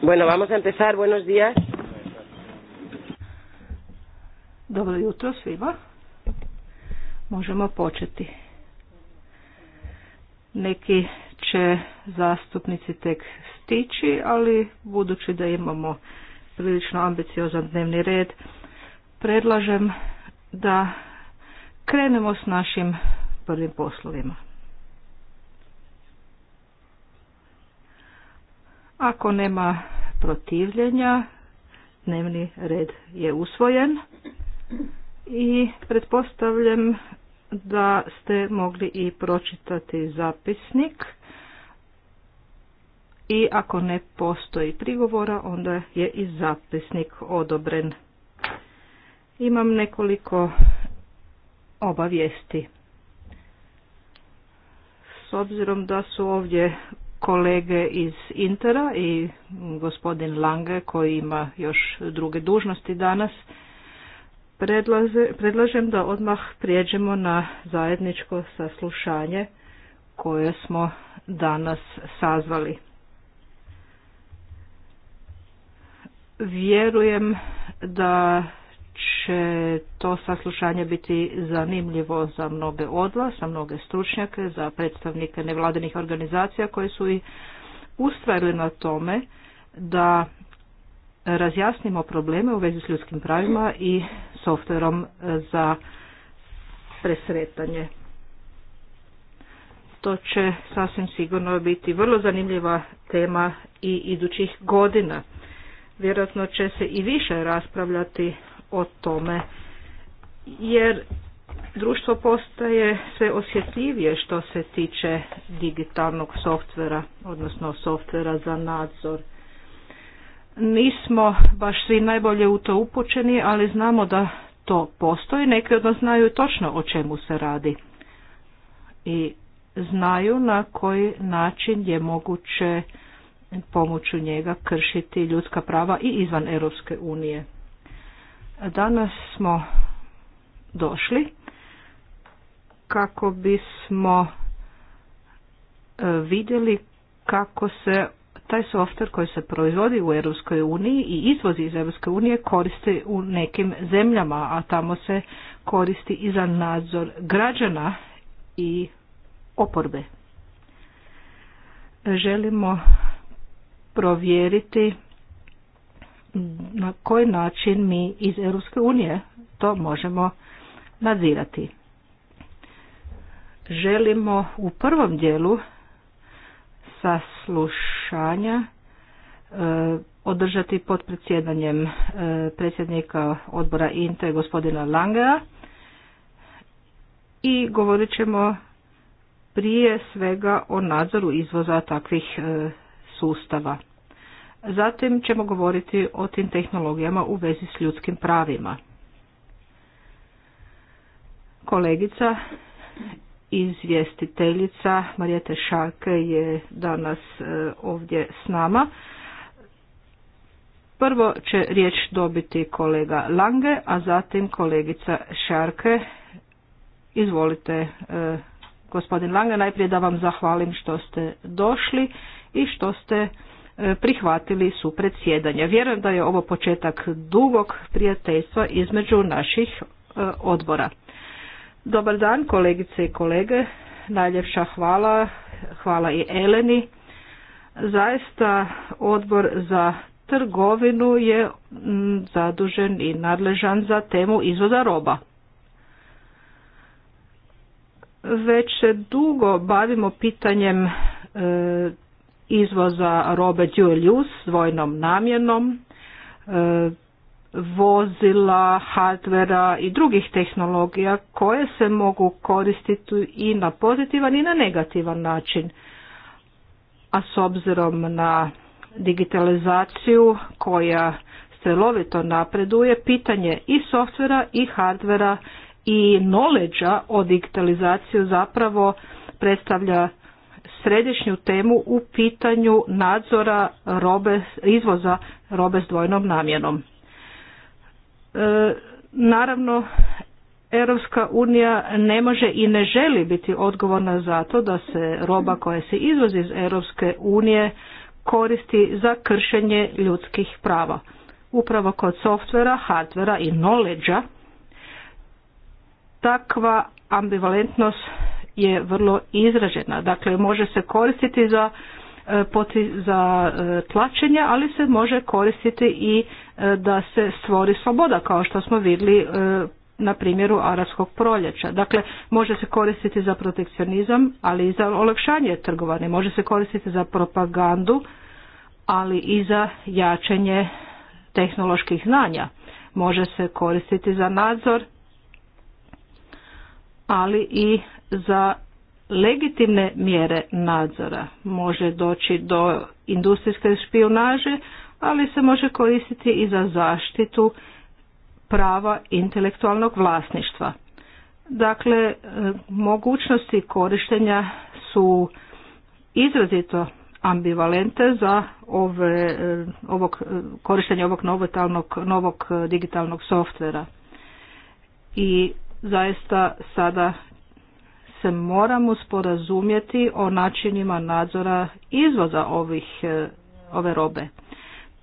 Bueno, vamos a empezar. Buenos días. Dobro jutro svima. Možemo početi. Neki će zastupnici tek stići, ali budući da imamo prilično ambiciozan dnevni red, predlažem da krenemo s našim prvim poslovima. Ako nema protivljenja, dnevni red je usvojen i pretpostavljam da ste mogli i pročitati zapisnik i ako ne postoji prigovora, onda je i zapisnik odobren. Imam nekoliko obavijesti. S obzirom da su ovdje kolege iz Intera i gospodin Lange koji ima još druge dužnosti danas, predlažem da odmah prijeđemo na zajedničko saslušanje koje smo danas sazvali. Vjerujem da će to saslušanje biti zanimljivo za mnoge odla, za mnoge stručnjake, za predstavnike nevladinih organizacija koje su i ustvarili na tome da razjasnimo probleme u vezi s ljudskim pravima i softverom za presretanje. To će sasvim sigurno biti vrlo zanimljiva tema i idućih godina vjerojatno će se i više raspravljati o tome jer društvo postaje sve osjetljivije što se tiče digitalnog softvera, odnosno softvera za nadzor. Nismo baš svi najbolje u to upućeni, ali znamo da to postoji. Neki od nas znaju točno o čemu se radi i znaju na koji način je moguće pomoću njega kršiti ljudska prava i izvan Europske unije. Danas smo došli kako bismo e, vidjeli kako se taj softver koji se proizvodi u Europskoj uniji i izvozi iz Europske unije koristi u nekim zemljama, a tamo se koristi i za nadzor građana i oporbe. Želimo provjeriti na koji način mi iz Europske unije to možemo nadzirati. Želimo u prvom dijelu saslušanja e, održati pod predsjedanjem e, predsjednika odbora INTE gospodina Langea i govorit ćemo prije svega o nadzoru izvoza takvih e, sustava. Zatim ćemo govoriti o tim tehnologijama u vezi s ljudskim pravima. Kolegica izvjestiteljica Marijete Šarke je danas e, ovdje s nama. Prvo će riječ dobiti kolega Lange, a zatim kolegica Šarke. Izvolite, e, gospodin Lange, najprije da vam zahvalim što ste došli i što ste e, prihvatili su predsjedanja. Vjerujem da je ovo početak dugog prijateljstva između naših e, odbora. Dobar dan kolegice i kolege, najljepša hvala, hvala i Eleni. Zaista odbor za trgovinu je zadužen i nadležan za temu izvoza roba. Već se dugo bavimo pitanjem e, izvoza robe dual use s dvojnom namjenom, e, vozila, hardvera i drugih tehnologija koje se mogu koristiti i na pozitivan i na negativan način. A s obzirom na digitalizaciju koja strelovito napreduje, pitanje i softvera i hardvera i knowledge o digitalizaciju zapravo predstavlja središnju temu u pitanju nadzora robe, izvoza robe s dvojnom namjenom. E, naravno, Europska unija ne može i ne želi biti odgovorna za to da se roba koja se izvozi iz Europske unije koristi za kršenje ljudskih prava. Upravo kod softvera, hardvera i knowledge takva ambivalentnost je vrlo izražena. Dakle, može se koristiti za e, za e, tlačenje, ali se može koristiti i e, da se stvori sloboda, kao što smo vidjeli na primjeru arabskog proljeća. Dakle, može se koristiti za protekcionizam, ali i za olakšanje trgovanja. Može se koristiti za propagandu, ali i za jačanje tehnoloških znanja. Može se koristiti za nadzor, ali i za legitimne mjere nadzora. Može doći do industrijske špionaže, ali se može koristiti i za zaštitu prava intelektualnog vlasništva. Dakle, e, mogućnosti korištenja su izrazito ambivalente za ove, e, ovog, e, korištenje ovog novog digitalnog softvera. I zaista sada se moramo sporazumjeti o načinima nadzora izvoza ovih, e, ove robe.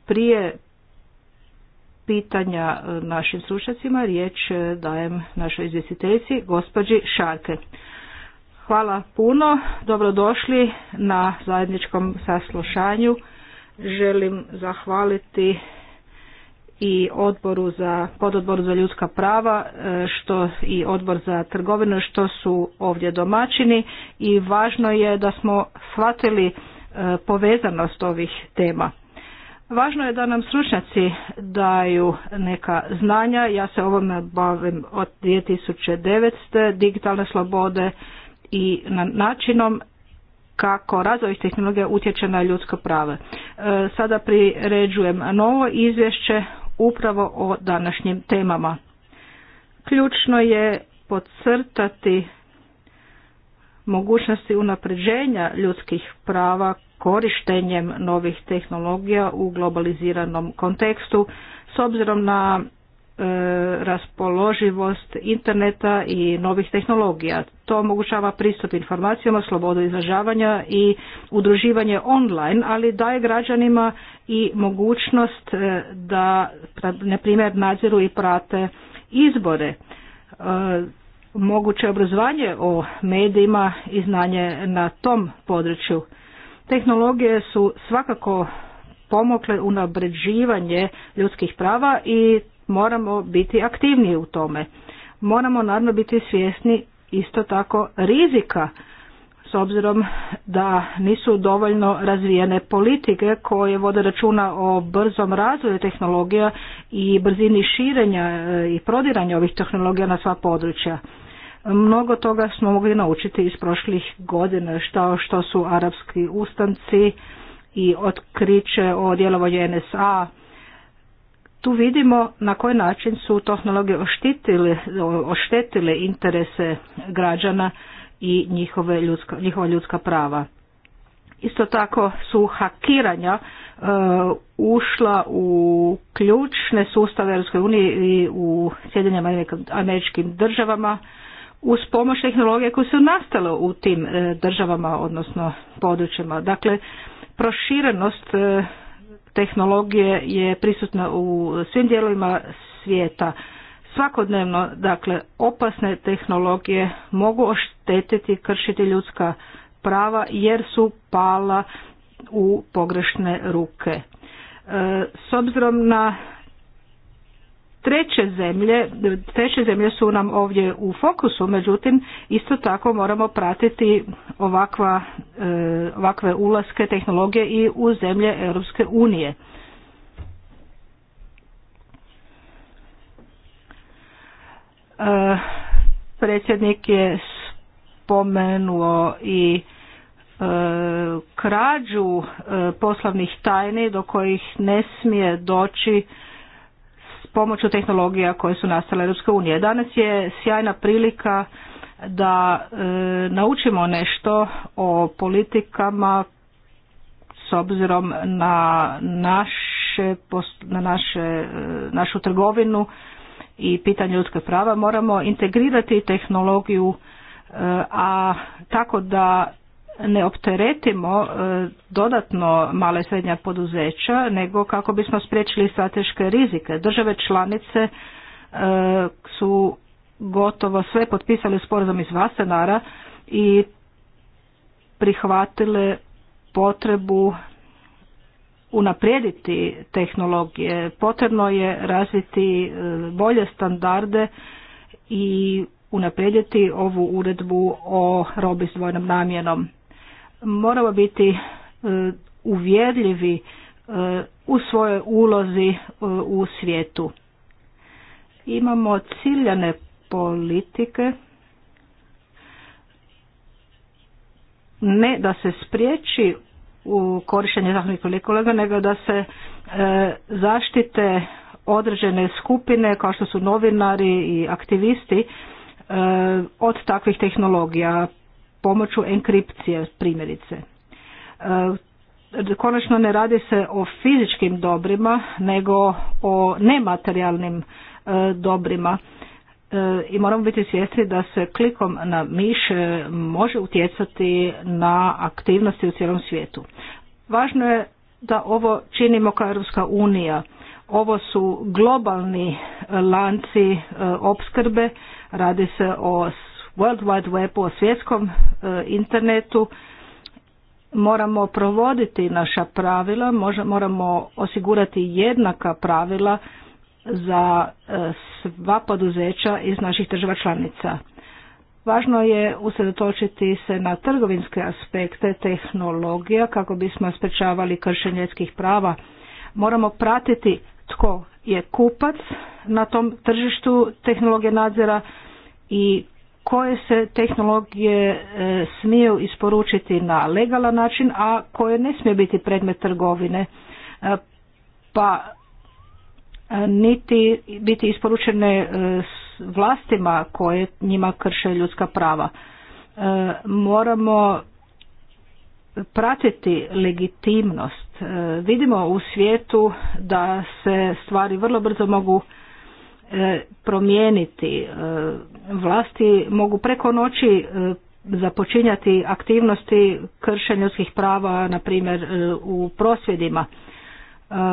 Prije pitanja e, našim slušacima riječ e, dajem našoj izvjestiteljici, gospođi Šarke. Hvala puno, dobrodošli na zajedničkom saslušanju. Želim zahvaliti i odboru za, pododboru za ljudska prava e, što i odbor za trgovinu što su ovdje domaćini i važno je da smo shvatili e, povezanost ovih tema. Važno je da nam stručnjaci daju neka znanja, ja se ovome bavim od 2009. digitalne slobode i načinom kako razvoj tehnologija utječe na ljudsko pravo. E, sada priređujem novo izvješće upravo o današnjim temama. Ključno je podcrtati mogućnosti unapređenja ljudskih prava korištenjem novih tehnologija u globaliziranom kontekstu s obzirom na E, raspoloživost interneta i novih tehnologija. To omogućava pristup informacijama, slobodu izražavanja i udruživanje online, ali daje građanima i mogućnost e, da, na primjer, nadziru i prate izbore. E, moguće obrazovanje o medijima i znanje na tom području. Tehnologije su svakako pomokle unapređivanje ljudskih prava i moramo biti aktivniji u tome. Moramo naravno biti svjesni isto tako rizika s obzirom da nisu dovoljno razvijene politike koje vode računa o brzom razvoju tehnologija i brzini širenja e, i prodiranja ovih tehnologija na sva područja. Mnogo toga smo mogli naučiti iz prošlih godina što, što su arapski ustanci i otkriće o djelovanju NSA tu vidimo na koji način su tehnologije oštetile interese građana i njihove njihova ljudska prava. Isto tako su hakiranja e, ušla u ključne sustave Europske i u Sjedinjama američkim državama uz pomoć tehnologije koje su nastale u tim e, državama, odnosno područjima. Dakle, proširenost e, tehnologije je prisutna u svim dijelovima svijeta. Svakodnevno, dakle, opasne tehnologije mogu oštetiti, kršiti ljudska prava jer su pala u pogrešne ruke. E, s obzirom na treće zemlje, treće zemlje su nam ovdje u fokusu, međutim isto tako moramo pratiti ovakva, e, ovakve ulaske tehnologije i u zemlje Europske unije. E, predsjednik je spomenuo i e, krađu poslovnih tajni do kojih ne smije doći pomoću tehnologija koje su nastale Europske unije. Danas je sjajna prilika da e, naučimo nešto o politikama s obzirom na naše, na naše, e, našu trgovinu i pitanje ljudske prava moramo integrirati tehnologiju e, a tako da ne opteretimo e, dodatno male i srednja poduzeća, nego kako bismo spriječili strateške rizike. Države članice e, su gotovo sve potpisali sporazum iz Vasenara i prihvatile potrebu unaprijediti tehnologije. Potrebno je razviti e, bolje standarde i unaprijediti ovu uredbu o robi s dvojnom namjenom moramo biti e, uvjerljivi e, u svojoj ulozi e, u svijetu. Imamo ciljane politike ne da se spriječi u korištenje zahvalnih kolega, nego da se zaštite određene skupine kao što su novinari i aktivisti od takvih tehnologija pomoću enkripcije primjerice. E, konačno ne radi se o fizičkim dobrima nego o nematerijalnim e, dobrima e, i moramo biti svjesni da se klikom na miš može utjecati na aktivnosti u cijelom svijetu. Važno je da ovo činimo kao Europska unija. Ovo su globalni lanci opskrbe, radi se o World Wide Webu, o svjetskom e, internetu, moramo provoditi naša pravila, moramo osigurati jednaka pravila za e, sva poduzeća iz naših država članica. Važno je usredotočiti se na trgovinske aspekte tehnologija kako bismo sprečavali kršenje ljudskih prava. Moramo pratiti tko je kupac na tom tržištu tehnologije nadzora i koje se tehnologije e, smiju isporučiti na legalan način, a koje ne smije biti predmet trgovine, e, pa e, niti biti isporučene vlastima koje njima krše ljudska prava. Moramo pratiti legitimnost. Vidimo u svijetu da se stvari vrlo brzo mogu E, promijeniti. E, vlasti mogu preko noći e, započinjati aktivnosti kršenja ljudskih prava, na primjer u prosvjedima.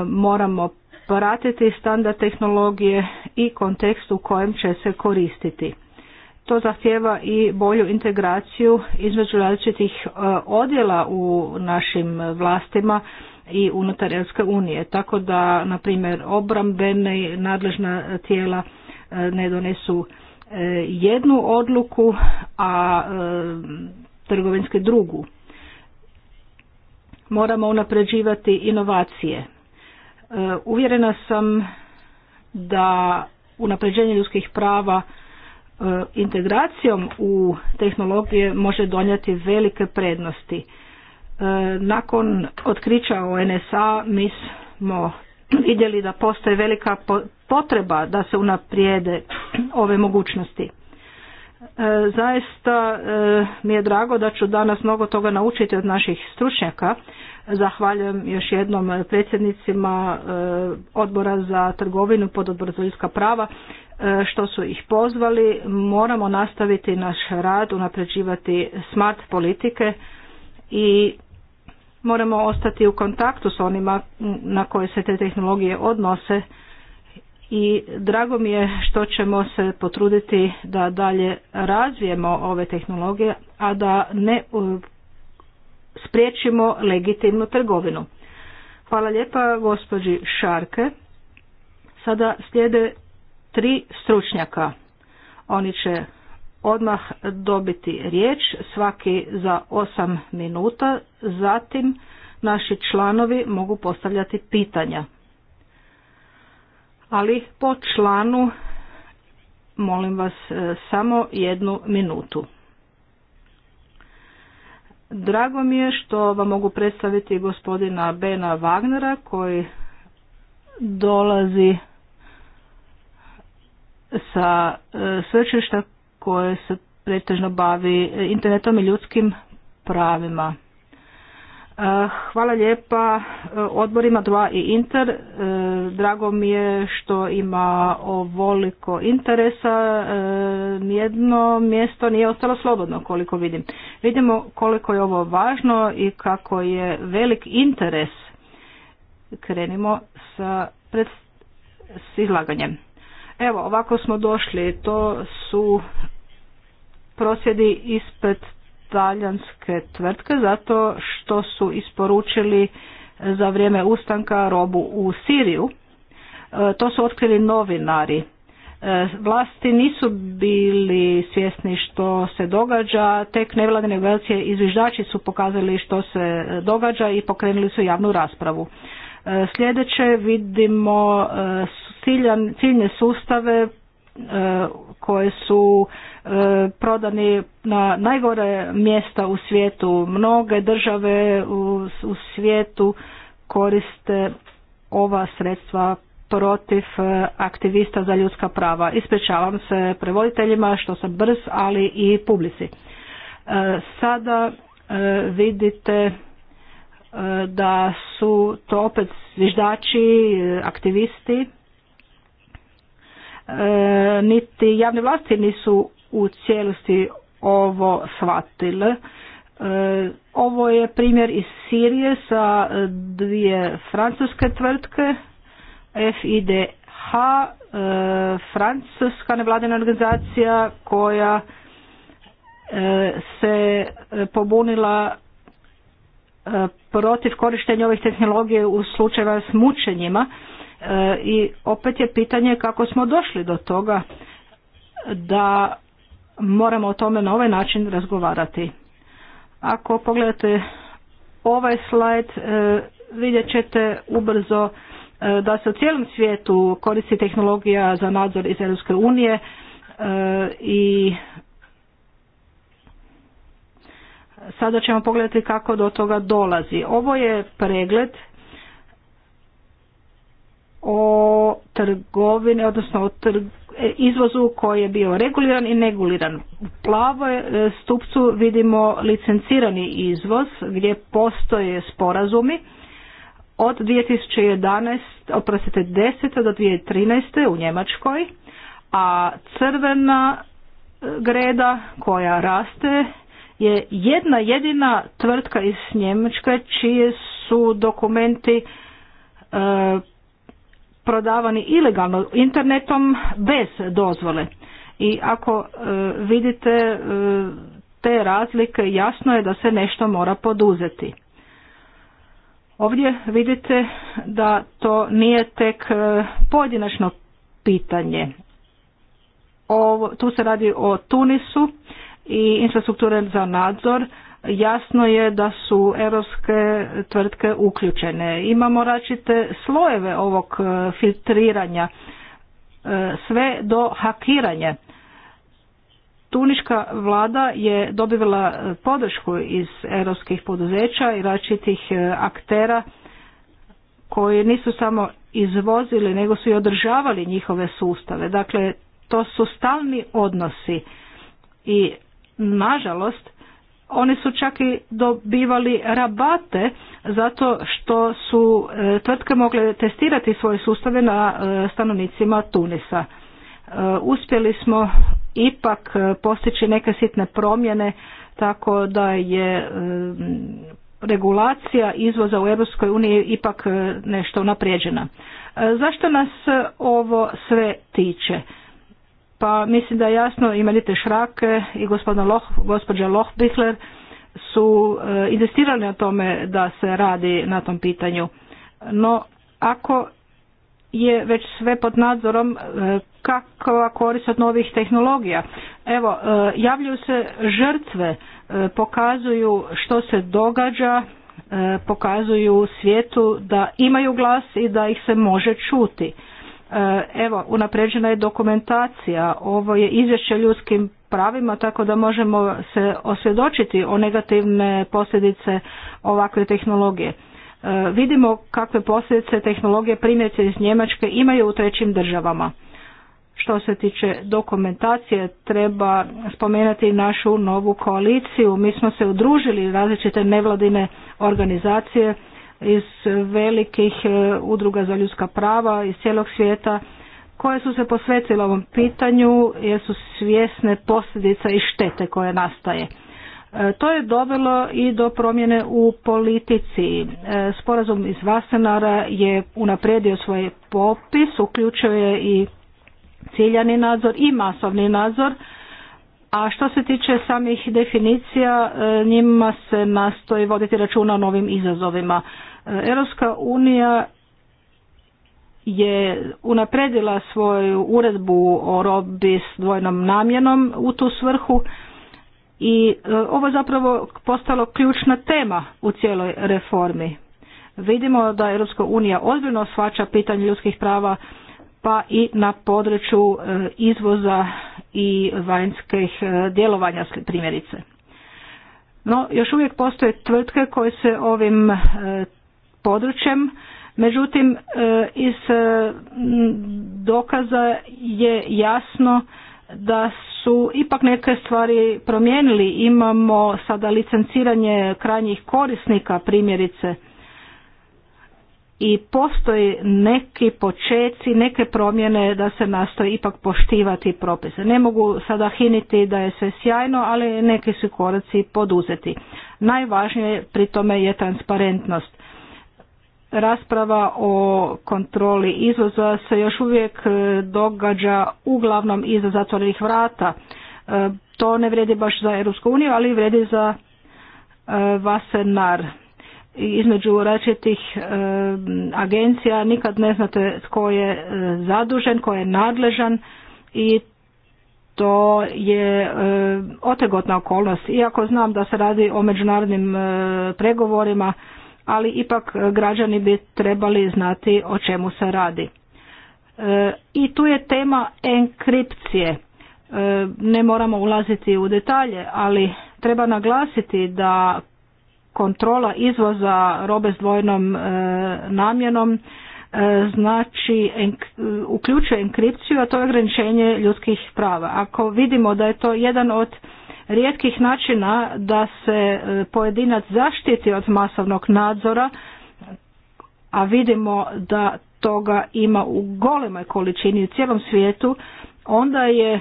Moramo pratiti standard tehnologije i kontekst u kojem će se koristiti. To zahtjeva i bolju integraciju između različitih odjela u našim vlastima i unutar Europske unije. Tako da, na primjer, obrambene nadležna tijela e, ne donesu e, jednu odluku, a e, trgovinske drugu. Moramo unapređivati inovacije. Uvjerena sam da unapređenje ljudskih prava integracijom u tehnologije može donijeti velike prednosti. E, nakon otkrića o NSA mi smo vidjeli da postoje velika potreba da se unaprijede ove mogućnosti. E, zaista e, mi je drago da ću danas mnogo toga naučiti od naših stručnjaka. Zahvaljujem još jednom predsjednicima odbora za trgovinu, odbor za ljudska prava, što su ih pozvali. Moramo nastaviti naš rad, unapređivati smart politike i moramo ostati u kontaktu s onima na koje se te tehnologije odnose i drago mi je što ćemo se potruditi da dalje razvijemo ove tehnologije, a da ne e, spriječimo legitimnu trgovinu. Hvala lijepa gospođi Šarke. Sada slijede tri stručnjaka. Oni će odmah dobiti riječ, svaki za 8 minuta, zatim naši članovi mogu postavljati pitanja. Ali po članu molim vas e, samo jednu minutu. Drago mi je što vam mogu predstaviti gospodina Bena Wagnera koji dolazi sa e, svečešta koje se pretežno bavi e, internetom i ljudskim pravima. E, hvala lijepa e, odborima 2 i Inter. Drago mi je što ima ovoliko interesa. Nijedno mjesto nije ostalo slobodno koliko vidim. Vidimo koliko je ovo važno i kako je velik interes. Krenimo sa, s izlaganjem. Evo, ovako smo došli. To su prosjedi ispred talijanske tvrtke zato što su isporučili za vrijeme ustanka robu u Siriju. E, to su otkrili novinari. E, vlasti nisu bili svjesni što se događa, tek nevladine organizacije i zviždači su pokazali što se događa i pokrenuli su javnu raspravu. E, sljedeće vidimo e, ciljne sustave e, koje su prodani na najgore mjesta u svijetu. Mnoge države u svijetu koriste ova sredstva protiv aktivista za ljudska prava. Ispričavam se prevoditeljima što sam brz, ali i publici. Sada vidite da su to opet zviždači, aktivisti, e, niti javne vlasti nisu u cijelosti ovo shvatile. E, ovo je primjer iz Sirije sa dvije francuske tvrtke, FIDH, e, francuska nevladina organizacija koja se pobunila E, protiv korištenja ovih tehnologije u slučajeva s mučenjima e, i opet je pitanje kako smo došli do toga da moramo o tome na ovaj način razgovarati. Ako pogledate ovaj slajd e, vidjet ćete ubrzo da se u cijelom svijetu koristi tehnologija za nadzor iz Europske unije i Sada ćemo pogledati kako do toga dolazi. Ovo je pregled o trgovini, odnosno o e, izvozu koji je bio reguliran i neguliran. U plavoj e, stupcu vidimo licencirani izvoz gdje postoje sporazumi od 2011, oprostite 10. do 2013. u Njemačkoj, a crvena e, greda koja raste je jedna jedina tvrtka iz Njemačke čije su dokumenti e, prodavani ilegalno internetom bez dozvole. I ako e, vidite e, te razlike jasno je da se nešto mora poduzeti. Ovdje vidite da to nije tek pojedinačno pitanje. Ovo, tu se radi o Tunisu i infrastrukture za nadzor, jasno je da su europske tvrtke uključene. Imamo račite slojeve ovog e, filtriranja, e, sve do hakiranja. Tuniška vlada je dobivala e, podršku iz europskih poduzeća i različitih aktera koji nisu samo izvozili nego su i održavali njihove sustave. Dakle, to su stalni odnosi i Nažalost, oni su čak i dobivali rabate zato što su e, tvrtke mogle testirati svoje sustave na e, stanovnicima Tunisa. E, uspjeli smo ipak postići neke sitne promjene tako da je regulacija izvoza u EU ipak nešto naprijeđena. Zašto nas ovo sve tiče? Pa mislim da jasno Imerite Šrake i Loh, gospođa Lohbichler su eh, investirali na tome da se radi na tom pitanju. No, ako je već sve pod nadzorom eh, kakva korist od novih tehnologija. Evo, eh, javljaju se žrtve, pokazuju što se događa, pokazuju svijetu da imaju glas i da ih se može čuti. E, evo, unapređena je dokumentacija, ovo je izvješće ljudskim pravima, tako da možemo se osvjedočiti o negativne posljedice ovakve tehnologije. E, vidimo kakve posljedice tehnologije primjerice iz Njemačke imaju u trećim državama. Što se tiče dokumentacije, treba spomenuti našu novu koaliciju. Mi smo se udružili različite nevladine organizacije iz velikih e, udruga za ljudska prava iz cijelog svijeta koje su se posvetile ovom pitanju jer su svjesne posljedica i štete koje nastaje. E, to je dovelo i do promjene u politici. E, sporazum iz Vasenara je unaprijedio svoj popis, je i ciljani nadzor i masovni nadzor, a što se tiče samih definicija, njima se nastoji voditi računa o novim izazovima. Europska unija je unapredila svoju uredbu o robi s dvojnom namjenom u tu svrhu i e, ovo je zapravo postalo ključna tema u cijeloj reformi. Vidimo da Europska unija ozbiljno shvaća pitanje ljudskih prava pa i na području e, izvoza i vanjskih e, djelovanja primjerice. No, još uvijek postoje tvrtke koje se ovim područjem. Međutim, e, iz e, dokaza je jasno da su ipak neke stvari promijenili. Imamo sada licenciranje krajnjih korisnika primjerice i postoji neki počeci, neke promjene da se nastoji ipak poštivati propise. Ne mogu sada hiniti da je sve sjajno, ali neki su koraci poduzeti. Najvažnije pri tome je transparentnost. Rasprava o kontroli izvoza se još uvijek e, događa uglavnom iza zatvorenih vrata. E, to ne vrijedi baš za Europsku uniju, ali vrijedi za Vasenar. E, između različitih agencija nikad ne znate tko je zadužen, tko je nadležan i to je otegotna okolnost. Iako znam da se radi o međunarodnim pregovorima, ali ipak građani bi trebali znati o čemu se radi. E, I tu je tema enkripcije. E, ne moramo ulaziti u detalje, ali treba naglasiti da kontrola izvoza robe s dvojnom e, namjenom znači uključuje enkripciju, a to je ograničenje ljudskih prava. Ako vidimo da je to jedan od rijetkih načina da se e, pojedinac zaštiti od masovnog nadzora, a vidimo da toga ima u golemoj količini u cijelom svijetu, onda je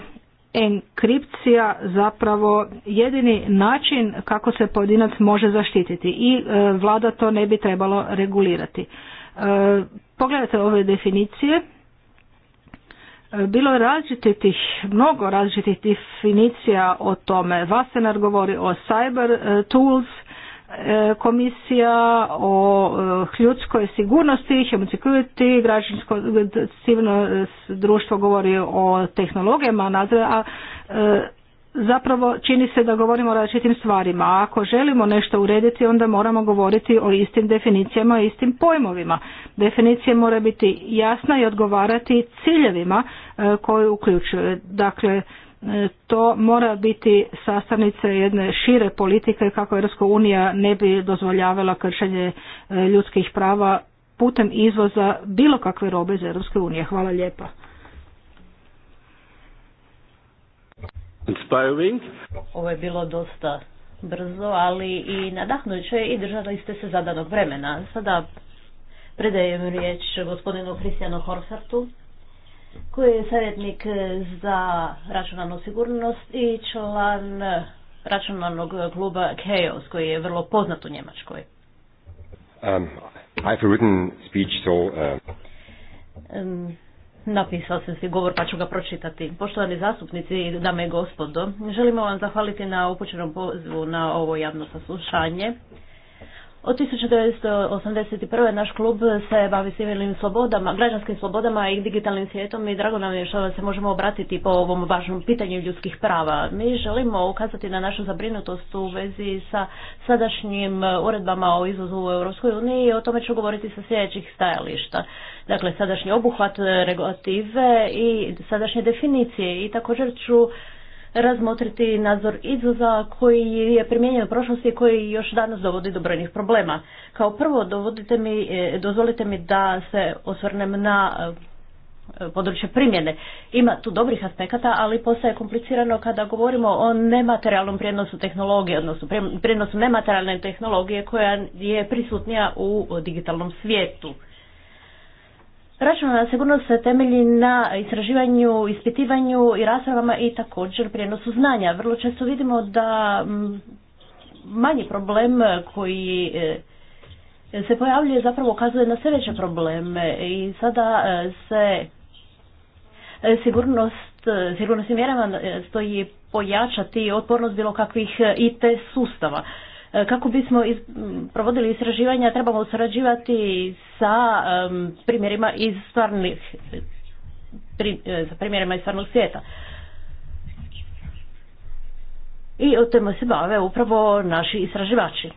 enkripcija zapravo jedini način kako se pojedinac može zaštititi i e, vlada to ne bi trebalo regulirati. E, pogledajte ove definicije E, bilo je različitih, mnogo različitih definicija o tome. Vasenar govori o cyber e, tools, e, komisija o ljudskoj sigurnosti, human građansko civilno društvo govori o tehnologijama, a zapravo čini se da govorimo o različitim stvarima. A ako želimo nešto urediti, onda moramo govoriti o istim definicijama i istim pojmovima. Definicija mora biti jasna i odgovarati ciljevima e, koje uključuje. Dakle, e, to mora biti sastavnica jedne šire politike kako Europska unija ne bi dozvoljavala kršenje e, ljudskih prava putem izvoza bilo kakve robe iz Europske unije. Hvala lijepa. Inspiring. Ovo je bilo dosta brzo, ali i nadahnuće i držali ste se zadanog vremena. Sada predajem riječ gospodinu Kristijanu Horsertu, koji je savjetnik za računalnu sigurnost i član računalnog kluba Chaos, koji je vrlo poznat u Njemačkoj. Um, written speech, so, um, um Napisao sam si govor pa ću ga pročitati. Poštovani zastupnici, dame i gospodo, želimo vam zahvaliti na upućenom pozivu na ovo javno saslušanje. Od 1981. naš klub se bavi civilnim slobodama, građanskim slobodama i digitalnim svijetom i drago nam je što se možemo obratiti po ovom važnom pitanju ljudskih prava. Mi želimo ukazati na našu zabrinutost u vezi sa sadašnjim uredbama o izvozu u Europskoj uniji i o tome ću govoriti sa sljedećih stajališta. Dakle, sadašnji obuhvat regulative i sadašnje definicije i također ću razmotriti nadzor izvoza koji je primijenjen u prošlosti i koji još danas dovodi do brojnih problema. Kao prvo, dovodite mi, e, dozvolite mi da se osvrnem na e, područje primjene. Ima tu dobrih aspekata, ali postaje komplicirano kada govorimo o nematerijalnom prijenosu tehnologije, odnosno prijenosu nematerijalne tehnologije koja je prisutnija u digitalnom svijetu. Računalna sigurnost se temelji na istraživanju, ispitivanju i raspravama i također prijenosu znanja. Vrlo često vidimo da manji problem koji e, se pojavljuje zapravo ukazuje na sve veće probleme i sada e, se e, sigurnost, sigurnosnim mjerama stoji pojačati otpornost bilo kakvih IT sustava. E, kako bismo iz, provodili istraživanja trebamo surađivati sa primjerima iz stvarnih pri, e, primjerima iz stvarnog svijeta. I o tome se bave upravo naši istraživači.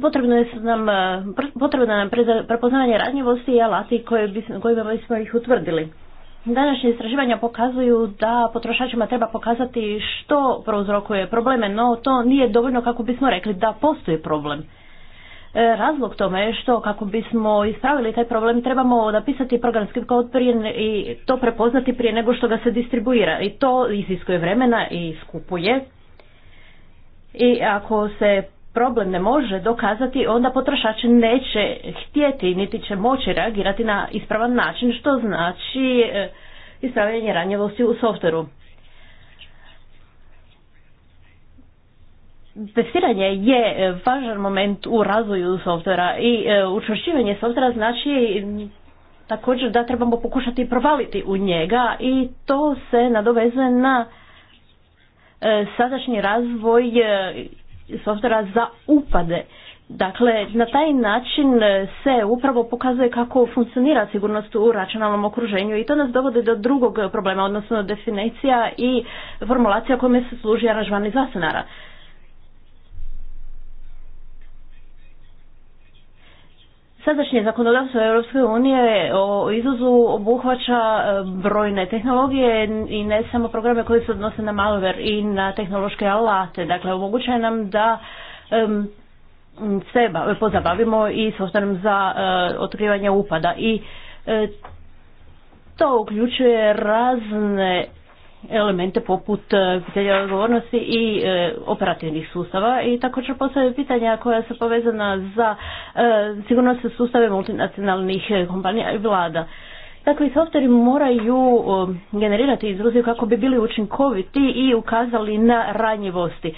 Potrebno je nam, e, potrebno nam prepoznavanje ranjivosti i alati koje bismo, kojima bismo ih utvrdili. Današnje istraživanja pokazuju da potrošačima treba pokazati što prouzrokuje probleme, no to nije dovoljno kako bismo rekli da postoji problem. E, razlog tome je što kako bismo ispravili taj problem trebamo napisati programski kod prije i to prepoznati prije nego što ga se distribuira i to iziskuje vremena i skupuje. I ako se problem ne može dokazati, onda potrošač neće htjeti niti će moći reagirati na ispravan način, što znači e, ispravljanje ranjivosti u softveru. Testiranje je e, važan moment u razvoju softvera i e, učvršćivanje softvera znači također da trebamo pokušati provaliti u njega i to se nadovezuje na sadašnji razvoj softvera za upade. Dakle, na taj način e, se upravo pokazuje kako funkcionira sigurnost u računalnom okruženju i to nas dovodi do drugog problema, odnosno definicija i formulacija kome se služi aranžman zasenara. Sadašnje zakonodavstvo Europske unije o izuzu obuhvaća e, brojne tehnologije i ne samo programe koji se odnose na malware i na tehnološke alate. Dakle, omogućuje nam da se pozabavimo i softverom za e, otkrivanje upada i e, to uključuje razne elemente poput pitanja e, odgovornosti i e, operativnih sustava i također postoje pitanja koja su povezana za e, sigurnost sustave multinacionalnih kompanija i vlada. Dakle, softveri moraju generirati izruziju kako bi bili učinkoviti i ukazali na ranjivosti.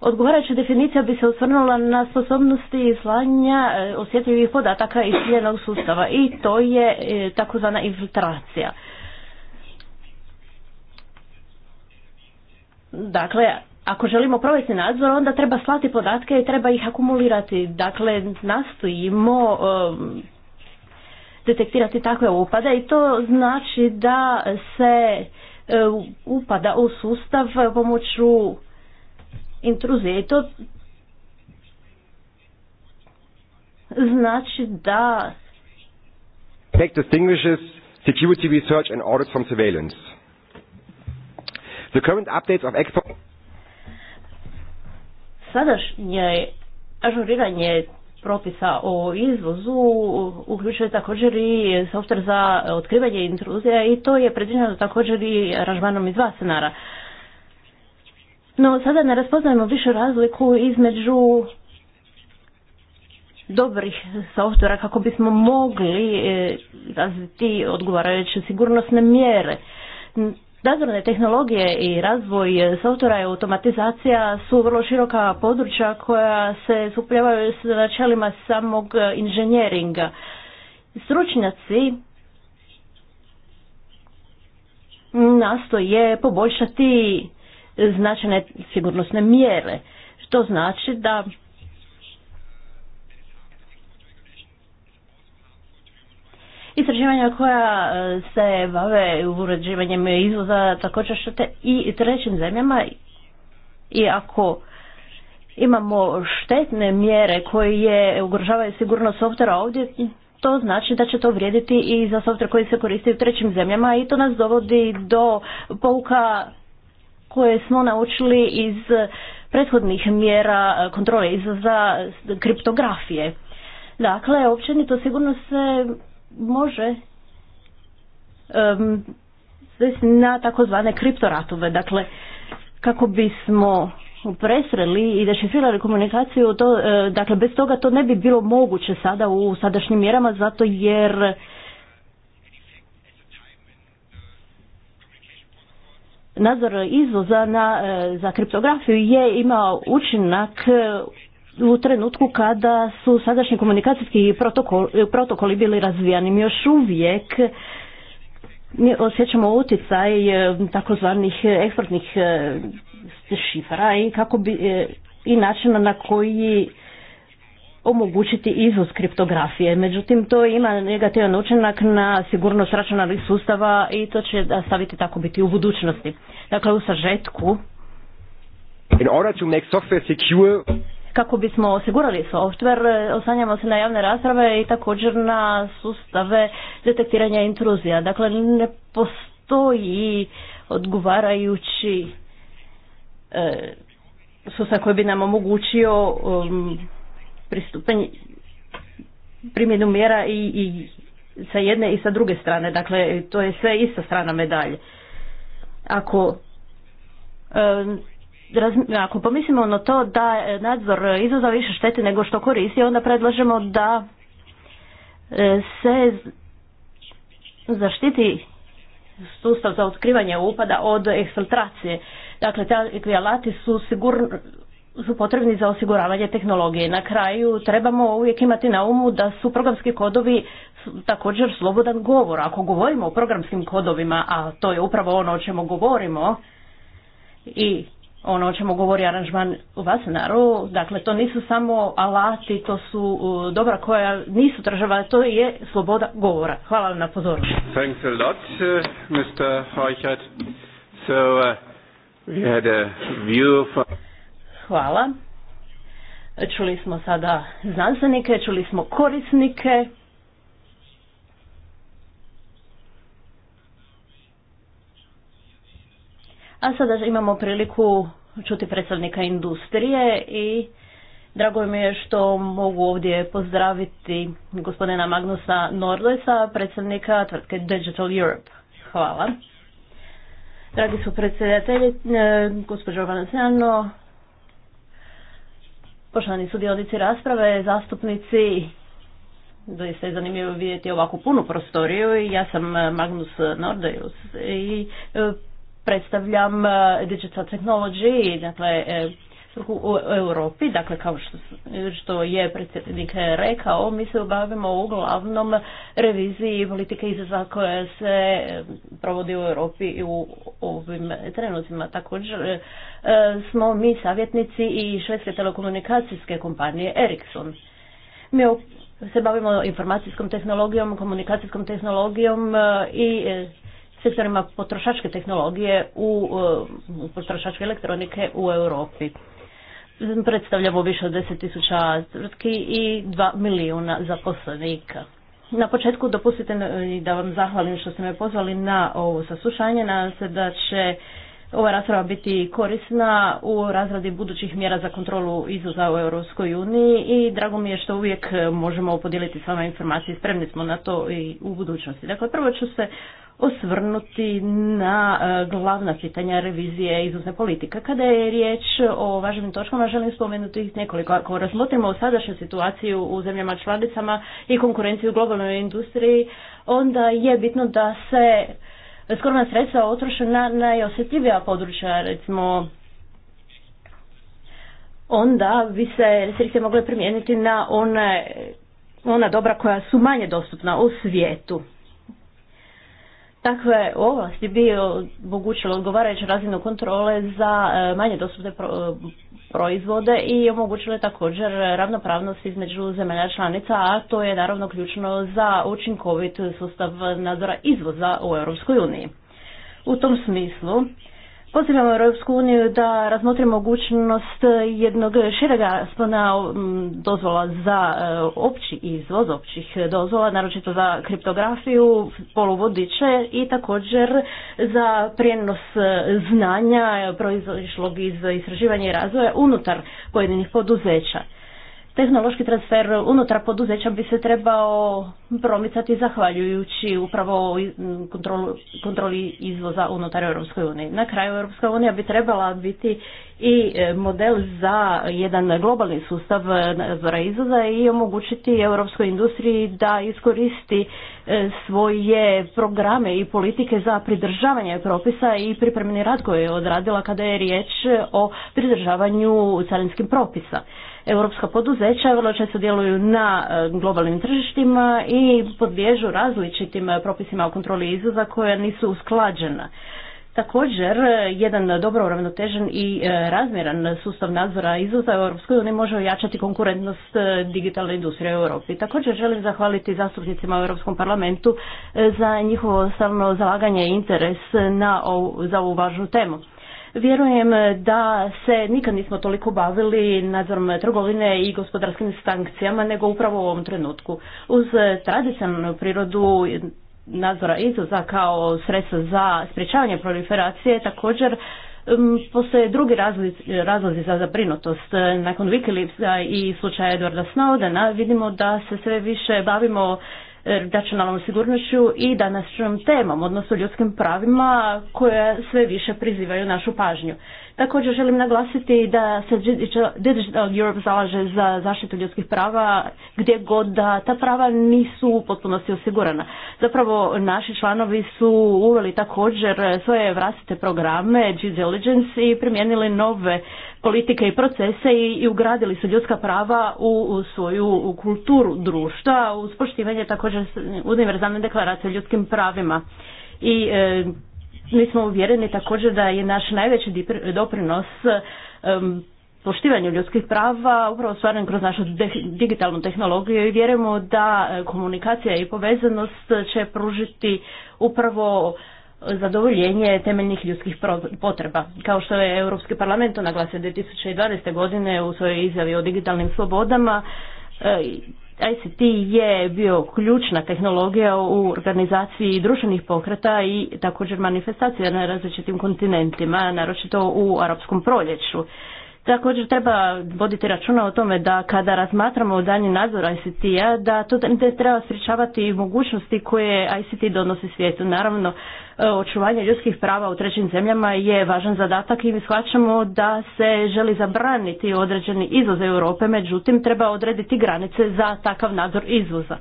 Odgovarajuća definicija bi se osvrnula na sposobnosti izlanja osjetljivih podataka iz sustava i to je takozvana infiltracija. Dakle, ako želimo provesti nadzor, onda treba slati podatke i treba ih akumulirati. Dakle, nastojimo um, detektirati takve upade i to znači da se uh, upada u sustav pomoću intruzije to znači da security research and audit from surveillance. The current updates of Sadašnje ažuriranje propisa o izvozu uključuje također i softver za otkrivanje intruzija i to je predviđeno također i aranžmanom iz dva scenara. No sada ne raspoznajemo više razliku između dobrih softvera kako bismo mogli eh, razviti odgovarajuće sigurnosne mjere. Razvojne tehnologije i razvoj softvera i automatizacija su vrlo široka područja koja se supljevaju s načelima samog inženjeringa. Stručnjaci nastoje poboljšati značajne sigurnosne mjere, što znači da istraživanja koja e, se bave uređivanjem izvoza također štete i trećim zemljama i ako imamo štetne mjere koje ugrožavaju sigurnost softvera ovdje, to znači da će to vrijediti i za softver koji se koristi u trećim zemljama i to nas dovodi do pouka koje smo naučili iz prethodnih mjera e, kontrole izvoza kriptografije. Dakle, općenito sigurno se može svesti na takozvane kriptoratove. Dakle, kako bismo presreli i dešifrirali komunikaciju, to, e, dakle, bez toga to ne bi bilo moguće sada u sadašnjim mjerama, zato jer nadzor izvoza na, e, za kriptografiju je imao učinak u trenutku kada su sadašnji komunikacijski protokoli bili razvijani. Mi još uvijek mi osjećamo utjecaj e, takozvanih e, eksportnih e, šifara i kako bi i načina na koji omogućiti izvoz kriptografije. Međutim, to ima negativan učinak na sigurnost računalnih sustava i to će staviti tako biti u budućnosti. Dakle, u sažetku... In order to make software secure kako bismo osigurali softver, e, osanjamo se na javne rasprave i također na sustave detektiranja intruzija. Dakle, ne postoji odgovarajući e, sustav koji bi nam omogućio um, primjenu mjera i, i sa jedne i sa druge strane. Dakle, to je sve ista strana medalje. Ako um, ako pomislimo na to da nadzor izazva više štete nego što koristi, onda predlažemo da e, se zaštiti sustav za otkrivanje upada od eksfiltracije. Dakle, te alati su, sigurno, su potrebni za osiguravanje tehnologije. Na kraju trebamo uvijek imati na umu da su programski kodovi također slobodan govor. Ako govorimo o programskim kodovima, a to je upravo ono o čemu govorimo, i ono o čemu govori aranžman u Vasenaru, dakle to nisu samo alati, to su dobra koja nisu država, to je sloboda govora. Hvala vam na pozornost. Thanks a lot, uh, Mr. So, uh, we had a view Hvala. Čuli smo sada znanstvenike, čuli smo korisnike. A sada imamo priliku čuti predstavnika industrije i drago mi je što mogu ovdje pozdraviti gospodina Magnusa Nordlesa, predstavnika tvrtke Digital Europe. Hvala. Dragi su predsjedatelji, e, gospođo Vanacijano, poštovani sudionici rasprave, zastupnici, doista je zanimljivo vidjeti ovakvu punu prostoriju. i Ja sam Magnus Nordeus i e, predstavljam e, Digital Technology, dakle e, u Europi, dakle kao što, što je predsjednik rekao, mi se obavimo uglavnom reviziji politike izazva koja se e, provodi u Europi i u ovim trenucima. Također smo mi savjetnici i švedske telekomunikacijske kompanije Ericsson. Mi se bavimo informacijskom tehnologijom, komunikacijskom tehnologijom i sektorima potrošačke tehnologije e, u potrošačke elektronike u Europi. Predstavljamo više od 10.000 tvrtki i 2 milijuna zaposlenika. Na početku dopustite da vam zahvalim što ste me pozvali na ovo saslušanje. Nadam se da će ova rasprava biti korisna u razradi budućih mjera za kontrolu izvoza u Europskoj uniji i drago mi je što uvijek možemo podijeliti s vama informacije, spremni smo na to i u budućnosti. Dakle, prvo ću se osvrnuti na e, glavna pitanja revizije izvozne politike. Kada je riječ o važnim točkama, želim spomenuti ih nekoliko. Ako razmotrimo sadašnju situaciju u zemljama članicama i konkurenciju u globalnoj industriji, onda je bitno da se Skorna sredstva otrošena na najosjetljivija područja, recimo onda bi se restrikcije mogle primijeniti na one, ona dobra koja su manje dostupna u svijetu. Takve ovlasti bi omogućilo odgovarajuću razinu kontrole za e, manje dostupne proizvode i omogućile također ravnopravnost između zemalja članica, a to je naravno ključno za učinkovit sustav nadzora izvoza u Europskoj uniji. U tom smislu Pozivamo Europsku uniju da razmotri mogućnost jednog širega spona mm, dozvola za e, opći izvoz općih dozvola, naročito za kriptografiju, poluvodiče i također za prijenos e, znanja proizvodišlog iz istraživanja i razvoja unutar pojedinih poduzeća tehnološki transfer unutar poduzeća bi se trebao promicati zahvaljujući upravo kontroli izvoza unutar Europskoj uniji. Na kraju Europska unija bi trebala biti i e, model za jedan globalni sustav nadzora izvoza i omogućiti europskoj industriji da iskoristi e, svoje programe i politike za pridržavanje propisa i pripremni rad koji je odradila kada je riječ o pridržavanju carinskih propisa europska poduzeća vrlo često djeluju na e, globalnim tržištima i podliježu različitim e, propisima o kontroli izvoza koja nisu usklađena. Također, e, jedan dobro uravnotežen i razmjeran sustav nadzora izvoza u EU može ojačati konkurentnost digitalne industrije u Europi. Također želim zahvaliti zastupnicima u Europskom parlamentu za njihovo stalno zalaganje i interes na za ovu važnu temu. Vjerujem da se nikad nismo toliko bavili nadzorom trgovine i gospodarskim sankcijama nego upravo u ovom trenutku. Uz tradicionalnu prirodu nadzora izvoza kao sredstva za sprječavanje proliferacije također postoje drugi razlozi, razlozi za zabrinutost. Nakon Wikileaksa i slučaja Edwarda Snowdena vidimo da se sve više bavimo računalnom sigurnošću i današnjom temom, odnosno ljudskim pravima koje sve više prizivaju našu pažnju. Također želim naglasiti da se Digital Europe zalaže za zaštitu ljudskih prava gdje god da ta prava nisu u potpunosti osigurana. Zapravo naši članovi su uveli također svoje vlastite programe due diligence i primijenili nove politike i procese i ugradili su ljudska prava u svoju kulturu društva uz poštivanje također univerzalne deklaracije o ljudskim pravima. I e, mi smo uvjereni također da je naš najveći doprinos poštivanju ljudskih prava upravo stvaran kroz našu digitalnu tehnologiju i vjerujemo da e, komunikacija i povezanost će pružiti upravo zadovoljenje temeljnih ljudskih potreba. Kao što je Europski parlament to naglasio 2012. godine u svojoj izjavi o digitalnim slobodama, e, ICT je bio ključna tehnologija u organizaciji društvenih pokreta i također manifestacija na različitim kontinentima, naročito u arapskom proljeću. Također treba voditi računa o tome da kada razmatramo daljnji nadzor ICT-a, da to treba i mogućnosti koje ICT donosi svijetu. Naravno, e, očuvanje ljudskih prava u trećim zemljama je važan zadatak i mi shvaćamo da se želi zabraniti određeni izvoz Europe, međutim treba odrediti granice za takav nadzor izvoza.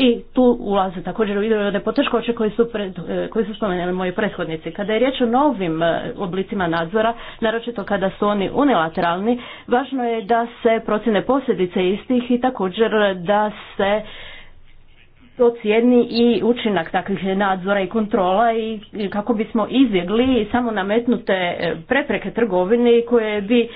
I tu ulaze također u da poteškoće koje su, pred, e, koje su spomenuli moji prethodnici. Kada je riječ o novim e, oblicima nadzora, naročito kada su oni unilateralni, važno je da se procjene posljedice istih i također da se ocijeni i učinak takvih nadzora i kontrola i kako bismo izbjegli samo nametnute e, prepreke trgovini koje bi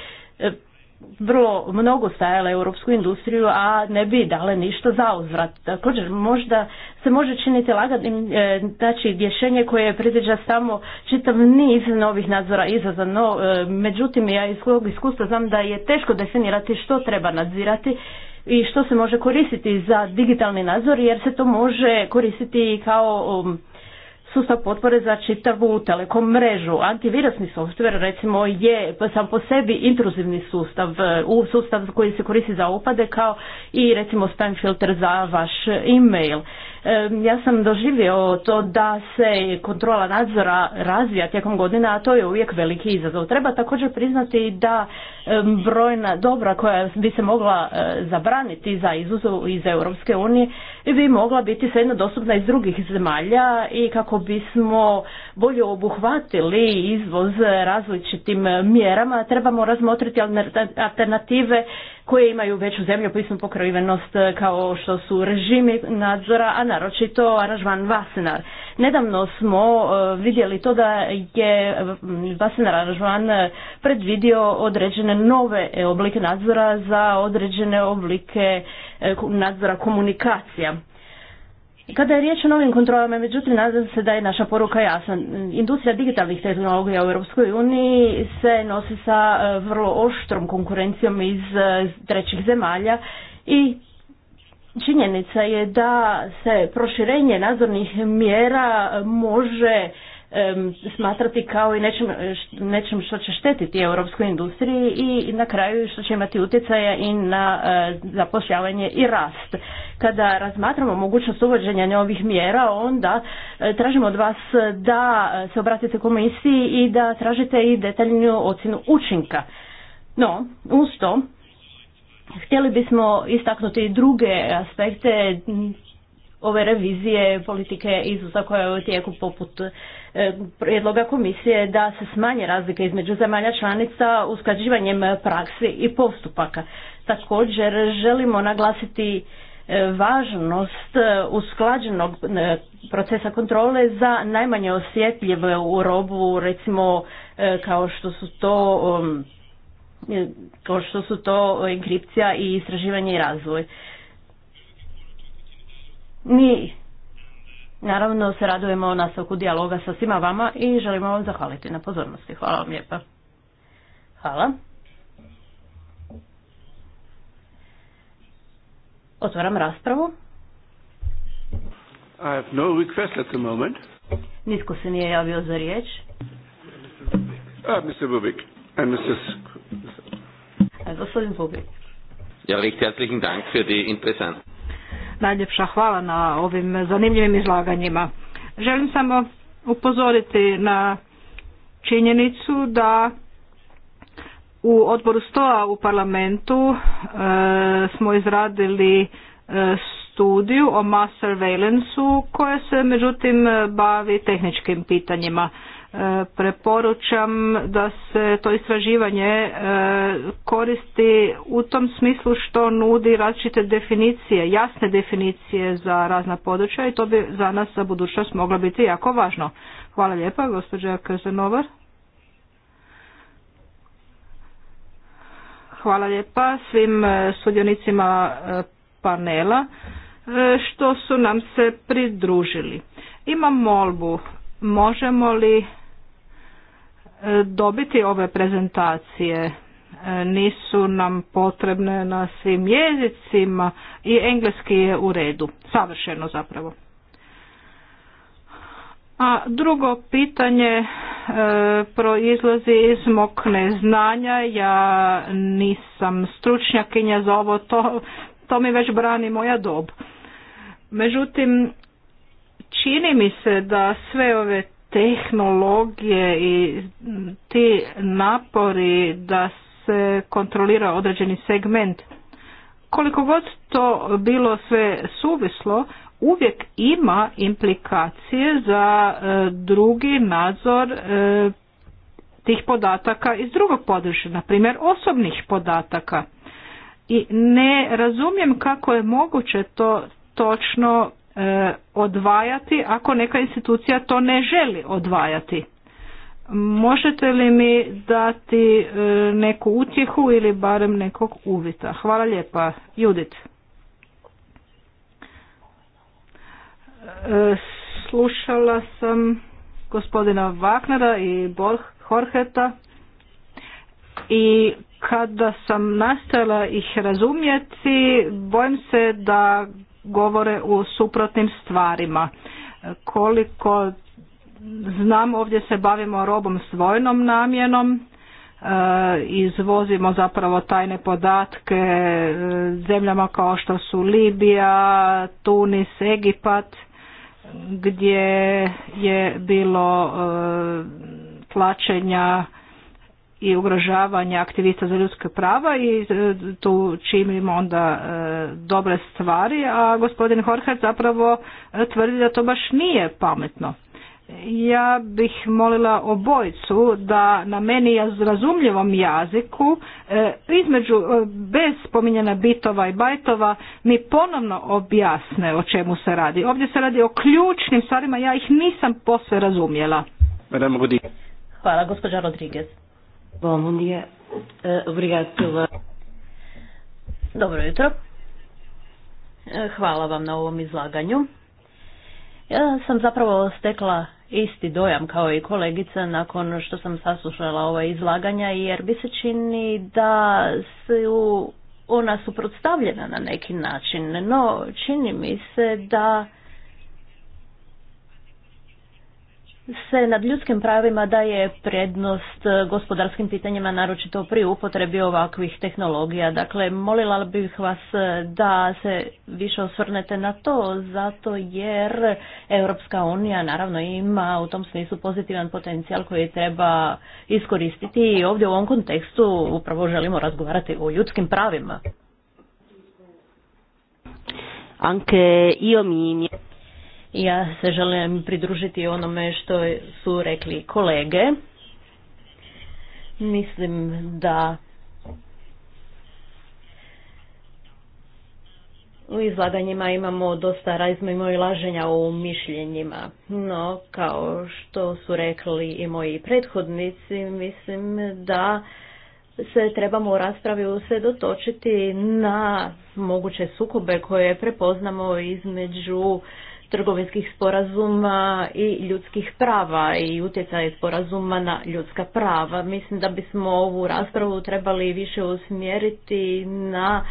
vrlo mnogo stajale europsku industriju, a ne bi dale ništa za uzvrat. Također, možda se može činiti laganim e, znači, rješenje koje predviđa samo čitav niz novih nadzora izaza, no e, međutim ja iz svog iskustva znam da je teško definirati što treba nadzirati i što se može koristiti za digitalni nadzor jer se to može koristiti kao um, sustav potpore za čitavu telekom mrežu. Antivirusni softver recimo je sam po sebi intruzivni sustav, e, u sustav koji se koristi za upade kao i recimo spam filter za vaš e-mail. Ja sam doživio to da se kontrola nadzora razvija tijekom godina, a to je uvijek veliki izazov. Treba također priznati da brojna dobra koja bi se mogla e, zabraniti za izvoz iz Europske unije bi mogla biti svejedno dostupna iz drugih zemalja i kako bismo bolje obuhvatili izvoz različitim mjerama trebamo razmotriti alternative koje imaju veću zemljopisnu pokrivenost eh, kao što su režimi nadzora, a naročito aranžman Vasenar. Nedavno smo eh, vidjeli to da je Vasenar eh, aranžman predvidio određene nove oblike nadzora za određene oblike nadzora komunikacija. Kada je riječ o novim kontrolama, međutim, nadam se da je naša poruka jasna. Industrija digitalnih tehnologija u Europskoj uniji se nosi sa e, vrlo oštrom konkurencijom iz e, trećih zemalja i činjenica je da se proširenje nadzornih mjera može smatrati kao i nečem nečem što će štetiti europskoj industriji i na kraju što će imati utjecaja i na e, zapošljavanje i rast. Kada razmatramo mogućnost uvođenja novih mjera, onda e, tražimo od vas da se obratite komisiji i da tražite i detaljnu ocjenu učinka. No, uz to, htjeli bismo istaknuti i druge aspekte ove revizije politike izuza koja je u tijeku poput prijedloga komisije da se smanje razlike između zemalja članica usklađivanjem praksi i postupaka. Također želimo naglasiti e, važnost e, usklađenog e, procesa kontrole za najmanje osjetljive u robu, recimo kao što su to um, kao što su to enkripcija i istraživanje i razvoj. Mi Naravno se radujemo nastavku dijaloga sa svima vama i želimo vam zahvaliti na pozornosti. Hvala vam lijepa. Hvala. Otvaram raspravu. I have no request at the moment. Nitko se nije javio za riječ. Uh, ah, Mr. Bubik and Mrs. Gospodin Bubik. Ja, recht herzlichen Dank für die interessanten najljepša hvala na ovim zanimljivim izlaganjima. Želim samo upozoriti na činjenicu da u odboru stoa u parlamentu e, smo izradili e, studiju o mass surveillance koja se međutim e, bavi tehničkim pitanjima preporučam da se to istraživanje e, koristi u tom smislu što nudi različite definicije, jasne definicije za razna područja i to bi za nas za budućnost moglo biti jako važno. Hvala lijepa, gospođa Krzenovar. Hvala lijepa svim e, sudionicima e, panela što su nam se pridružili. Imam molbu, možemo li dobiti ove prezentacije e, nisu nam potrebne na svim jezicima i engleski je u redu, savršeno zapravo. A drugo pitanje e, proizlazi iz mog neznanja, ja nisam stručnjakinja za ovo, to, to mi već brani moja dob. Međutim, čini mi se da sve ove tehnologije i ti napori da se kontrolira određeni segment. Koliko god to bilo sve suvislo, uvijek ima implikacije za e, drugi nadzor e, tih podataka iz drugog područja, na primjer osobnih podataka. I ne razumijem kako je moguće to točno E, odvajati ako neka institucija to ne želi odvajati. Možete li mi dati e, neku utjehu ili barem nekog uvita? Hvala lijepa. Judit. E, slušala sam gospodina Wagnera i Horheta i kada sam nastala ih razumjeti, bojim se da govore u suprotnim stvarima. Koliko znam ovdje se bavimo robom s vojnom namjenom, e, izvozimo zapravo tajne podatke e, zemljama kao što su Libija, Tunis, Egipat gdje je bilo e, tlačenja i ugrožavanja aktivista za ljudska prava i e, tu činimo onda e, dobre stvari, a gospodin Horhard zapravo e, tvrdi da to baš nije pametno. Ja bih molila obojcu da na meni razumljivom jeziku između bez spominjanja bitova i bajtova mi ponovno objasne o čemu se radi. Ovdje se radi o ključnim stvarima, ja ih nisam posve razumjela. Hvala, gospođa Rodriguez. Bom dia. Eh, obrigado pela... Dobro jutro. Eh, hvala vam na ovom izlaganju. Ja sam zapravo stekla isti dojam kao i kolegica nakon što sam saslušala ova izlaganja jer bi se čini da su ona suprotstavljena na neki način, no čini mi se da se nad ljudskim pravima daje prednost eh, gospodarskim pitanjima, naročito pri upotrebi ovakvih tehnologija. Dakle, molila bih vas eh, da se više osvrnete na to, zato jer Europska unija naravno ima u tom smislu pozitivan potencijal koji treba iskoristiti i ovdje u ovom kontekstu upravo želimo razgovarati o ljudskim pravima. anke io mi ja se želim pridružiti onome što su rekli kolege. Mislim da u izlaganjima imamo dosta razmimo i laženja u mišljenjima. No, kao što su rekli i moji prethodnici, mislim da se trebamo u raspravi usredotočiti na moguće sukobe koje prepoznamo između trgovinskih sporazuma i ljudskih prava i utjecaj sporazuma na ljudska prava. Mislim da bismo ovu raspravu trebali više usmjeriti na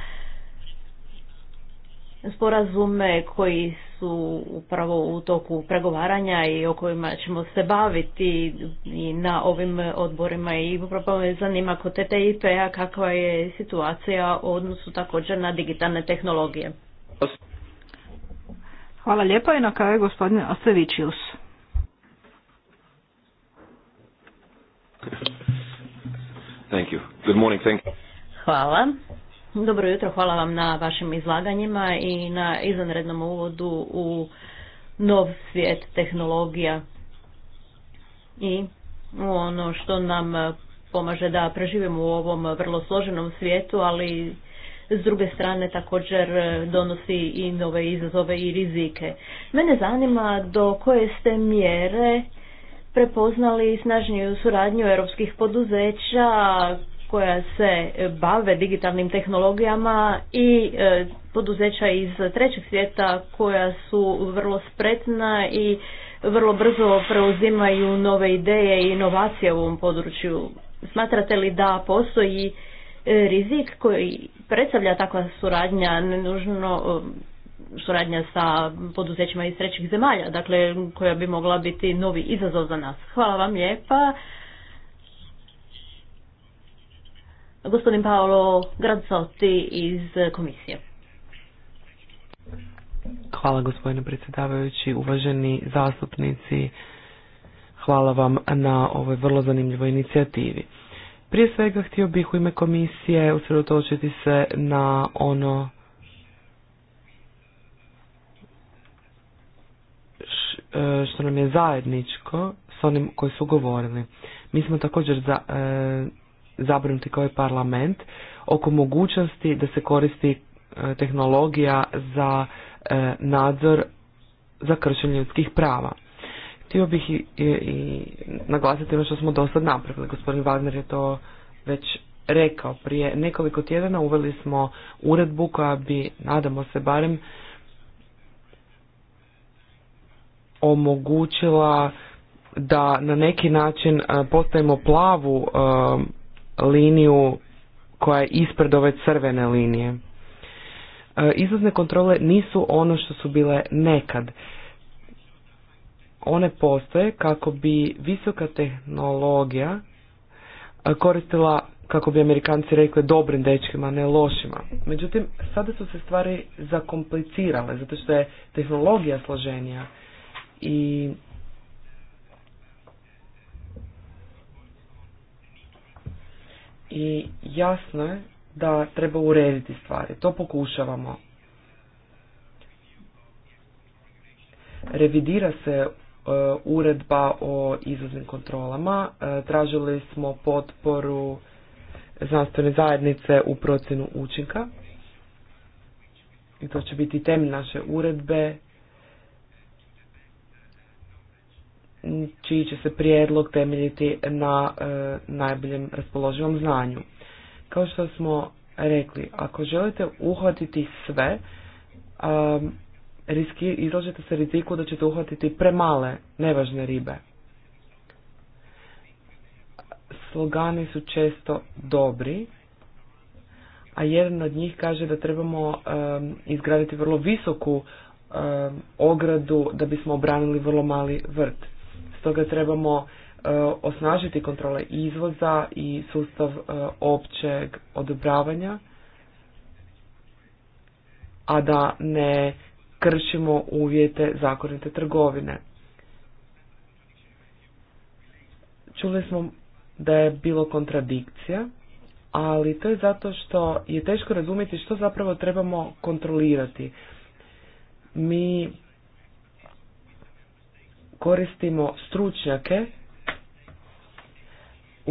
sporazume koji su upravo u toku pregovaranja i o kojima ćemo se baviti i na ovim odborima i upravo me zanima kod TTIP-a kakva je situacija u odnosu također na digitalne tehnologije. Hvala lijepo i na kraju gospodin Ostevićius. Thank Good Hvala. Dobro jutro, hvala vam na vašim izlaganjima i na izvanrednom uvodu u nov svijet tehnologija i ono što nam pomaže da preživimo u ovom vrlo složenom svijetu, ali s druge strane također e, donosi i nove izazove i rizike. Mene zanima do koje ste mjere prepoznali snažniju suradnju europskih poduzeća koja se bave digitalnim tehnologijama i e, poduzeća iz trećeg svijeta koja su vrlo spretna i vrlo brzo preuzimaju nove ideje i inovacije u ovom području. Smatrate li da postoji E, rizik koji predstavlja takva suradnja, ne nužno e, suradnja sa poduzećima iz trećih zemalja, dakle koja bi mogla biti novi izazov za nas. Hvala vam lijepa. Gospodin Paolo Grazzoti iz komisije. Hvala gospodine predsjedavajući, uvaženi zastupnici. Hvala vam na ovoj vrlo zanimljivoj inicijativi. Prije svega htio bih u ime komisije usredotočiti se na ono e, što nam je zajedničko s onim koji su govorili. Mi smo također za, e, zabrinuti kao je parlament oko mogućnosti da se koristi e, tehnologija za e, nadzor za kršenje ljudskih prava. Htio bih i, naglasiti ono što smo do sad napravili. Gospodin Wagner je to već rekao. Prije nekoliko tjedana uveli smo uredbu koja bi, nadamo se barem, omogućila da na neki način e, postavimo plavu e, liniju koja je ispred ove crvene linije. E, izlazne kontrole nisu ono što su bile nekad one postoje kako bi visoka tehnologija e, koristila, kako bi Amerikanci rekli, dobrim dečkima, ne lošima. Međutim, sada su se stvari zakomplicirale, zato što je tehnologija složenija i i jasno je da treba urediti stvari. To pokušavamo. Revidira se E, uredba o izvoznim kontrolama. E, tražili smo potporu znanstvene zajednice u procjenu učinka. I to će biti temelj naše uredbe čiji će se prijedlog temeljiti na e, najboljem raspoloživom znanju. Kao što smo rekli, ako želite uhvatiti sve, riski, se riziku da ćete uhvatiti premale, nevažne ribe. Slogani su često dobri, a jedan od njih kaže da trebamo izgraditi vrlo visoku ogradu da bismo obranili vrlo mali vrt. Stoga trebamo e, osnažiti kontrole izvoza i sustav e, općeg odobravanja, a da ne kršimo uvjete zakonite trgovine. Čuli smo da je bilo kontradikcija, ali to je zato što je teško razumjeti što zapravo trebamo kontrolirati. Mi koristimo stručnjake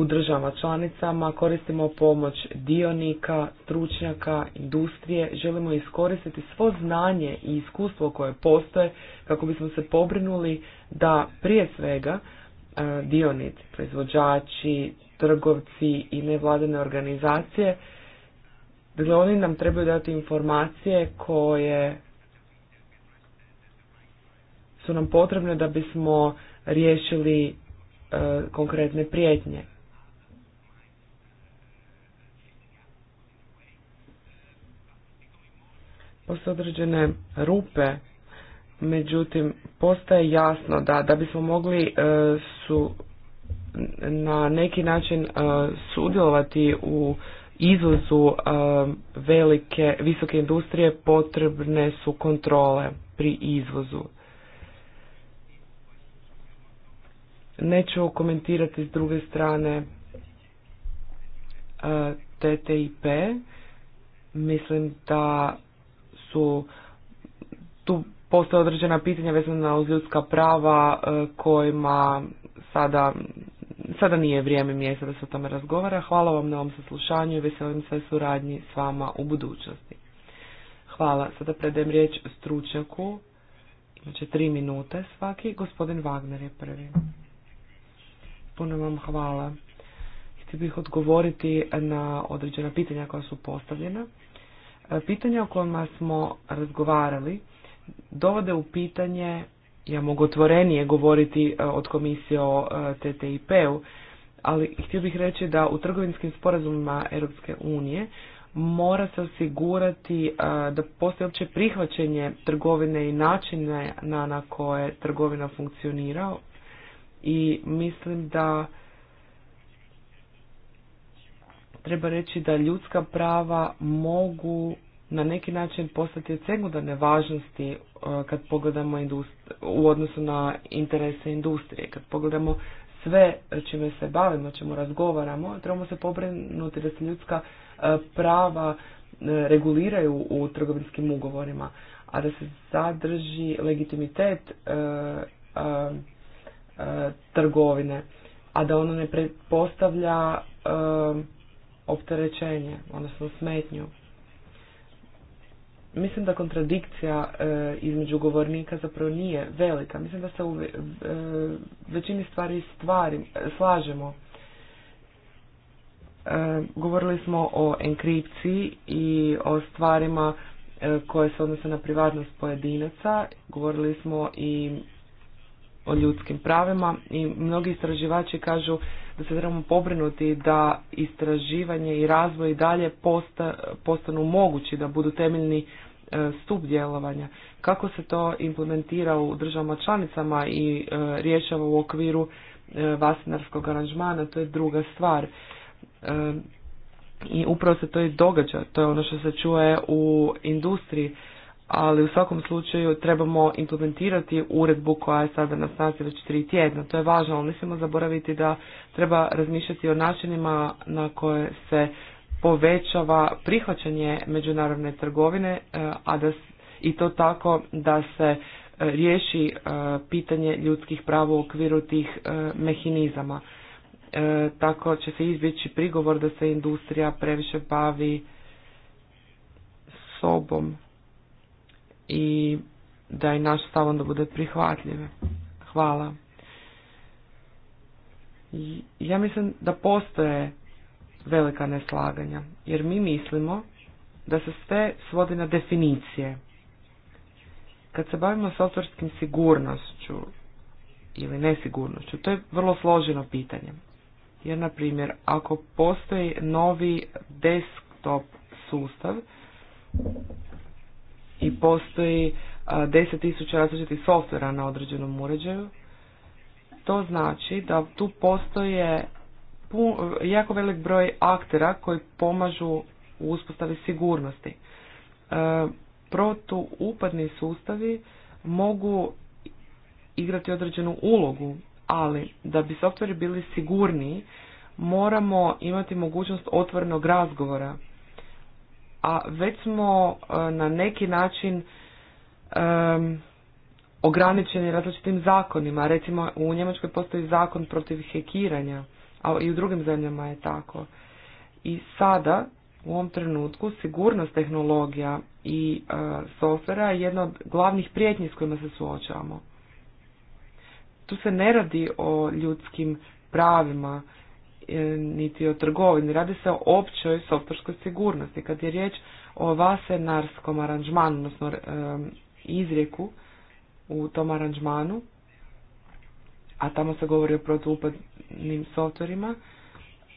u državama članicama, koristimo pomoć dionika, stručnjaka, industrije, želimo iskoristiti svo znanje i iskustvo koje postoje kako bismo se pobrinuli da prije svega e, dionici, proizvođači, trgovci i nevladine organizacije, dakle oni nam trebaju dati informacije koje su nam potrebne da bismo riješili e, konkretne prijetnje. postoje određene rupe, međutim postaje jasno da da bismo mogli e, su na neki način e, sudjelovati u izvozu e, velike, visoke industrije potrebne su kontrole pri izvozu. Neću komentirati s druge strane TTIP. Mislim da su tu postoje određena pitanja vezana uz ljudska prava e, kojima sada, sada nije vrijeme mjesta da se o tome razgovara. Hvala vam na ovom saslušanju i veselim se suradnji s vama u budućnosti. Hvala. Sada predajem riječ stručnjaku. Znači tri minute svaki. Gospodin Wagner je prvi. Puno vam hvala. Htio bih odgovoriti na određena pitanja koja su postavljena. Pitanja o kojima smo razgovarali dovode u pitanje, ja mogu otvorenije govoriti e, od komisije o e, TTIP-u, ali htio bih reći da u trgovinskim sporazumima Europske unije mora se osigurati e, da postoje opće prihvaćenje trgovine i načine na, na koje trgovina funkcionira i mislim da treba reći da ljudska prava mogu na neki način postati od sekundarne važnosti e, kad pogledamo u odnosu na interese industrije, kad pogledamo sve čime se bavimo, čemu razgovaramo, trebamo se pobrinuti da se ljudska e, prava e, reguliraju u trgovinskim ugovorima, a da se zadrži legitimitet trgovine, a da ono ne predpostavlja opterećenje, odnosno smetnju. Mislim da kontradikcija e, između govornika zapravo nije velika. Mislim da se u e, većini stvari stvari slažemo. E, govorili smo o enkripciji i o stvarima e, koje se odnose na privatnost pojedinaca. Govorili smo i o ljudskim pravima i mnogi istraživači kažu da se trebamo pobrinuti da istraživanje i razvoj i dalje posta, postanu mogući, da budu temeljni e, stup djelovanja. Kako se to implementira u državama članicama i e, rješava u okviru e, vasinarskog aranžmana, to je druga stvar. I upravo se to i događa, to je ono što se čuje u industriji, ali u svakom slučaju trebamo implementirati uredbu koja je sada na snazi već tri tjedna. To je važno, ali ne smijemo zaboraviti da treba razmišljati o načinima na koje se povećava prihvaćanje međunarodne trgovine, e, a da i to tako da se e, riješi e, pitanje ljudskih prava u okviru tih mehanizama. Tako će se izbjeći prigovor da se industrija previše bavi sobom i da i naš stav onda bude prihvatljiv. Hvala. Ja mislim da postoje velika neslaganja, jer mi mislimo da se sve svodi na definicije. Kad se bavimo softverskim sigurnošću ili nesigurnošću, to je vrlo složeno pitanje. Jer, na primjer, ako postoji novi desktop sustav, i postoji deset tisuća različitih softvera na određenom uređaju. To znači da tu postoje jako velik broj aktera koji pomažu u uspostavi sigurnosti. E, Protuupadni sustavi mogu igrati određenu ulogu, ali da bi softveri bili sigurniji, moramo imati mogućnost otvorenog razgovora a već smo e, na neki način um, ograničeni različitim zakonima. Recimo u Njemačkoj postoji zakon protiv hekiranja, a i u drugim zemljama je tako. I sada u ovom trenutku sigurnost tehnologija i e, softvera je jedna od glavnih prijetnji s kojima se suočavamo. Tu se ne radi o ljudskim pravima, E, niti o trgovini. Radi se o općoj softverskoj sigurnosti. Kad je riječ o vasenarskom aranžmanu, odnosno e, izrijeku u tom aranžmanu, a tamo se govori o protuupadnim softverima,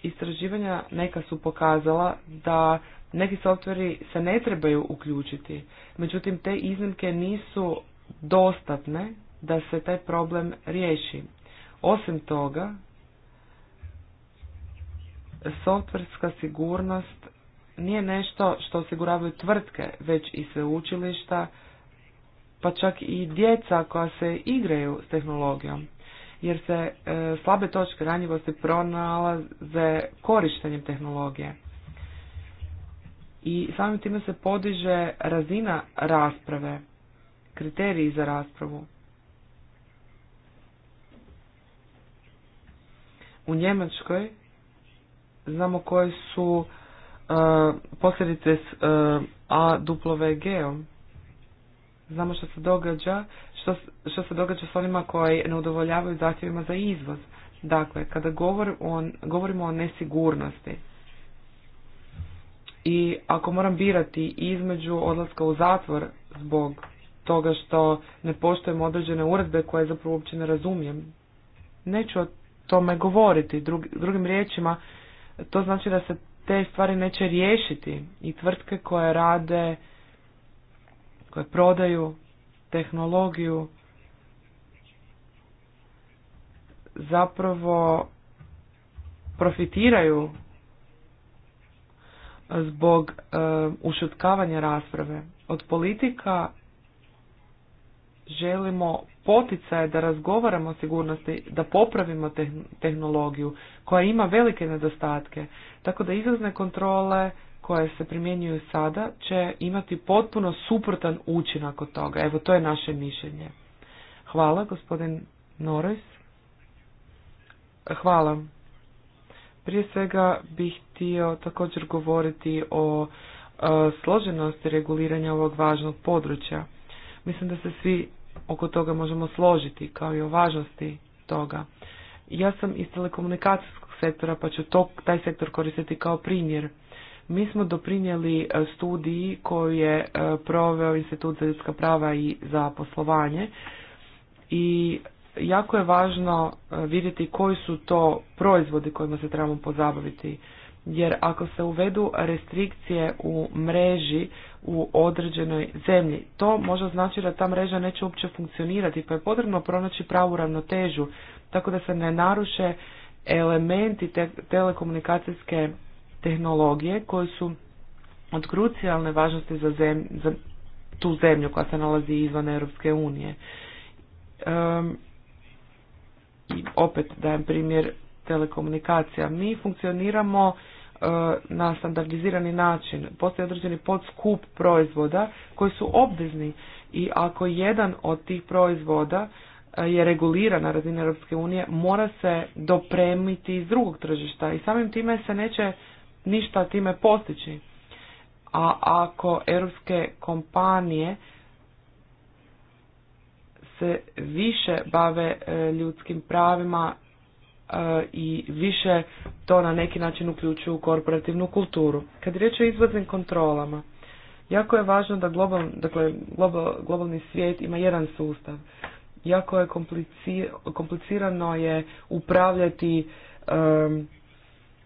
istraživanja neka su pokazala da neki softveri se ne trebaju uključiti. Međutim, te iznimke nisu dostatne da se taj problem riješi. Osim toga, softverska sigurnost nije nešto što osiguravaju tvrtke, već i sveučilišta, pa čak i djeca koja se igraju s tehnologijom, jer se e, slabe točke ranjivosti pronalaze korištenjem tehnologije. I samim time se podiže razina rasprave, kriteriji za raspravu. U Njemačkoj znamo koje su e, posljedice s e, A duplove g Znamo što se događa, što, se događa s onima koji ne udovoljavaju zahtjevima za izvoz. Dakle, kada govorimo o nesigurnosti i ako moram birati između odlaska u zatvor zbog toga što ne poštujem određene uredbe koje zapravo uopće ne razumijem, neću o tome govoriti. drugim riječima, to znači da se te stvari neće riješiti i tvrtke koje rade, koje prodaju tehnologiju, zapravo profitiraju zbog e, ušutkavanja rasprave. Od politika želimo poticaje da razgovaramo o sigurnosti, da popravimo tehnologiju koja ima velike nedostatke, tako da izlazne kontrole koje se primjenjuju sada će imati potpuno suprotan učinak od toga. Evo, to je naše mišljenje. Hvala, gospodin Norris. Hvala. Prije svega bih htio također govoriti o e, složenosti reguliranja ovog važnog područja. Mislim da se svi oko toga možemo složiti, kao i o važnosti toga. Ja sam iz telekomunikacijskog sektora, pa ću to, taj sektor koristiti kao primjer. Mi smo doprinijeli e, studiji koju je e, proveo Institut za ljudska prava i za poslovanje i jako je važno e, vidjeti koji su to proizvodi kojima se trebamo pozabaviti. Jer ako se uvedu restrikcije u mreži u određenoj zemlji. To možda znači da ta mreža neće uopće funkcionirati, pa je potrebno pronaći pravu ravnotežu, tako da se ne naruše elementi telekomunikacijske tehnologije koji su od krucijalne važnosti za, za tu zemlju koja se nalazi izvan Europske unije. Um, i opet dajem primjer telekomunikacija. Mi funkcioniramo E, na standardizirani način. postoje određeni podskup proizvoda koji su obvezni i ako jedan od tih proizvoda e, je reguliran na razini Europske unije, mora se dopremiti iz drugog tržišta i samim time se neće ništa time postići. A ako europske kompanije se više bave e, ljudskim pravima E, i više to na neki način uključuju u korporativnu kulturu. Kad je riječ o izvoznim kontrolama, jako je važno da global, dakle, globalni svijet ima jedan sustav. Jako je komplicirano je upravljati um,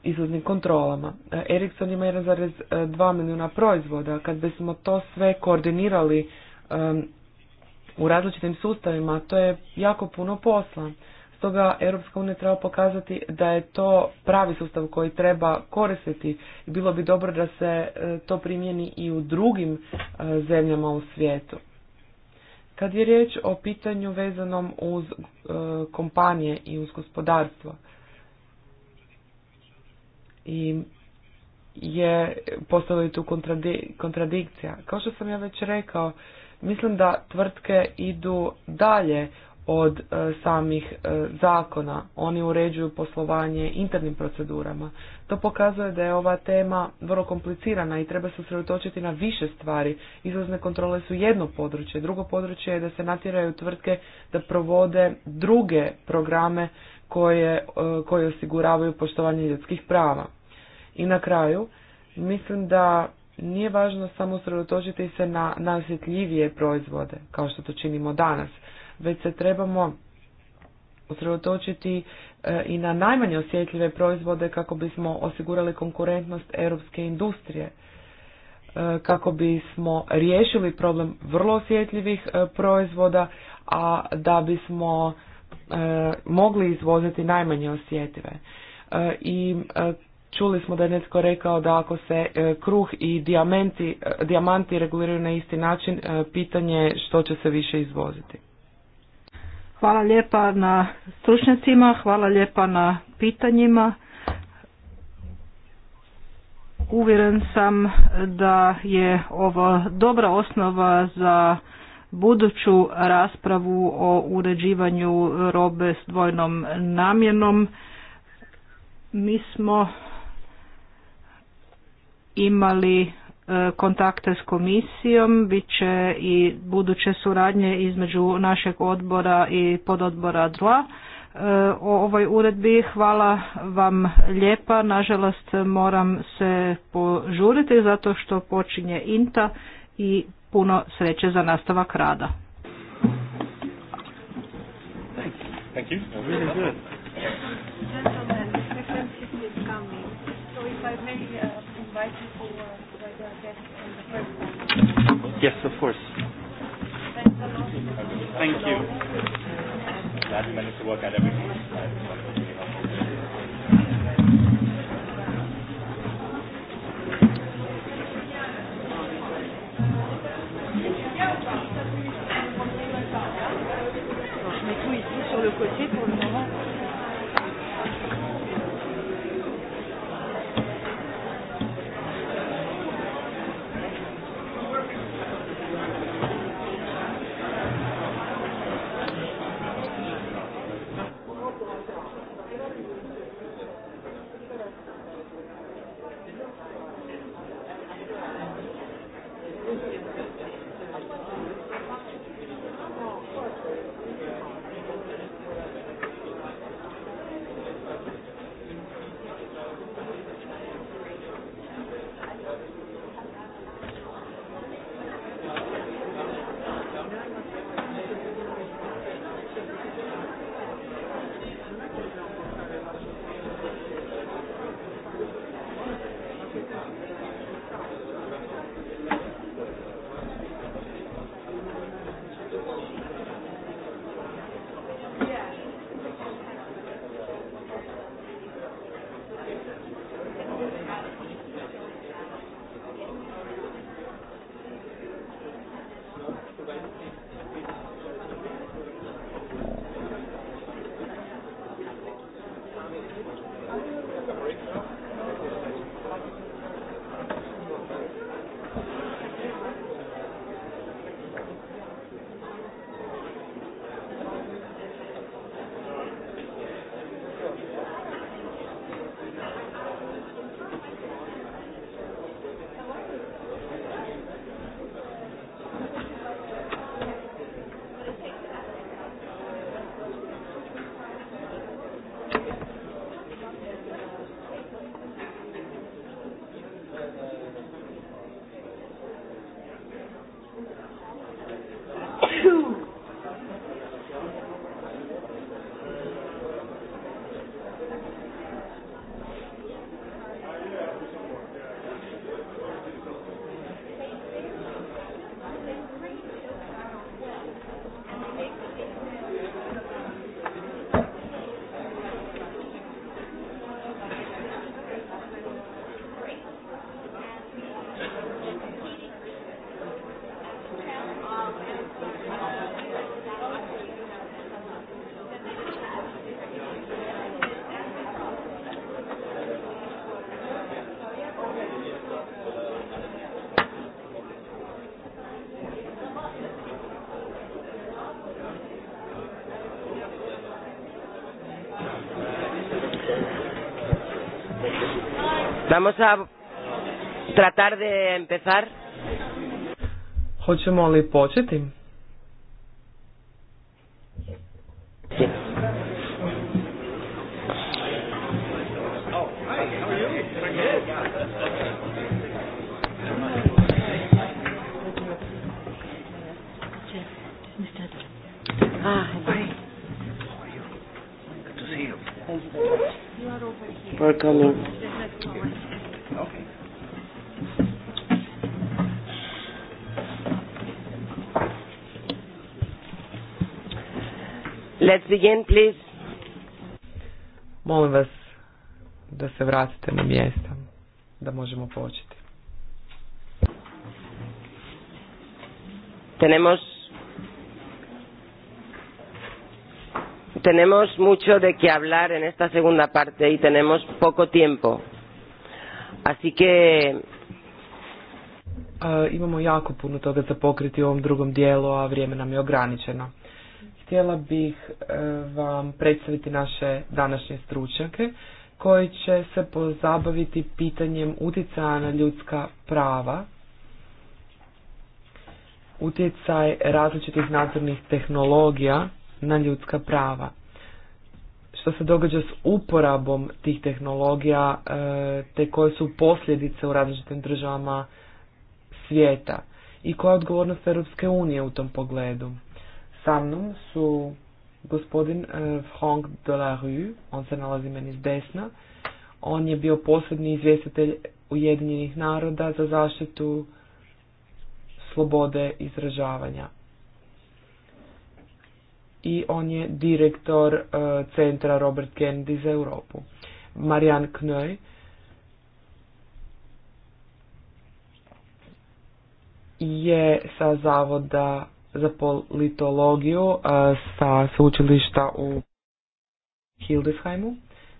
izvoznim kontrolama. E, Ericsson ima 1,2 milijuna proizvoda. Kad bismo to sve koordinirali u različitim sustavima, to je jako puno posla. Stoga Europska unija treba pokazati da je to pravi sustav koji treba koristiti i bilo bi dobro da se e, to primjeni i u drugim e, zemljama u svijetu. Kad je riječ o pitanju vezanom uz e, kompanije i uz gospodarstvo, i je postoji tu kontradikcija. Kao što sam ja već rekao, mislim da tvrtke idu dalje od e, samih e, zakona. Oni uređuju poslovanje internim procedurama. To pokazuje da je ova tema vrlo komplicirana i treba se usredotočiti na više stvari. Izlazne kontrole su jedno područje. Drugo područje je da se natjeraju tvrtke da provode druge programe koje, e, osiguravaju poštovanje ljudskih prava. I na kraju, mislim da nije važno samo usredotočiti se na najosjetljivije proizvode, kao što to činimo danas, već se trebamo usredotočiti e, i na najmanje osjetljive proizvode kako bismo osigurali konkurentnost europske industrije, e, kako bismo riješili problem vrlo osjetljivih e, proizvoda, a da bismo mogli izvoziti najmanje osjetljive. I čuli smo da je netko rekao da ako se kruh i diamanti, reguliraju na isti način, pitanje je što će se više izvoziti. Hvala lijepa na stručnjacima, hvala lijepa na pitanjima. Uvjeren sam da je ovo dobra osnova za buduću raspravu o uređivanju robe s dvojnom namjenom. Mi smo imali kontakte s komisijom, bit će i buduće suradnje između našeg odbora i pododbora DROA e, o ovoj uredbi. Hvala vam lijepa. Nažalost moram se požuriti zato što počinje INTA i puno sreće za nastavak rada. Thank you. Yes, of course. Thank you. Last minute to work out everything. Vamos a tratar de empezar. Hoćemo li početi? Let's begin, please. Molim vas da se vratite na mjesta, da možemo početi. Tenemos tenemos mucho de qué hablar en esta segunda parte y tenemos poco tiempo. Así que Uh, imamo jako puno toga za pokriti u ovom drugom dijelu, a vrijeme nam je ograničeno. Htjela bih e, vam predstaviti naše današnje stručnjake koji će se pozabaviti pitanjem utjecaja na ljudska prava, utjecaj različitih nadzornih tehnologija na ljudska prava. Što se događa s uporabom tih tehnologija e, te koje su posljedice u različitim državama svijeta i koja je odgovornost Europske unije u tom pogledu sa mnom su gospodin e, Franck Delarue, on se nalazi meni s desna. On je bio posebni izvjestitelj Ujedinjenih naroda za zaštitu slobode izražavanja. I on je direktor e, centra Robert Kennedy za Europu. Marijan Knoj je sa zavoda za politologiju e, sa sveučilišta u Hildesheimu.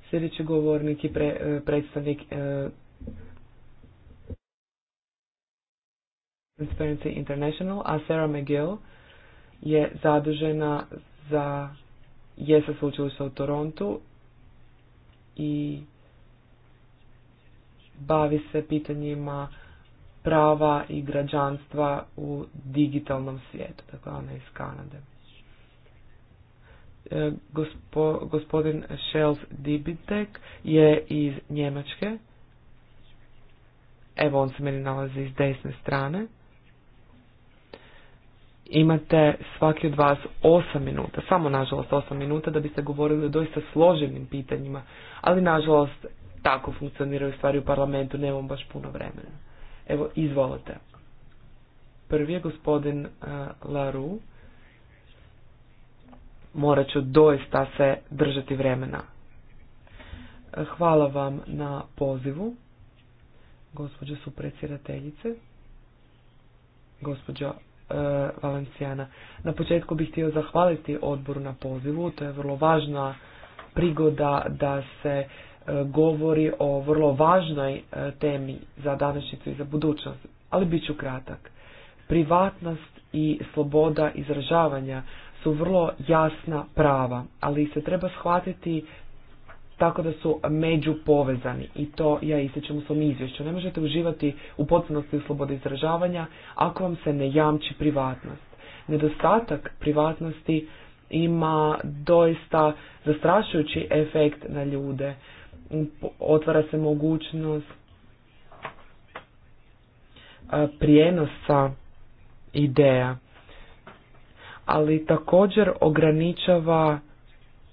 Sljedeći govornik i pre, e, predstavnik e, Transparency International, a Sarah McGill je zadužena za je sa sveučilišta u Torontu i bavi se pitanjima prava i građanstva u digitalnom svijetu, tako dakle ona iz Kanade. E, gospodin Shelf Dibitek je iz Njemačke. Evo on se meni nalazi iz desne strane. Imate svaki od vas 8 minuta, samo nažalost 8 minuta da biste govorili o doista složenim pitanjima, ali nažalost tako funkcioniraju stvari u parlamentu, Nemam baš puno vremena. Evo, izvolite. Prvi je gospodin eh, Laru. Morat ću doista se držati vremena. Hvala vam na pozivu, gospođo supredsjedateljice, gospođo eh, Valencijana. Na početku bih htio zahvaliti odboru na pozivu, to je vrlo važna prigoda da se E, govori o vrlo važnoj e, temi za današnjicu i za budućnost, ali bit ću kratak. Privatnost i sloboda izražavanja su vrlo jasna prava, ali se treba shvatiti tako da su među povezani i to ja ističem u svom izvješću. Ne možete uživati u potpunosti u slobodi izražavanja ako vam se ne jamči privatnost. Nedostatak privatnosti ima doista zastrašujući efekt na ljude otvara se mogućnost prijenosa ideja, ali također ograničava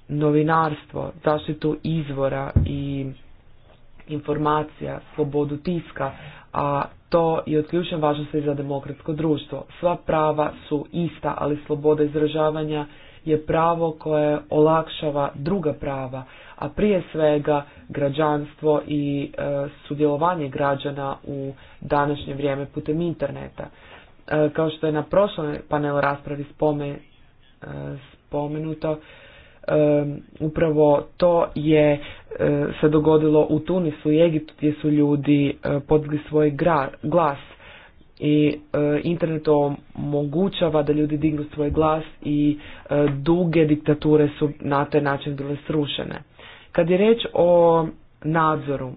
novinarstvo, zaštitu izvora i informacija, slobodu tiska, a to je od ključne važnosti za demokratsko društvo. Sva prava su ista, ali sloboda izražavanja je pravo koje olakšava druga prava a prije svega građanstvo i e, sudjelovanje građana u današnje vrijeme putem interneta. E, kao što je na prošloj panelu raspravi e, spomenuto, upravo to je se dogodilo u Tunisu i Egiptu gdje su ljudi podigli svoj glas i e, internet omogućava da ljudi dignu svoj glas i duge diktature su na taj način bile srušene. Kad je riječ o nadzoru,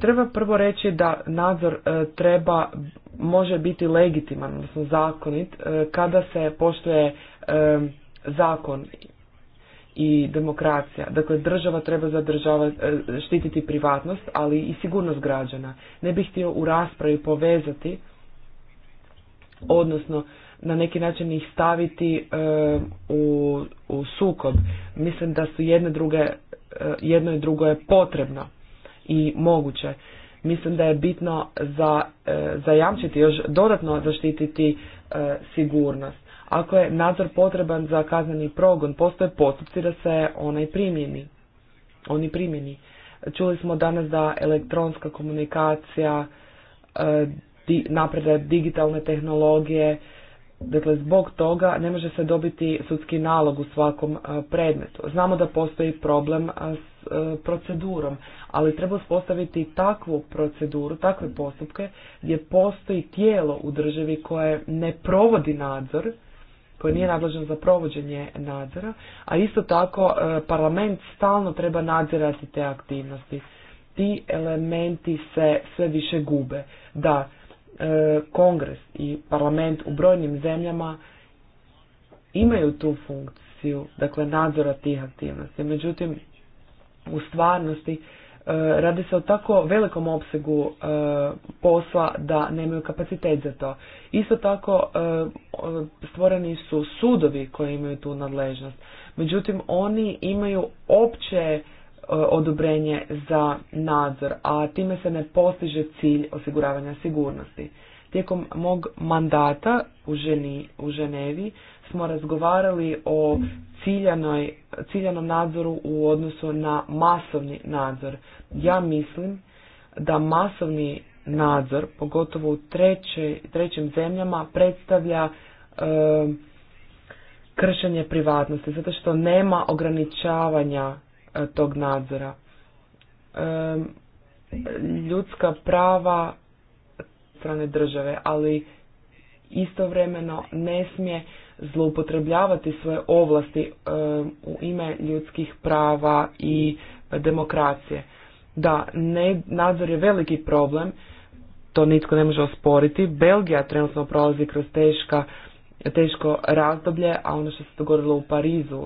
treba prvo reći da nadzor e, treba, može biti legitiman, odnosno zakonit, e, kada se poštuje e, zakon i demokracija. Dakle, država treba zadržavati, štititi privatnost, ali i sigurnost građana. Ne bih htio u raspravi povezati, odnosno na neki način ih staviti e, u, u sukob. Mislim da su jedne druge, e, jedno i drugo je potrebno i moguće. Mislim da je bitno za, e, zajamčiti, još dodatno zaštititi e, sigurnost. Ako je nadzor potreban za kazneni progon, postoje postupci da se onaj primjeni. Oni primjeni. Čuli smo danas da elektronska komunikacija, di, digitalne tehnologije, Dakle, zbog toga ne može se dobiti sudski nalog u svakom e, predmetu. Znamo da postoji problem e, s e, procedurom, ali treba uspostaviti takvu proceduru, takve postupke gdje postoji tijelo u državi koje ne provodi nadzor, koje nije nadležno za provođenje nadzora, a isto tako parlament stalno treba nadzirati te aktivnosti. Ti elementi se sve više gube. Da, E, kongres i parlament u brojnim zemljama imaju tu funkciju, dakle nadzora tih aktivnosti. Međutim, u stvarnosti e, radi se o tako velikom opsegu e, posla da nemaju kapacitet za to. Isto tako stvoreni su sudovi koji imaju tu nadležnost. Međutim, oni imaju opće E, odobrenje za nadzor, a time se ne postiže cilj osiguravanja sigurnosti. Tijekom mog mandata u, u Ženevi smo razgovarali o ciljanoj, ciljanom nadzoru u odnosu na masovni nadzor. Ja mislim da masovni nadzor, pogotovo u treće, trećim zemljama, predstavlja e, kršenje privatnosti, zato što nema ograničavanja tog nadzora. Ljudska prava strane države, ali istovremeno ne smije zloupotrebljavati svoje ovlasti u ime ljudskih prava i demokracije. Da, ne, nadzor je veliki problem, to nitko ne može osporiti. Belgija trenutno prolazi kroz teška, teško razdoblje, a ono što se dogodilo u Parizu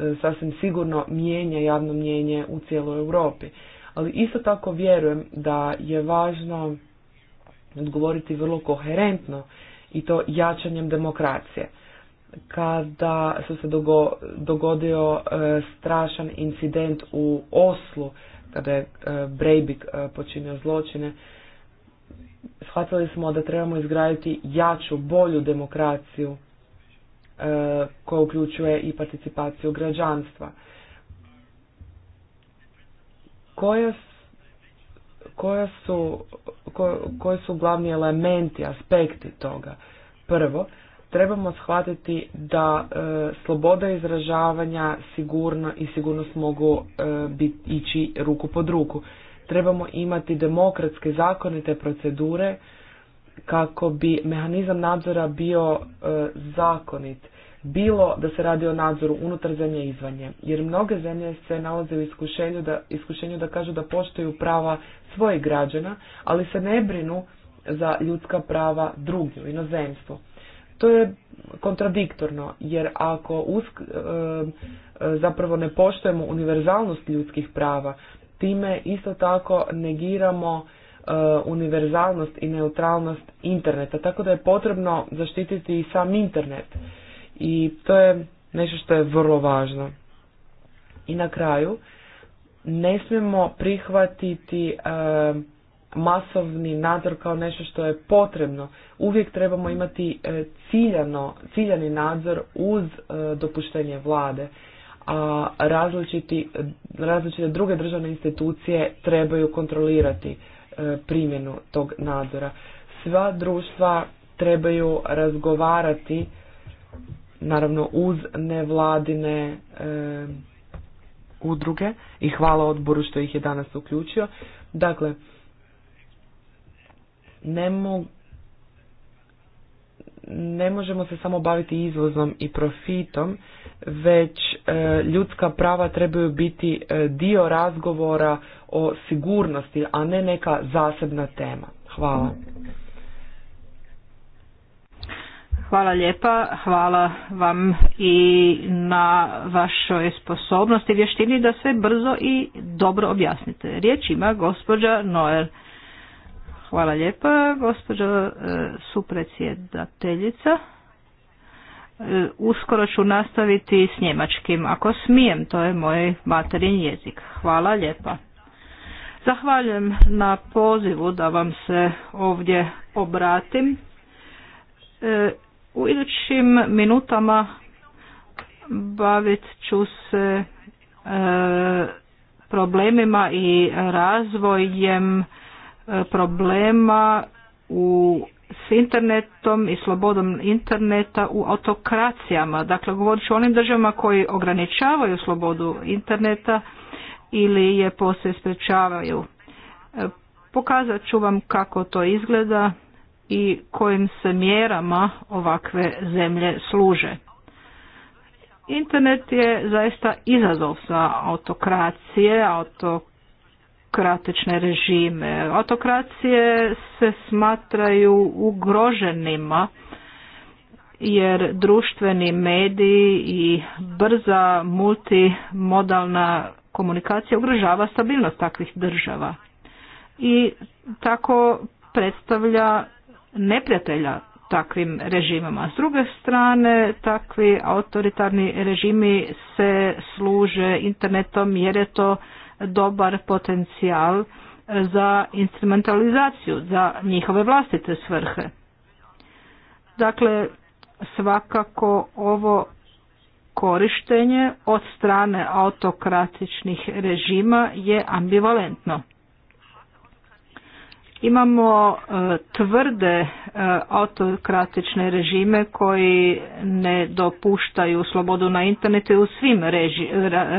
E, sasvim sigurno mijenja javno mjenje u cijeloj Europi. Ali isto tako vjerujem da je važno odgovoriti vrlo koherentno i to jačanjem demokracije. Kada su se dogodio e, strašan incident u Oslu, kada je e, e, počinio zločine, shvatili smo da trebamo izgraditi jaču, bolju demokraciju E, koja uključuje i participaciju građanstva. Koja koja su, koji su glavni elementi, aspekti toga? Prvo, trebamo shvatiti da e, sloboda izražavanja sigurno i sigurnost mogu e, ići ruku pod ruku. Trebamo imati demokratske zakonite procedure kako bi mehanizam nadzora bio e, zakonit, bilo da se radi o nadzoru unutar zemlje i izvanje. Jer mnoge zemlje se nalaze u iskušenju da, iskušenju da kažu da poštuju prava svojih građana, ali se ne brinu za ljudska prava drugih u inozemstvu. To je kontradiktorno, jer ako usk, e, e, zapravo ne poštujemo univerzalnost ljudskih prava, time isto tako negiramo Uh, univerzalnost i neutralnost interneta, tako da je potrebno zaštititi i sam internet. I to je nešto što je vrlo važno. I na kraju, ne smijemo prihvatiti uh, masovni nadzor kao nešto što je potrebno. Uvijek trebamo imati uh, ciljano, ciljani nadzor uz dopuštenje vlade, a različite druge državne institucije trebaju kontrolirati E, primjenu tog nadzora. Sva društva trebaju razgovarati naravno uz nevladine e, udruge i hvala odboru što ih je danas uključio. Dakle, ne, ne možemo se samo baviti izvozom i profitom, već e, ljudska prava trebaju biti dio razgovora o sigurnosti, a ne neka zasebna tema. Hvala. Hvala lijepa, hvala vam i na vašoj sposobnosti i vještini da sve brzo i dobro objasnite. Riječ ima gospođa Noer. Hvala lijepa, gospođo e, supredsjedateljica. E, uskoro ću nastaviti s njemačkim, ako smijem, to je moj materin jezik. Hvala lijepa. Zahvaljujem na pozivu da vam se ovdje obratim. E, u idućim minutama bavit ću se e, problemima i razvojem e, problema u s internetom i slobodom interneta u autokracijama. Dakle, govorit ću o onim državama koji ograničavaju slobodu interneta ili je poslije sprečavaju. E, pokazat ću vam kako to izgleda i kojim se mjerama ovakve zemlje služe. Internet je zaista izazov za autokracije, autokratične režime. Autokracije se smatraju ugroženima jer društveni mediji i brza multimodalna komunikacija ugrožava stabilnost takvih država i tako predstavlja neprijatelja takvim režimama. S druge strane, takvi autoritarni režimi se služe internetom jer je to dobar potencijal za instrumentalizaciju, za njihove vlastite svrhe. Dakle, svakako ovo korištenje od strane autokratičnih režima je ambivalentno. Imamo e, tvrde e, autokratične režime koji ne dopuštaju slobodu na internetu i u svim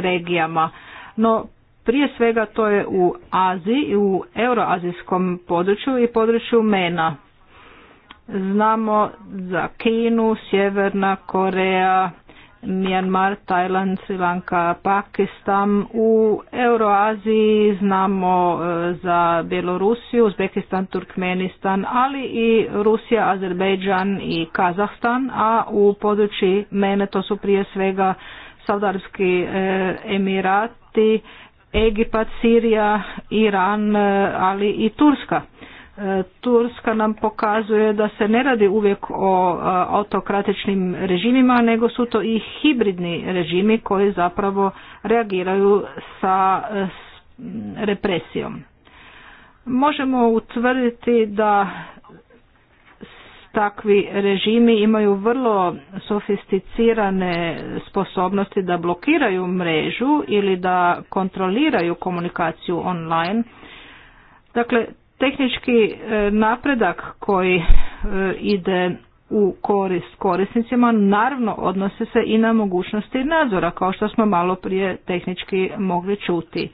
regijama, no prije svega to je u Aziji i u euroazijskom području i području MENA. Znamo za Kinu, Sjeverna Koreja, Mijanmar, Tajland, Sri Lanka, Pakistan. U Euroaziji znamo e, za Bjelorusiju, Uzbekistan, Turkmenistan, ali i Rusija, Azerbejdžan i Kazahstan, a u području mene to su prije svega Saudarski e, Emirati, Egipat, Sirija, Iran, e, ali i Turska. Turska nam pokazuje da se ne radi uvijek o autokratičnim režimima, nego su to i hibridni režimi koji zapravo reagiraju sa e, represijom. Možemo utvrditi da takvi režimi imaju vrlo sofisticirane sposobnosti da blokiraju mrežu ili da kontroliraju komunikaciju online. Dakle, tehnički e, napredak koji e, ide u korist korisnicima naravno odnose se i na mogućnosti nadzora kao što smo malo prije tehnički mogli čuti.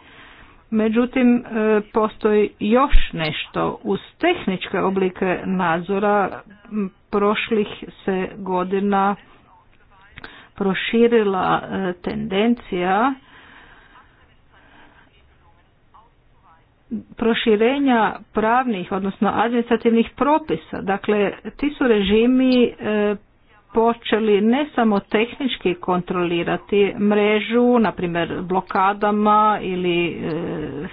Međutim, e, postoji još nešto uz tehničke oblike nadzora prošlih se godina proširila tendencija proširenja pravnih, odnosno administrativnih propisa. Dakle, ti su režimi e, počeli ne samo tehnički kontrolirati mrežu, na primjer blokadama ili e,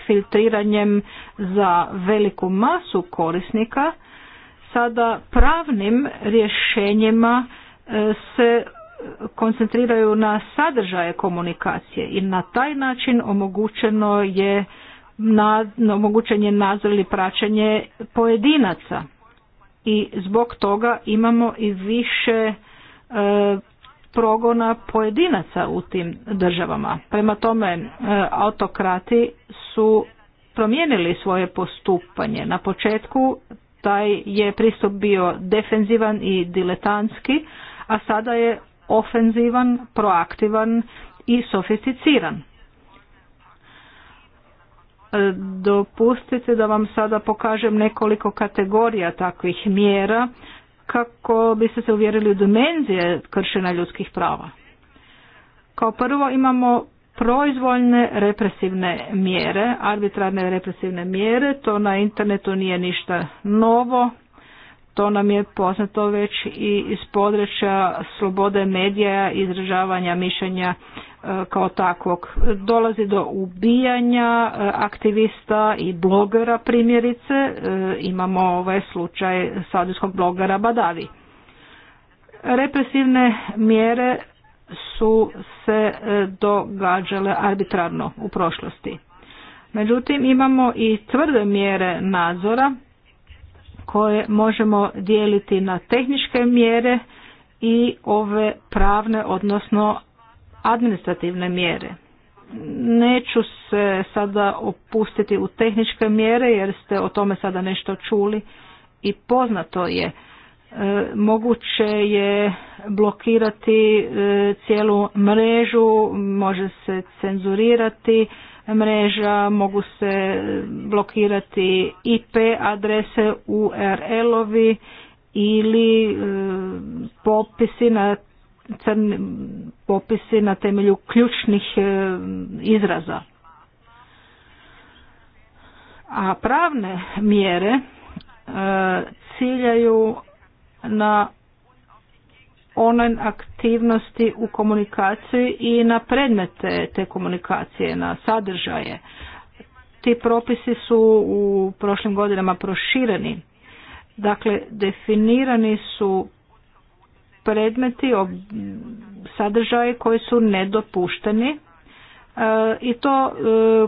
filtriranjem za veliku masu korisnika, sada pravnim rješenjima e, se koncentriraju na sadržaje komunikacije i na taj način omogućeno je na je nadzor ili praćenje pojedinaca i zbog toga imamo i više e, progona pojedinaca u tim državama. Prema tome e, autokrati su promijenili svoje postupanje. Na početku taj je pristup bio defenzivan i diletantski, a sada je ofenzivan, proaktivan i sofisticiran. E, dopustite da vam sada pokažem nekoliko kategorija takvih mjera kako biste se uvjerili u dimenzije kršenja ljudskih prava. Kao prvo imamo proizvoljne represivne mjere, arbitrarne represivne mjere, to na internetu nije ništa novo, to nam je poznato već i iz područja slobode medija, izražavanja mišljenja E, kao takvog. Dolazi do ubijanja e, aktivista i blogera primjerice. E, imamo ovaj slučaj saudijskog blogera Badavi. Represivne mjere su se događale arbitrarno u prošlosti. Međutim, imamo i tvrde mjere nadzora koje možemo dijeliti na tehničke mjere i ove pravne, odnosno administrativne mjere. Neću se sada opustiti u tehničke mjere jer ste o tome sada nešto čuli i poznato je. E, moguće je blokirati e, cijelu mrežu, može se cenzurirati mreža, mogu se blokirati IP adrese URL-ovi ili e, popisi na crni popisi na temelju ključnih e, izraza. A pravne mjere e, ciljaju na online aktivnosti u komunikaciji i na predmete te komunikacije, na sadržaje. Ti propisi su u prošlim godinama prošireni. Dakle, definirani su predmeti sadržaje koji su nedopušteni e, i to e,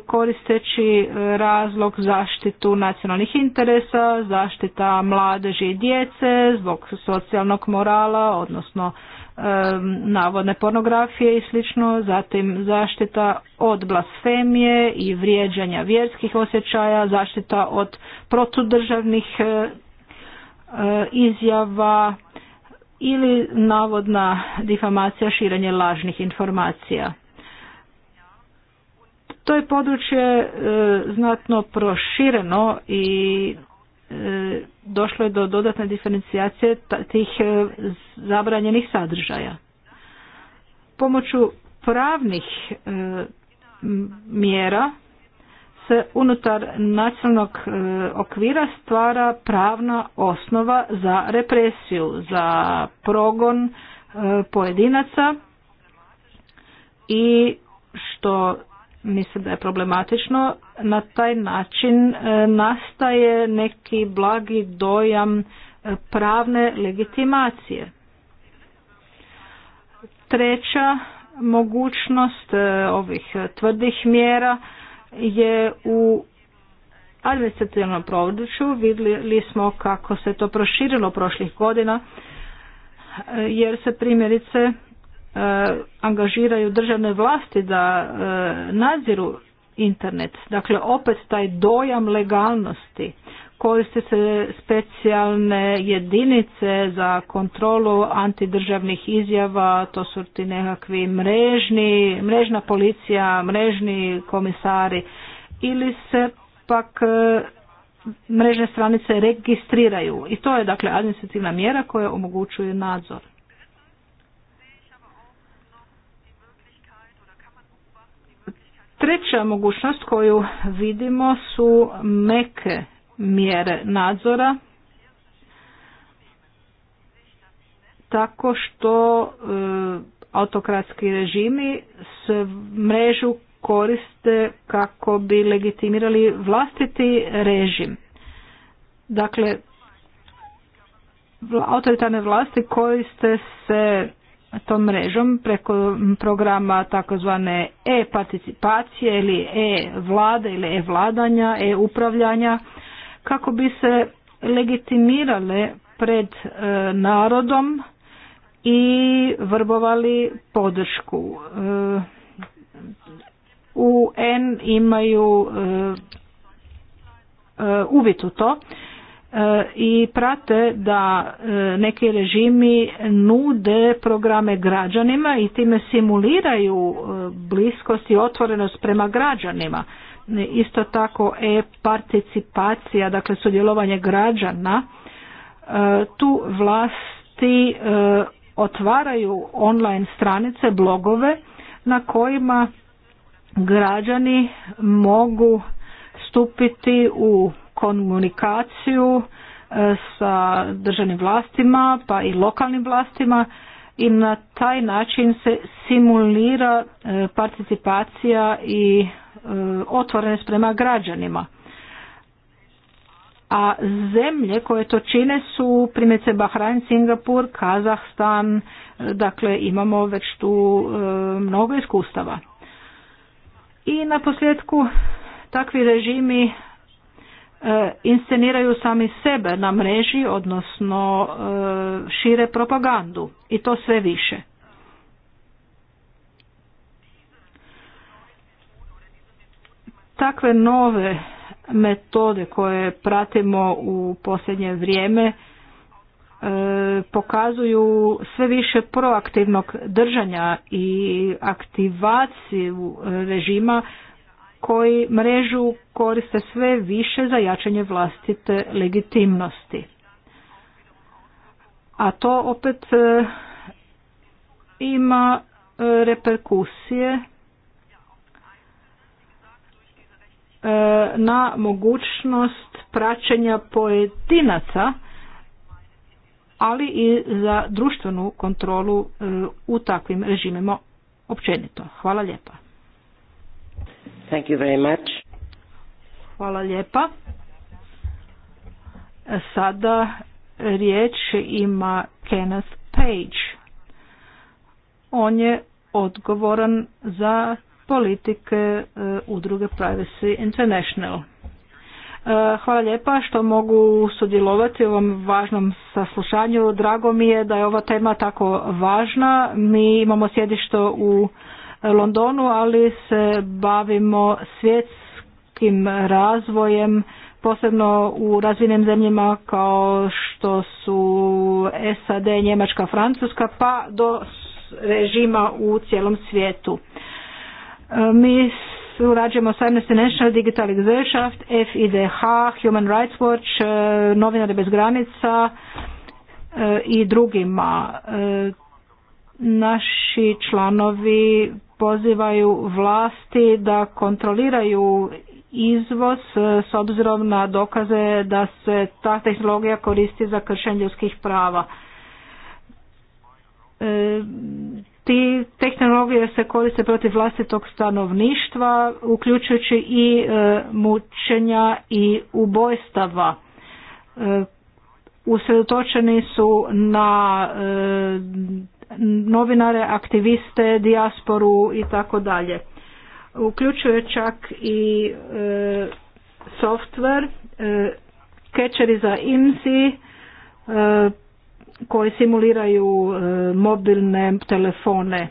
koristeći razlog zaštitu nacionalnih interesa, zaštita mladeži i djece, zbog socijalnog morala, odnosno e, navodne pornografije i slično, zatim zaštita od blasfemije i vrijeđanja vjerskih osjećaja, zaštita od protudržavnih izjava, ili navodna difamacija širenje lažnih informacija. To je područje e, znatno prošireno i e, došlo je do dodatne diferencijacije tih e, zabranjenih sadržaja. Pomoću pravnih mjera se unutar nacionalnog e, okvira stvara pravna osnova za represiju, za progon e, pojedinaca i što mislim da je problematično, na taj način e, nastaje neki blagi dojam pravne legitimacije. Treća mogućnost ovih tvrdih mjera je u administrativnom području vidjeli smo kako se to proširilo prošlih godina e, jer se primjerice e, angažiraju državne vlasti da e, nadziru internet. Dakle, opet taj dojam legalnosti koriste se specijalne jedinice za kontrolu antidržavnih izjava, to su ti nekakvi mrežni, mrežna policija, mrežni komisari ili se pak e, mrežne stranice registriraju i to je dakle administrativna mjera koja omogućuje nadzor. Treća mogućnost koju vidimo su meke mjere nadzora tako što e, autokratski režimi s mrežu koriste kako bi legitimirali vlastiti režim. Dakle, autoritarne vlasti koriste se tom mrežom preko programa takozvane e-participacije ili e-vlade ili e-vladanja, e-upravljanja, kako bi se legitimirale pred e, narodom i vrbovali podršku. E, UN imaju e, uvid u to i prate da neki režimi nude programe građanima i time simuliraju bliskost i otvorenost prema građanima isto tako e-participacija, dakle sudjelovanje građana, e, tu vlasti e, otvaraju online stranice, blogove na kojima građani mogu stupiti u komunikaciju e, sa državnim vlastima pa i lokalnim vlastima i na taj način se simulira participacija i E, otvoren prema građanima. A zemlje koje to čine su primjerice Bahrain, Singapur, Kazahstan, e, dakle imamo već tu e, mnogo iskustava. I na posljedku takvi režimi insceniraju sami sebe na mreži, odnosno šire propagandu i to sve više. takve nove metode koje pratimo u posljednje vrijeme e, pokazuju sve više proaktivnog držanja i aktivaciju režima koji mrežu koriste sve više za jačanje vlastite legitimnosti. A to opet e, ima e, reperkusije E, na mogućnost praćenja pojedinaca, ali i za društvenu kontrolu e, u takvim režimima općenito. Hvala lijepa. Thank you very much. Hvala lijepa. E, sada riječ ima Kenneth Page. On je odgovoran za politike e, udruge Privacy International. E, hvala lijepa što mogu sudjelovati u ovom važnom saslušanju. Drago mi je da je ova tema tako važna. Mi imamo sjedišto u Londonu, ali se bavimo svjetskim razvojem, posebno u razvijenim zemljama kao što su SAD, Njemačka, Francuska, pa do režima u cijelom svijetu. Mi surađujemo sa Amnesty National, Digital Gesellschaft, FIDH, Human Rights Watch, e, Novinare bez granica e, i drugima. E, naši članovi pozivaju vlasti da kontroliraju izvoz s obzirom na dokaze da se ta tehnologija koristi za kršenje ljudskih prava ti tehnologije se koriste protiv vlastitog stanovništva, uključujući i e, mučenja i ubojstava. E, usredotočeni su na e, novinare, aktiviste, dijasporu i tako dalje. Uključuje čak i software, kečeri za IMSI, koji simuliraju e, mobilne telefone.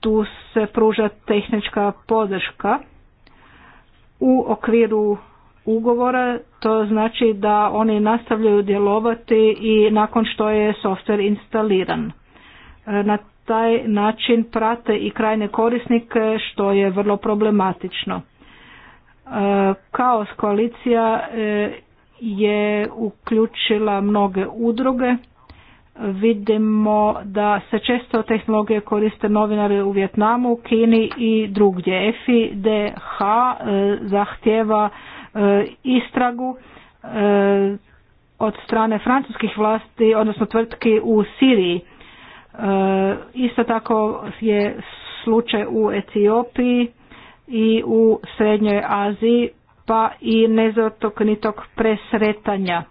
Tu se pruža tehnička podrška u okviru ugovora, to znači da oni nastavljaju djelovati i nakon što je softver instaliran. E, na taj način prate i krajne korisnike što je vrlo problematično. E, kaos koalicija je uključila mnoge udruge. Vidimo da se često tehnologije koriste novinari u Vjetnamu, Kini i drugdje. FIDH e, zahtjeva e, istragu e, od strane francuskih vlasti, odnosno tvrtki u Siriji. Isto tako je slučaj u Etiopiji i u Srednjoj Aziji pa i nezotoknitog presretanja.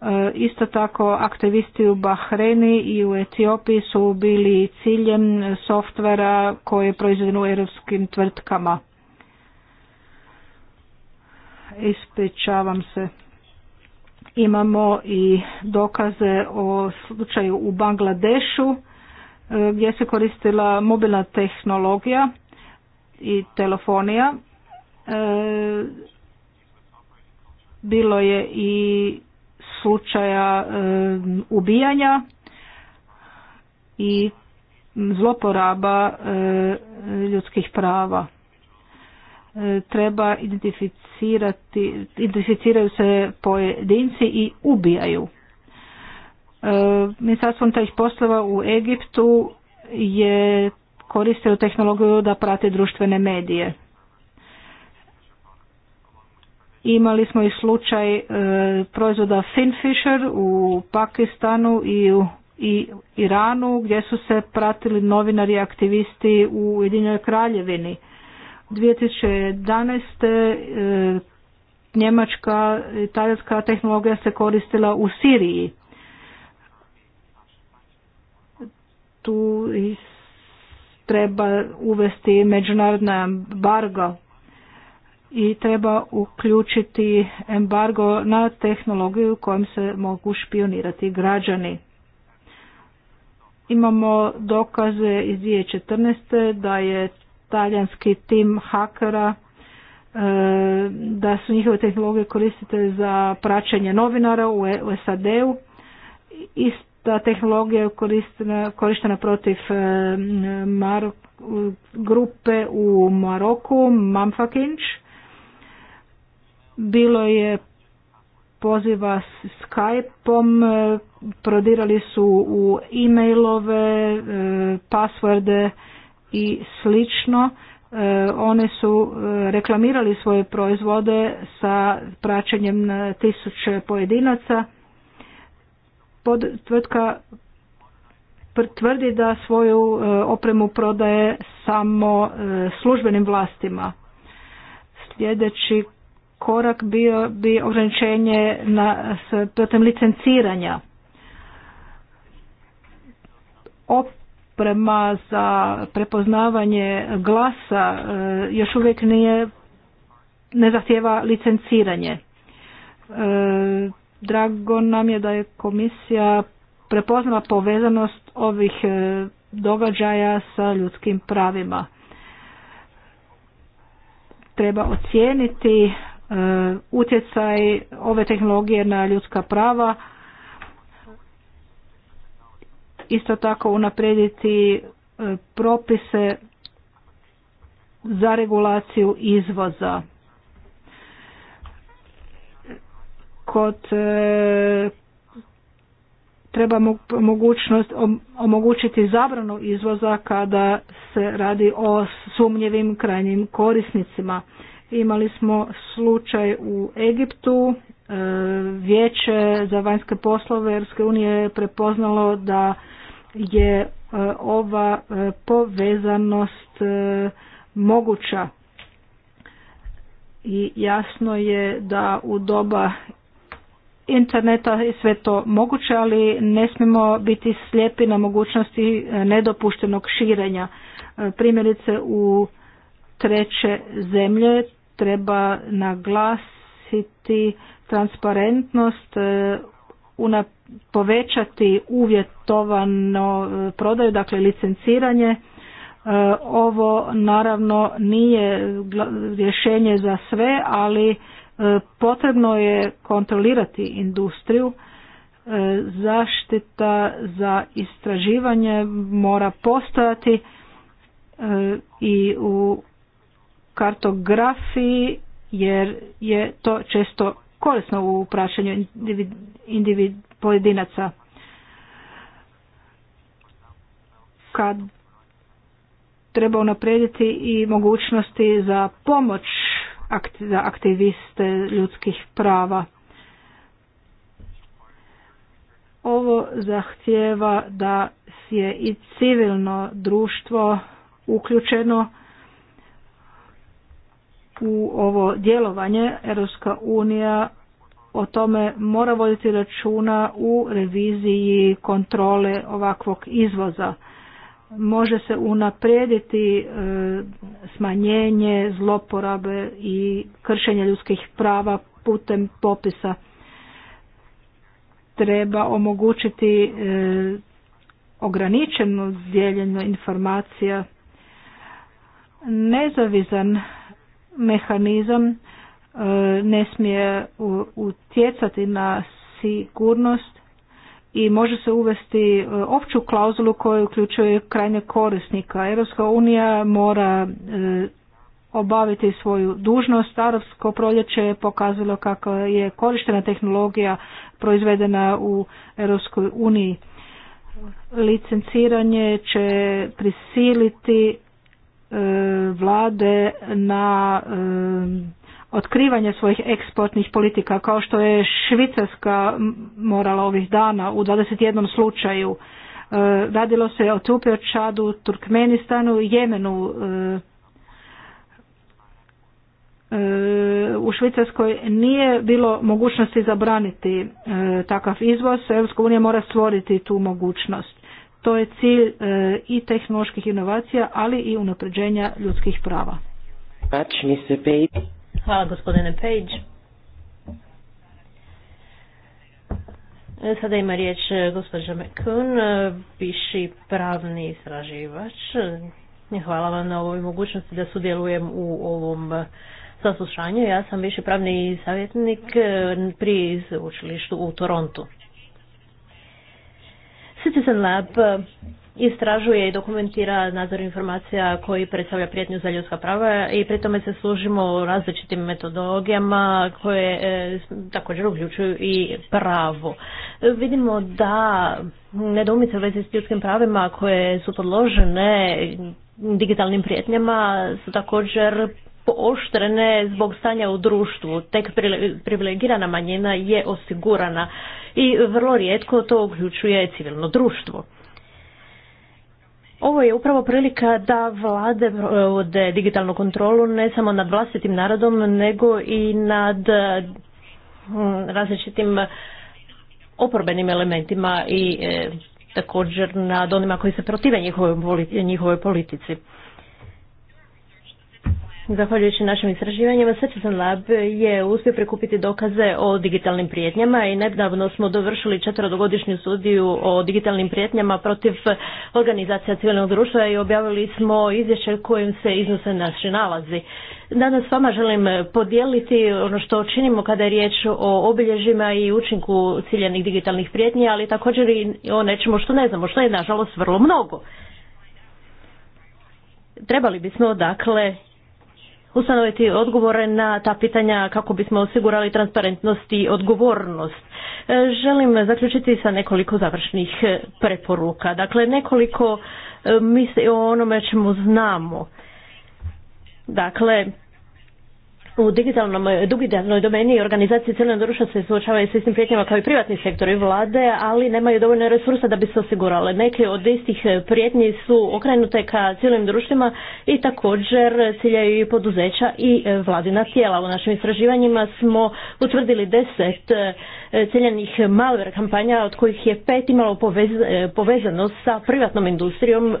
E, isto tako aktivisti u Bahreni i u Etiopiji su bili ciljem softvera koje je proizvedeno u europskim tvrtkama. Ispričavam se. Imamo i dokaze o slučaju u Bangladešu e, gdje se koristila mobilna tehnologija i telefonija. E, bilo je i slučaja ubijanja i zloporaba ljudskih prava. E, treba identificirati, identificiraju se pojedinci i ubijaju. E, Ministarstvo unutarnjih poslova u Egiptu je koristio tehnologiju da prate društvene medije. Imali smo i slučaj e, proizvoda Finfisher u Pakistanu i u i Iranu gdje su se pratili novinari i aktivisti u Ujedinjenoj Kraljevini. 2011. E, njemačka i talijanska tehnologija se koristila u Siriji. Tu treba uvesti međunarodna barga i treba uključiti embargo na tehnologiju kojom se mogu špionirati građani. Imamo dokaze iz 2014. da je talijanski tim hakera e, da su njihove tehnologije koristite za praćenje novinara u SAD-u. Ista tehnologija je korištena, protiv e, grupe u Maroku, Mamfakinč bilo je poziva Skype-om, e, prodirali su u e-mailove, e, i slično. E, One su reklamirali svoje proizvode sa praćenjem tisuće pojedinaca. Pod tvrtka tvrdi da svoju opremu prodaje samo službenim vlastima. Sljedeći korak bio bi ograničenje na, s, putem licenciranja. Oprema za prepoznavanje glasa e, još uvijek nije ne zahtjeva licenciranje. E, drago nam je da je komisija prepoznala povezanost ovih e, događaja sa ljudskim pravima. Treba ocijeniti E, utjecaj ove tehnologije na ljudska prava isto tako unaprijediti e, propise za regulaciju izvoza kod e, treba mogućnost omogućiti zabranu izvoza kada se radi o sumnjivim krajnjim korisnicima Imali smo slučaj u Egiptu, e, vijeće za vanjske poslove Europske unije je prepoznalo da je e, ova e, povezanost moguća i jasno je da u doba interneta je sve to moguće, ali ne smijemo biti slijepi na mogućnosti nedopuštenog širenja. Primjerice u treće zemlje treba naglasiti transparentnost, e, povećati uvjetovano e, prodaju, dakle licenciranje. E, ovo naravno nije rješenje za sve, ali potrebno je kontrolirati industriju. Zaštita za istraživanje mora postojati i u kartografiji jer je to često korisno u praćenju pojedinaca. Kad treba unaprijediti i mogućnosti za pomoć za aktiviste ljudskih prava. Ovo zahtjeva da je i civilno društvo uključeno u ovo djelovanje Europska unija o tome mora voditi računa u reviziji kontrole ovakvog izvoza. Može se unaprijediti e, smanjenje zloporabe i kršenje ljudskih prava putem popisa. Treba omogućiti e, ograničeno dijeljenje informacija. Nezavizan mehanizam e, ne smije utjecati na sigurnost i može se uvesti e, opću klauzulu koja uključuje krajnjeg korisnika. Europska unija mora e, obaviti svoju dužnost. Arabsko proljeće je pokazalo kako je korištena tehnologija proizvedena u Europskoj uniji. Licenciranje će prisiliti E, vlade na e, otkrivanje svojih eksportnih politika kao što je Švicarska morala ovih dana u 21 slučaju. E, radilo se o Tupio, Čadu, Turkmenistanu, Jemenu. U Švicarskoj nije bilo mogućnosti zabraniti takav izvoz. Europska unija mora stvoriti tu mogućnost. To je cilj e, i tehnoloških inovacija, ali i unapređenja ljudskih prava. Hvala gospodine Page. E, sada ima riječ e, gospođa McCoon, viši pravni istraživač. Hvala vam na ovoj mogućnosti da sudjelujem u ovom saslušanju. Ja sam viši pravni savjetnik pri učilištu u Torontu. Citizen Lab eh, istražuje i dokumentira nadzor informacija koji predstavlja prijetnju za ljudska prava i pri tome se služimo različitim metodologijama koje eh, također uključuju i pravo. Vidimo da nedoumice u vezi s ljudskim pravima koje su podložene digitalnim prijetnjama su također pooštrene zbog stanja u društvu. Tek privilegirana manjina je osigurana i vrlo rijetko to uključuje civilno društvo. Ovo je upravo prilika da vlade vode digitalnu kontrolu ne samo nad vlastitim narodom, nego i nad mm, različitim oporbenim elementima i e, također nad onima koji se protive njihovoj politici. Zahvaljujući našim istraživanjima, Citizen Lab je uspio prikupiti dokaze o digitalnim prijetnjama i nedavno smo dovršili četvrodogodišnju studiju o digitalnim prijetnjama protiv organizacija civilnog društva i objavili smo izvješće kojim se iznose naši nalazi. Danas s vama želim podijeliti ono što činimo kada je riječ o obilježjima i učinku ciljenih digitalnih prijetnji, ali također i o nečemu što ne znamo, što je nažalost vrlo mnogo trebali bismo dakle ustanoviti odgovore na ta pitanja kako bismo osigurali transparentnost i odgovornost. E, želim zaključiti sa nekoliko završnih e, preporuka. Dakle, nekoliko e, misli o onome čemu znamo. Dakle, u digitalnom, e, digitalnoj domeni organizacije civilnog društva se suočavaju s istim prijetnjama kao i privatni sektori vlade, ali nemaju dovoljno resursa da bi se osigurale. Neke od istih e, prijetnji su okrenute ka civilnim društvima i također ciljaju i poduzeća i e, vladina tijela. U našim istraživanjima smo utvrdili deset ciljenih malware kampanja, od kojih je pet imalo povezanost sa privatnom industrijom,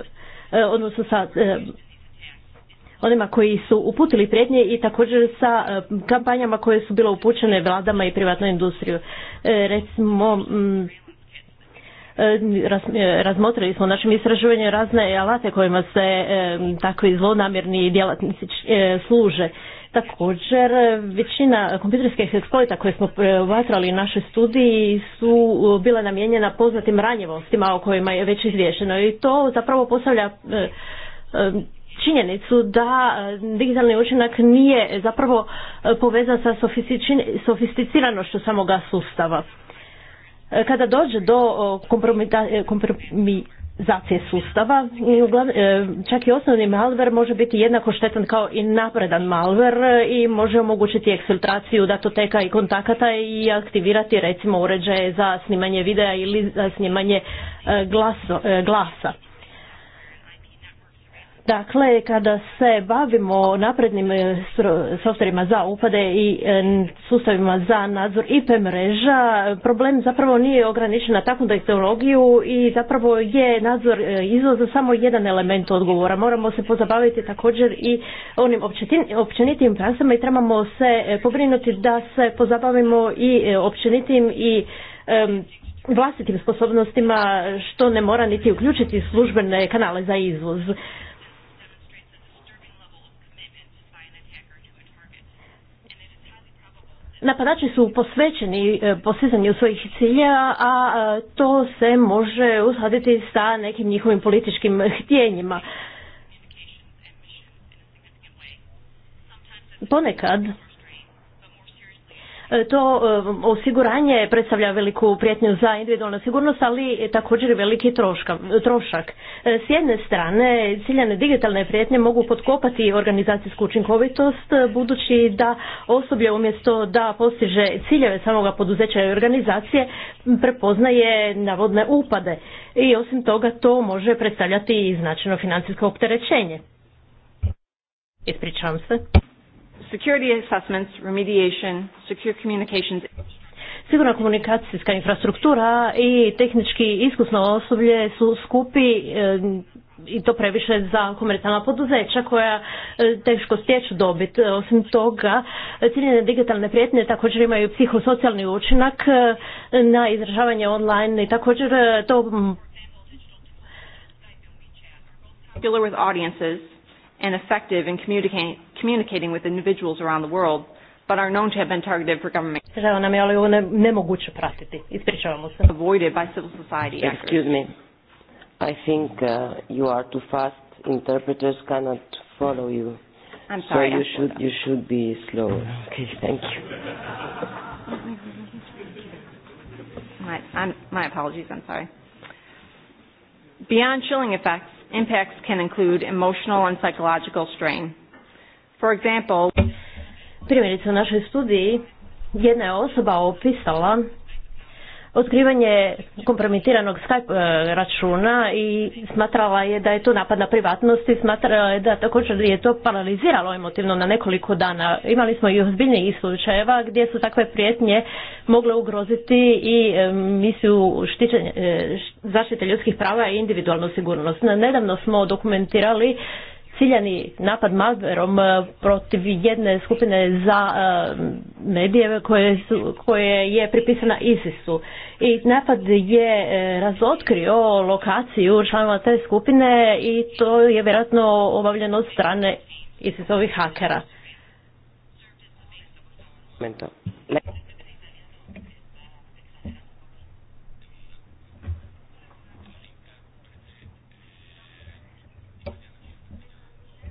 odnosno sa onima koji su uputili prijetnje i također sa e, kampanjama koje su bile upućene vladama i privatnoj industriju. E, recimo, mm, e, razmotrili smo našim istraživanjem razne alate kojima se takvi zlonamjerni djelatnici služe. Također, većina kompjuterskih eksploita koje smo vatrali u našoj studiji su bila namijenjena poznatim ranjivostima o kojima je već izvješeno i to zapravo postavlja činjenicu da e, digitalni učinak nije zapravo e, povezan sa sofisticiranošću samoga sustava. E, kada dođe do kompromizacije sustava, čak i osnovni malver može biti jednako štetan kao i napredan malver i može omogućiti eksfiltraciju datoteka i kontakata i aktivirati recimo uređaje za snimanje videa ili za snimanje glasa Dakle, kada se bavimo naprednim e, softverima za upade i e, sustavima za nadzor IP mreža, problem zapravo nije ograničen na takvu tehnologiju i zapravo je nadzor e, izvoza samo jedan element odgovora. Moramo se pozabaviti također i onim općenitim praksama i trebamo se pobrinuti da se pozabavimo i općenitim i vlastitim sposobnostima što ne mora niti uključiti službene kanale za izvoz. Napadači su posvećeni e, posizanju svojih cilja, a e, to se može uskladiti sa nekim njihovim političkim htjenjima. Ponekad to e, osiguranje predstavlja veliku prijetnju za individualnu sigurnost, ali također i veliki trošak. E, s jedne strane, ciljane digitalne prijetnje mogu potkopati organizacijsku učinkovitost, budući da osoblje umjesto da postiže ciljeve samoga poduzeća i organizacije, prepoznaje navodne upade. I osim toga, to može predstavljati i značajno financijsko opterećenje. Ispričavam se security assessments, remediation, secure communications. Sigurna komunikacijska infrastruktura i tehnički iskusno osoblje su skupi e, i to previše za komercijalna poduzeća koja e, teško stječu dobit. E, osim toga, ciljene digitalne prijetnje također imaju psihosocijalni učinak na izražavanje online i također to mm, with audiences and effective in communicating communicating with individuals around the world, but are known to have been targeted for government. ne, pratiti. se. Avoided by civil society Excuse me. I think uh, you are too fast. Interpreters cannot follow you. I'm sorry. So you should, you should be slow Okay, thank you. My, I'm, my apologies, I'm sorry. Beyond chilling effects, impacts can include emotional and psychological strain, For example, primjerice u našoj studiji jedna je osoba opisala otkrivanje kompromitiranog Skype e, računa i smatrala je da je to napad na privatnost i smatrala je da također je to paraliziralo emotivno na nekoliko dana. Imali smo i ozbiljnijih slučajeva gdje su takve prijetnje mogle ugroziti i e, misiju e, zaštite ljudskih prava i individualnu sigurnost. Nedavno smo dokumentirali ciljani napad malverom e, protiv jedne skupine za e, medije koje, su, koje je pripisana ISIS-u. I napad je e, razotkrio lokaciju članova te skupine i to je vjerojatno obavljeno od strane ISIS-ovih hakera.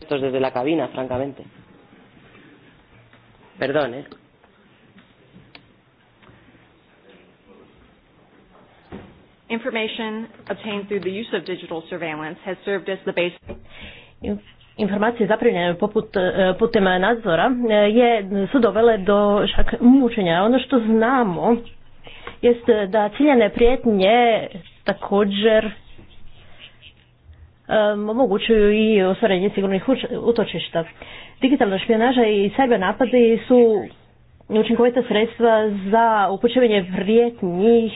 gestos desde la cabina, francamente. Perdón, ¿eh? Information obtained through the use of digital surveillance has served as the basis. informacije zaprimljene poput, e, putem nadzora e, je, su dovele do šak mučenja. Ono što znamo jest da ciljane prijetnje također omogućuju i ostvarenje sigurnih utočišta. Digitalna špionaža i cyber napadi su učinkovita sredstva za upućivanje vrijetnjih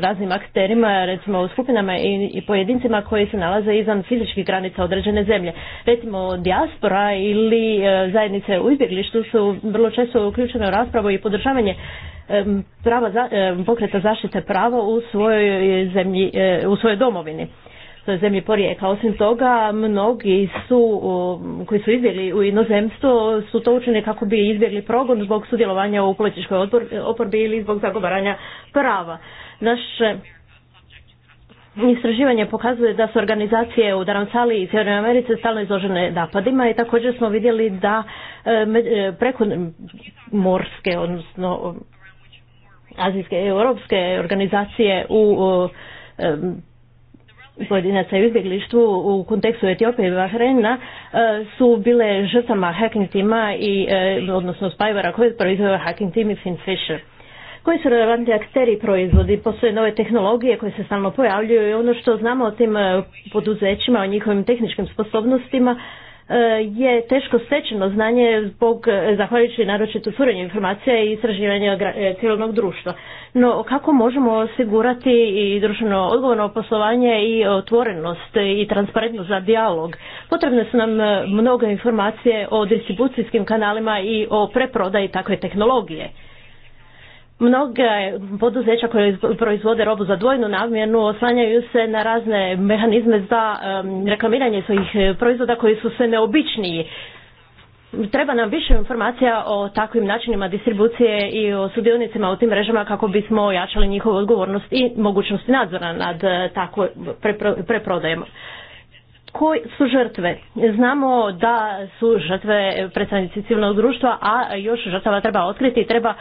raznim akterima, recimo skupinama i pojedincima koji se nalaze izvan fizičkih granica određene zemlje. Recimo diaspora ili e, zajednice u izbjeglištu su vrlo često uključene u raspravu i podržavanje prava, pokreta zaštite prava u svojoj zemlji, e, u svojoj domovini. E, zemlji porijeka. Osim toga, mnogi su, koji su izbjegli u inozemstvo, su to učinili kako bi izbjegli progon zbog sudjelovanja u političkoj oporbi ili zbog zagovaranja prava. Naše Istraživanje pokazuje da su organizacije u Daramsali i Sjevernoj Americi stalno izložene napadima i također smo vidjeli da e, e, preko morske, odnosno azijske i europske organizacije u pojedinaca i izbjeglištvu u kontekstu Etiopije i Bahrena e, su bile žrtama hacking tima i, e, odnosno spajvara koje proizveo hacking tim i Finfisher. Koji su relevantni akteri proizvodi? Postoje nove tehnologije koje se stalno pojavljuju i ono što znamo o tim e, poduzećima, o njihovim tehničkim sposobnostima, E, je teško stečeno znanje zbog, e, zahvaljujući naročito curenju informacija i istraživanja e, civilnog društva. No, kako možemo osigurati i društveno odgovorno poslovanje i otvorenost i transparentnost za dijalog? Potrebne su nam mnoge informacije o distribucijskim kanalima i o preprodaji takve tehnologije. Mnoge poduzeća koje proizvode robu za dvojnu namjenu oslanjaju se na razne mehanizme za reklamiranje svojih e, proizvoda koji su sve neobičniji. Treba nam više informacija o takvim načinima distribucije i o sudionicima u tim mrežama kako bismo ojačali njihovu odgovornost i mogućnosti nadzora nad e, takvom preprodajom. Koji su žrtve? Znamo da su žrtve predstavnici civilnog društva, a još žrtava treba otkriti i treba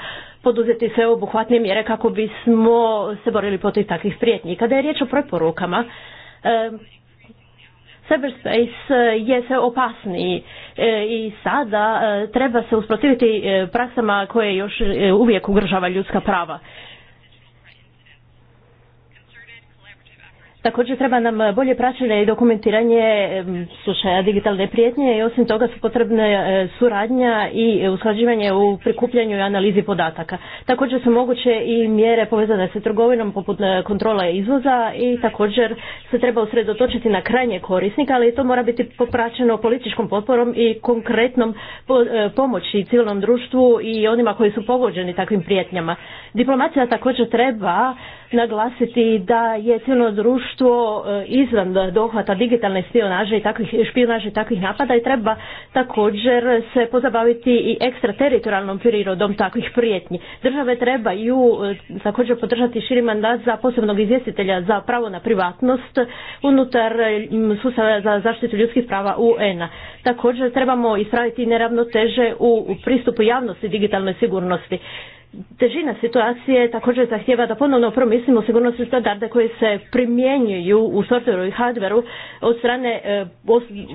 poduzeti sve obuhvatne mjere kako bismo se borili protiv takvih prijetnji. Kada je riječ o preporukama, cyberspace je sve opasniji e, i sada e, treba se usprotiviti e, praksama koje još uvijek ugrožava ljudska prava. Također treba nam bolje praćenje i dokumentiranje slučaja digitalne prijetnje i osim toga su potrebne e, suradnja i usklađivanje u prikupljanju i analizi podataka. Također su moguće i mjere povezane sa trgovinom poput e, kontrola izvoza i također se treba usredotočiti na krajnje korisnika, ali to mora biti popraćeno političkom potporom i konkretnom e, pomoći civilnom društvu i onima koji su pogođeni takvim prijetnjama. Diplomacija također treba naglasiti da je cijelo društvo e, izvan dohvata digitalne spionaže i takvih, špionaže takvih napada i treba također se pozabaviti i ekstrateritorijalnom prirodom takvih prijetnji. Države trebaju e, također podržati širi mandat za posebnog izvjestitelja za pravo na privatnost unutar sustava za zaštitu ljudskih prava UN-a. Također trebamo ispraviti neravnoteže u pristupu javnosti digitalnoj sigurnosti. Težina situacije također zahtjeva da ponovno promislimo sigurnosne standarde koji se primjenjuju u softveru i hardveru od strane e,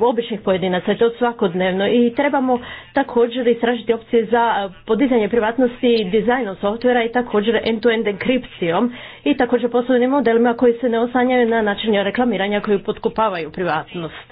običnih pojedinaca, to svakodnevno. I trebamo također istražiti opcije za e, podizanje privatnosti i dizajnom softvera i također end-to-end enkripcijom i također poslovnim modelima koji se ne osanjaju na način reklamiranja koji potkupavaju privatnost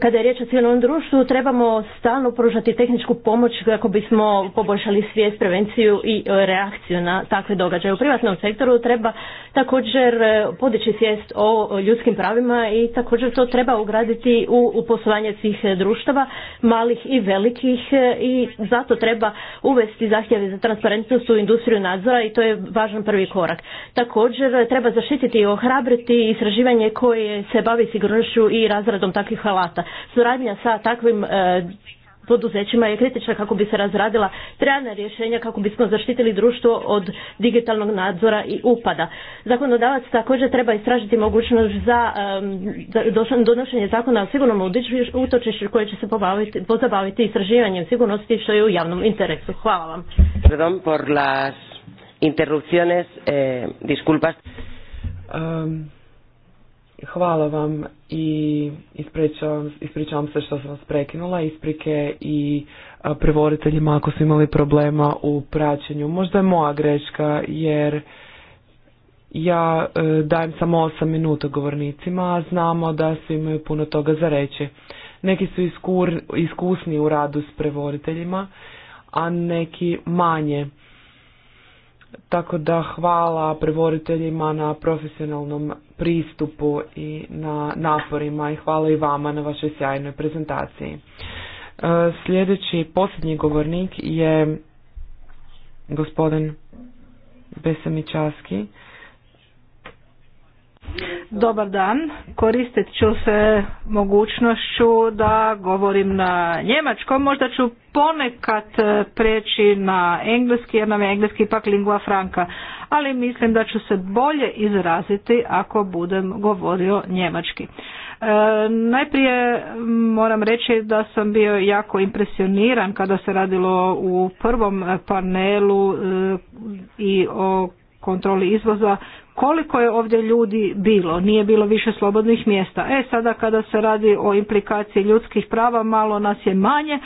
kada je riječ o civilnom društvu, trebamo stalno pružati tehničku pomoć kako bismo poboljšali svijest, prevenciju i e, reakciju na takve događaje. U privatnom sektoru treba također e, podići svijest o ljudskim pravima i također to treba ugraditi u poslovanje svih društava, malih i velikih e, i zato treba uvesti zahtjeve za transparentnost u industriju nadzora i to je važan prvi korak. Također treba zaštititi i ohrabriti istraživanje koje se bavi sigurnošću i razradom takvih alata. Suradnja sa takvim e, poduzećima je kritična kako bi se razradila trajna rješenja kako bismo zaštitili društvo od digitalnog nadzora i upada. Zakonodavac također treba istražiti mogućnost za um, donošenje zakona o sigurnom utočišću koje će se pobaviti, pozabaviti istraživanjem sigurnosti što je u javnom interesu. Hvala vam. Perdón por las interrupciones, eh, disculpas. Hvala vam i ispričavam, se što sam vas prekinula, isprike i prevoditeljima ako su imali problema u praćenju. Možda je moja greška jer ja e, dajem samo 8 minuta govornicima, a znamo da svi imaju puno toga za reći. Neki su iskusni u radu s prevoditeljima, a neki manje. Tako da hvala prevoriteljima na profesionalnom pristupu i na naporima i hvala i vama na vašoj sjajnoj prezentaciji. E, sljedeći posljednji govornik je gospodin Besemičarski. Dobar dan, koristit ću se mogućnošću da govorim na njemačkom, možda ću ponekad preći na engleski jer nam je engleski ipak lingua franca, ali mislim da ću se bolje izraziti ako budem govorio njemački. E, najprije moram reći da sam bio jako impresioniran kada se radilo u prvom panelu e, i o kontroli izvoza koliko je ovdje ljudi bilo, nije bilo više slobodnih mjesta. E sada kada se radi o implikaciji ljudskih prava malo nas je manje,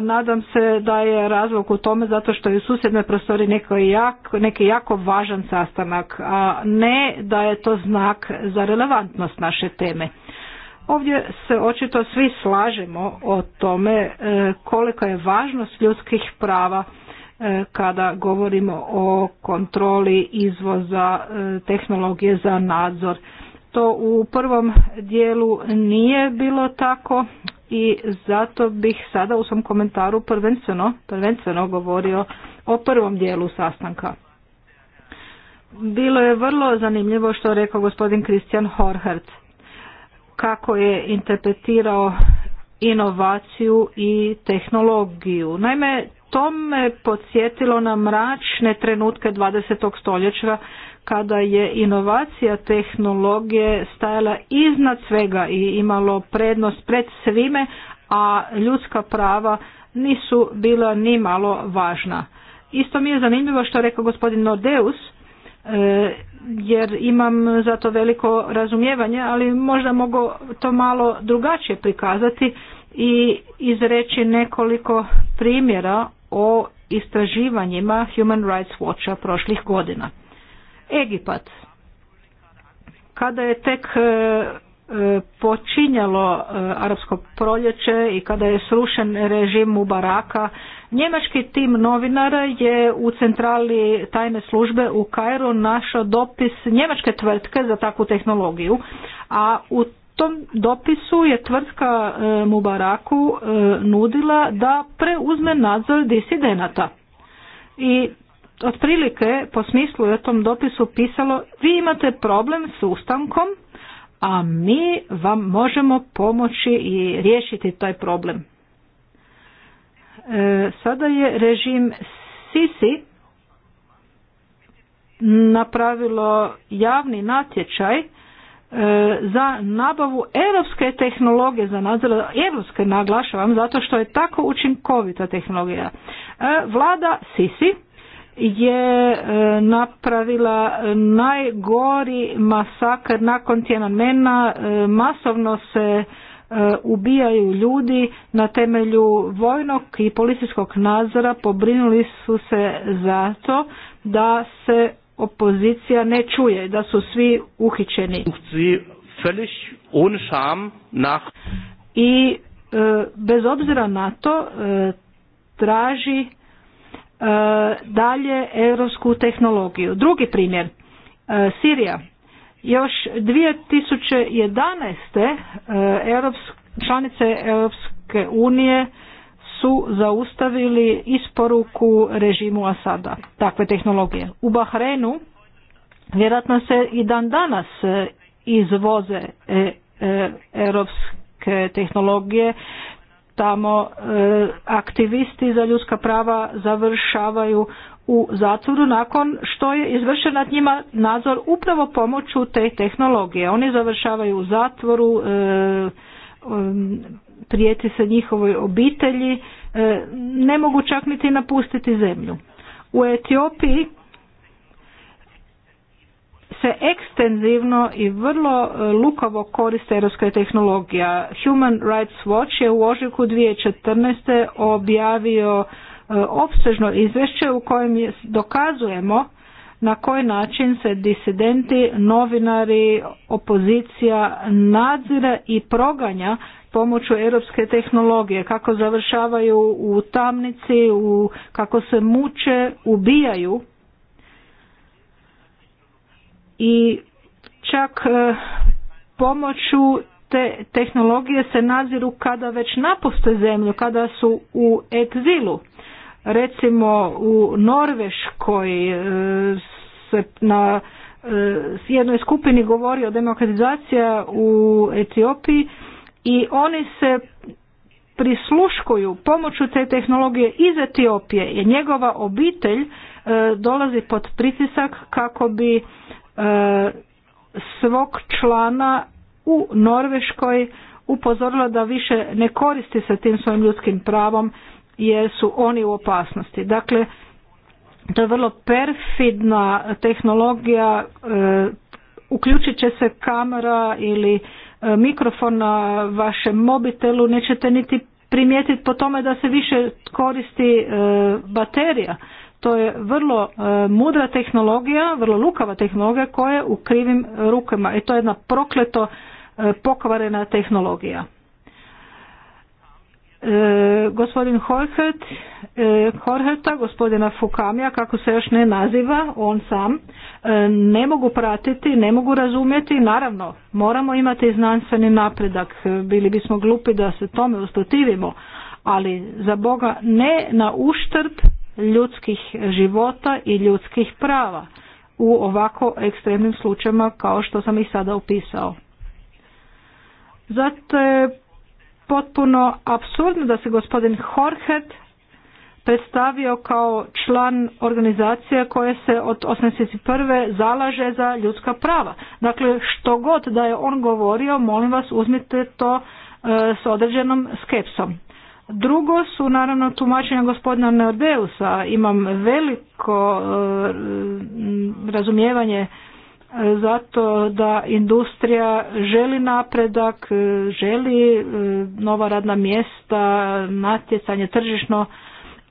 nadam se da je razlog u tome zato što je u susjednoj prostori jako, neki jako važan sastanak, a ne da je to znak za relevantnost naše teme. Ovdje se očito svi slažemo o tome e, kolika je važnost ljudskih prava E, kada govorimo o kontroli izvoza e, tehnologije za nadzor. To u prvom dijelu nije bilo tako i zato bih sada u svom komentaru prvenstveno, prvenstveno govorio o prvom dijelu sastanka. Bilo je vrlo zanimljivo što rekao gospodin Kristijan Horhert kako je interpretirao inovaciju i tehnologiju. Naime, to me podsjetilo na mračne trenutke 20. stoljeća kada je inovacija tehnologije stajala iznad svega i imalo prednost pred svime, a ljudska prava nisu bila ni malo važna. Isto mi je zanimljivo što je rekao gospodin Nordeus, e, jer imam zato veliko razumijevanje, ali možda mogu to malo drugačije prikazati i izreći nekoliko primjera o istraživanjima Human Rights Watcha prošlih godina. Egipat. Kada je tek e, e, počinjalo e, arapsko proljeće i kada je srušen režim Baraka, njemački tim novinara je u centrali tajne službe u Kairu našao dopis njemačke tvrtke za takvu tehnologiju, a u tom dopisu je tvrtka e, Mubaraku e, nudila da preuzme nadzor disidenata. I otprilike po smislu je tom dopisu pisalo vi imate problem s ustankom, a mi vam možemo pomoći i riješiti taj problem. E, sada je režim Sisi napravilo javni natječaj E, za nabavu europske tehnologije za nadzor, europske naglašavam zato što je tako učinkovita tehnologija. E, vlada Sisi je e, napravila najgori masakr nakon Tiananmena, masovno se ubijaju ljudi na temelju vojnog i policijskog nadzora pobrinuli su se zato da se opozicija ne čuje, da su svi uhićeni. I e, bez obzira na to e, traži e, dalje europsku tehnologiju. Drugi primjer, Sirija. Još 2011. članice Europske unije su zaustavili isporuku režimu Asada takve tehnologije. U Bahrenu vjerojatno se i dan danas e, izvoze e, e, europske tehnologije tamo aktivisti za ljudska prava završavaju u zatvoru nakon što je izvršen nad njima nadzor upravo pomoću te tehnologije. Oni završavaju u zatvoru, prijeti se njihovoj obitelji, e, ne mogu čak niti napustiti zemlju. U Etiopiji se ekstenzivno i vrlo e, lukavo koriste europska tehnologija. Human Rights Watch je u ožujku 2014. objavio e, opsežno izvješće u kojem dokazujemo na koji način se disidenti, novinari, opozicija nadzira i proganja pomoću europske tehnologije, kako završavaju u tamnici, u, kako se muče, ubijaju i čak e, pomoću te tehnologije se naziru kada već napuste zemlju, kada su u egzilu. Recimo u Norveškoj e, se na e, s jednoj skupini govori o demokratizacija u Etiopiji i oni se prisluškuju pomoću te tehnologije iz Etiopije i njegova obitelj e, dolazi pod pritisak kako bi svog člana u Norveškoj upozorila da više ne koristi se tim svojim ljudskim pravom jesu su oni u opasnosti. Dakle, to je vrlo perfidna tehnologija, e, uključit će se kamera ili e, mikrofon na vašem mobitelu, nećete niti primijetiti po tome da se više koristi e, baterija. To je vrlo mudra tehnologija, vrlo lukava tehnologija koja je u krivim rukama i to je jedna prokleto pokvarena tehnologija. E, gospodin Horheta, e, Horheta, gospodina Fukamija, kako se još ne naziva, on sam, e, ne mogu pratiti, ne mogu razumjeti, naravno, moramo imati znanstveni napredak, bili bismo glupi da se tome usprotivimo, ali za Boga ne na uštrb ljudskih života i ljudskih prava u ovako ekstremnim slučajima kao što sam ih sada opisao. Zato je potpuno absurdno da se gospodin Horhet predstavio kao član organizacije koje se od 81. zalaže za ljudska prava. Dakle, što god da je on govorio, molim vas uzmite to e, s određenom skepsom. Drugo su naravno tumačenja gospodina Neodeusa. Imam veliko e, razumijevanje zato da industrija želi napredak, želi e, nova radna mjesta, natjecanje tržišno,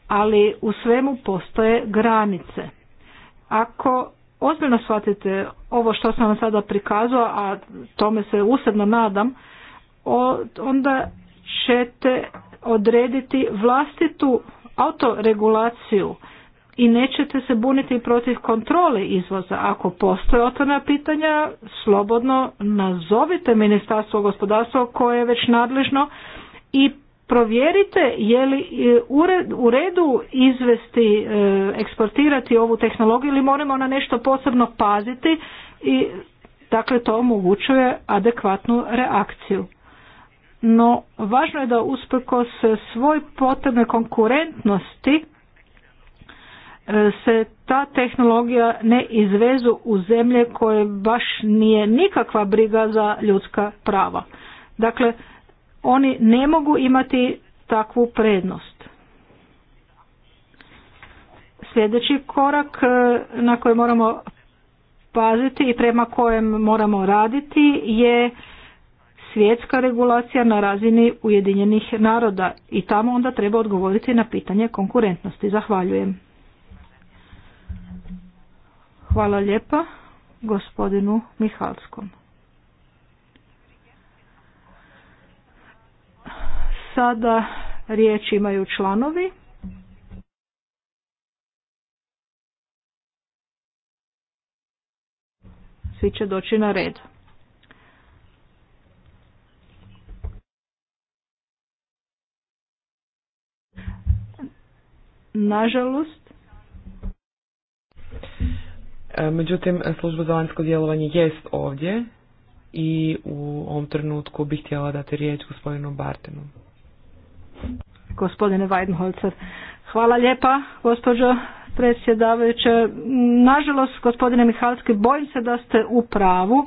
ali u svemu postoje granice. Ako ozbiljno shvatite ovo što sam vam sada prikazao, a tome se usredno nadam, onda ćete odrediti vlastitu autoregulaciju i nećete se buniti protiv kontrole izvoza. Ako postoje otvorena pitanja, slobodno nazovite Ministarstvo gospodarstva koje je već nadležno i provjerite je li e, u redu izvesti, e, eksportirati ovu tehnologiju ili moramo na nešto posebno paziti i dakle to omogućuje adekvatnu reakciju. No, važno je da usprkos svoj potrebne konkurentnosti se ta tehnologija ne izvezu u zemlje koje baš nije nikakva briga za ljudska prava. Dakle, oni ne mogu imati takvu prednost. Sljedeći korak e, na koji moramo paziti i prema kojem moramo raditi je svjetska regulacija na razini Ujedinjenih naroda i tamo onda treba odgovoriti na pitanje konkurentnosti. Zahvaljujem. Hvala lijepa gospodinu Mihalskom. Sada riječ imaju članovi. Svi će doći na red. Nažalost, E, međutim, služba za vanjsko djelovanje jest ovdje i u ovom trenutku bih htjela dati riječ gospodinu Bartenu. Gospodine Weidenholzer, hvala lijepa gospođo predsjedavajuće. Nažalost, gospodine Mihalski, bojim se da ste u pravu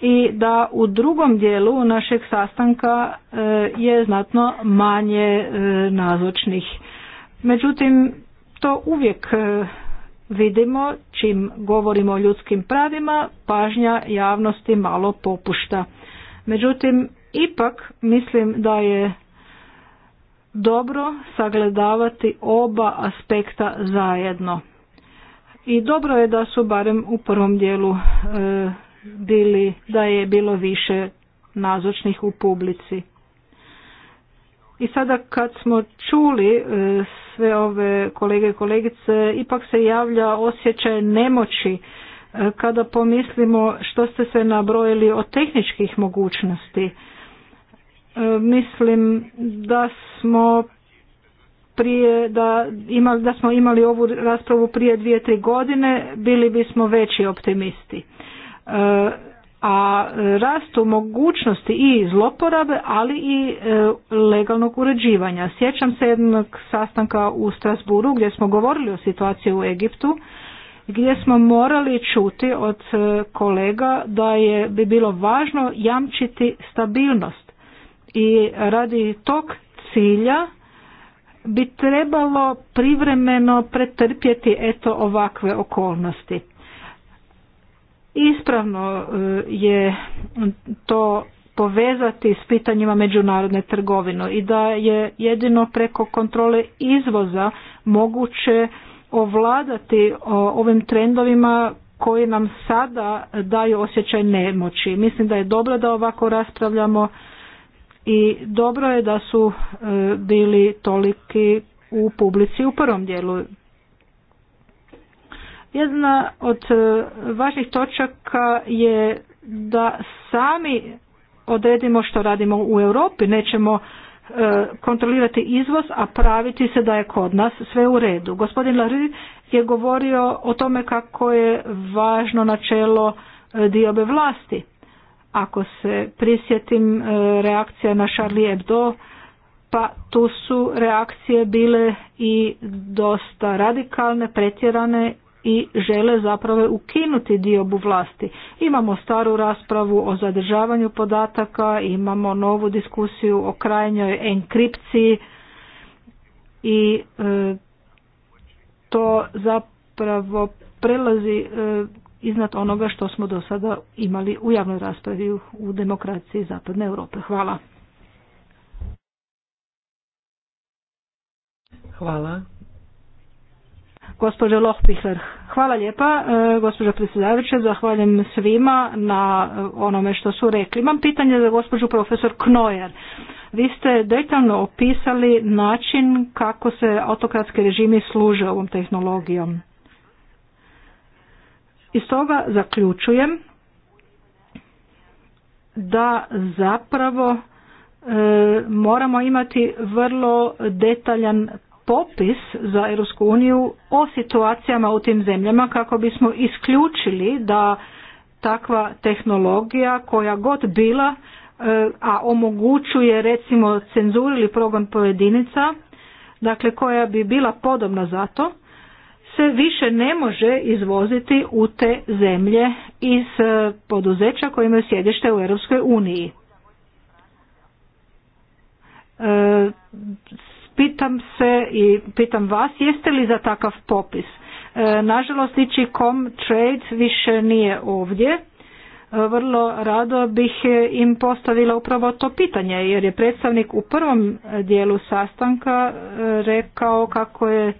i da u drugom dijelu našeg sastanka e, je znatno manje e, nazočnih. Međutim, to uvijek vidimo čim govorimo o ljudskim pravima pažnja javnosti malo popušta. Međutim, ipak mislim da je dobro sagledavati oba aspekta zajedno. I dobro je da su barem u prvom dijelu e, bili, da je bilo više nazočnih u publici. I sada kad smo čuli e, sve ove kolege i kolegice, ipak se javlja osjećaj nemoći e, kada pomislimo što ste se nabrojili od tehničkih mogućnosti. E, mislim da smo prije da, imali, da smo imali ovu raspravu prije dvije, tri godine, bili bismo veći optimisti a e, rastu mogućnosti i zloporabe, ali i e, legalnog uređivanja. Sjećam se jednog sastanka u Strasburu gdje smo govorili o situaciji u Egiptu, gdje smo morali čuti od e, kolega da je bi bilo važno jamčiti stabilnost i radi tog cilja bi trebalo privremeno pretrpjeti eto ovakve okolnosti. Ispravno e, je to povezati s pitanjima međunarodne trgovine i da je jedino preko kontrole izvoza moguće ovladati ovim trendovima koji nam sada daju osjećaj nemoći. Mislim da je dobro da ovako raspravljamo i dobro je da su e, bili toliki u publici u prvom dijelu jedna od e, važnih točaka je da sami odredimo što radimo u Europi, nećemo e, kontrolirati izvoz, a praviti se da je kod nas sve u redu. Gospodin Larry je govorio o tome kako je važno načelo e, diobe vlasti. Ako se prisjetim reakcija na Charlie Hebdo, pa tu su reakcije bile i dosta radikalne, pretjerane i žele zapravo ukinuti diobu vlasti. Imamo staru raspravu o zadržavanju podataka, imamo novu diskusiju o krajnjoj enkripciji i e, to zapravo prelazi e, iznad onoga što smo do sada imali u javnoj raspravi u demokraciji Zapadne Europe. Hvala. Hvala gospođo Lohpihler. Hvala lijepa, e, gospođo predsjedavajuća, zahvaljujem svima na e, onome što su rekli. Imam pitanje za gospođu profesor Knojer. Vi ste detaljno opisali način kako se autokratski režimi služe ovom tehnologijom. Iz toga zaključujem da zapravo e, moramo imati vrlo detaljan popis za Europsku uniju o situacijama u tim zemljama kako bismo isključili da takva tehnologija koja god bila e, a omogućuje recimo cenzuru ili progon pojedinica dakle koja bi bila podobna za to se više ne može izvoziti u te zemlje iz e, poduzeća koje imaju sjedište u Europskoj uniji. E, Pitam se i pitam vas jeste li za takav popis? E, nažalost, ići com trade više nije ovdje. E, vrlo rado bih im postavila upravo to pitanje, jer je predstavnik u prvom dijelu sastanka e, rekao kako je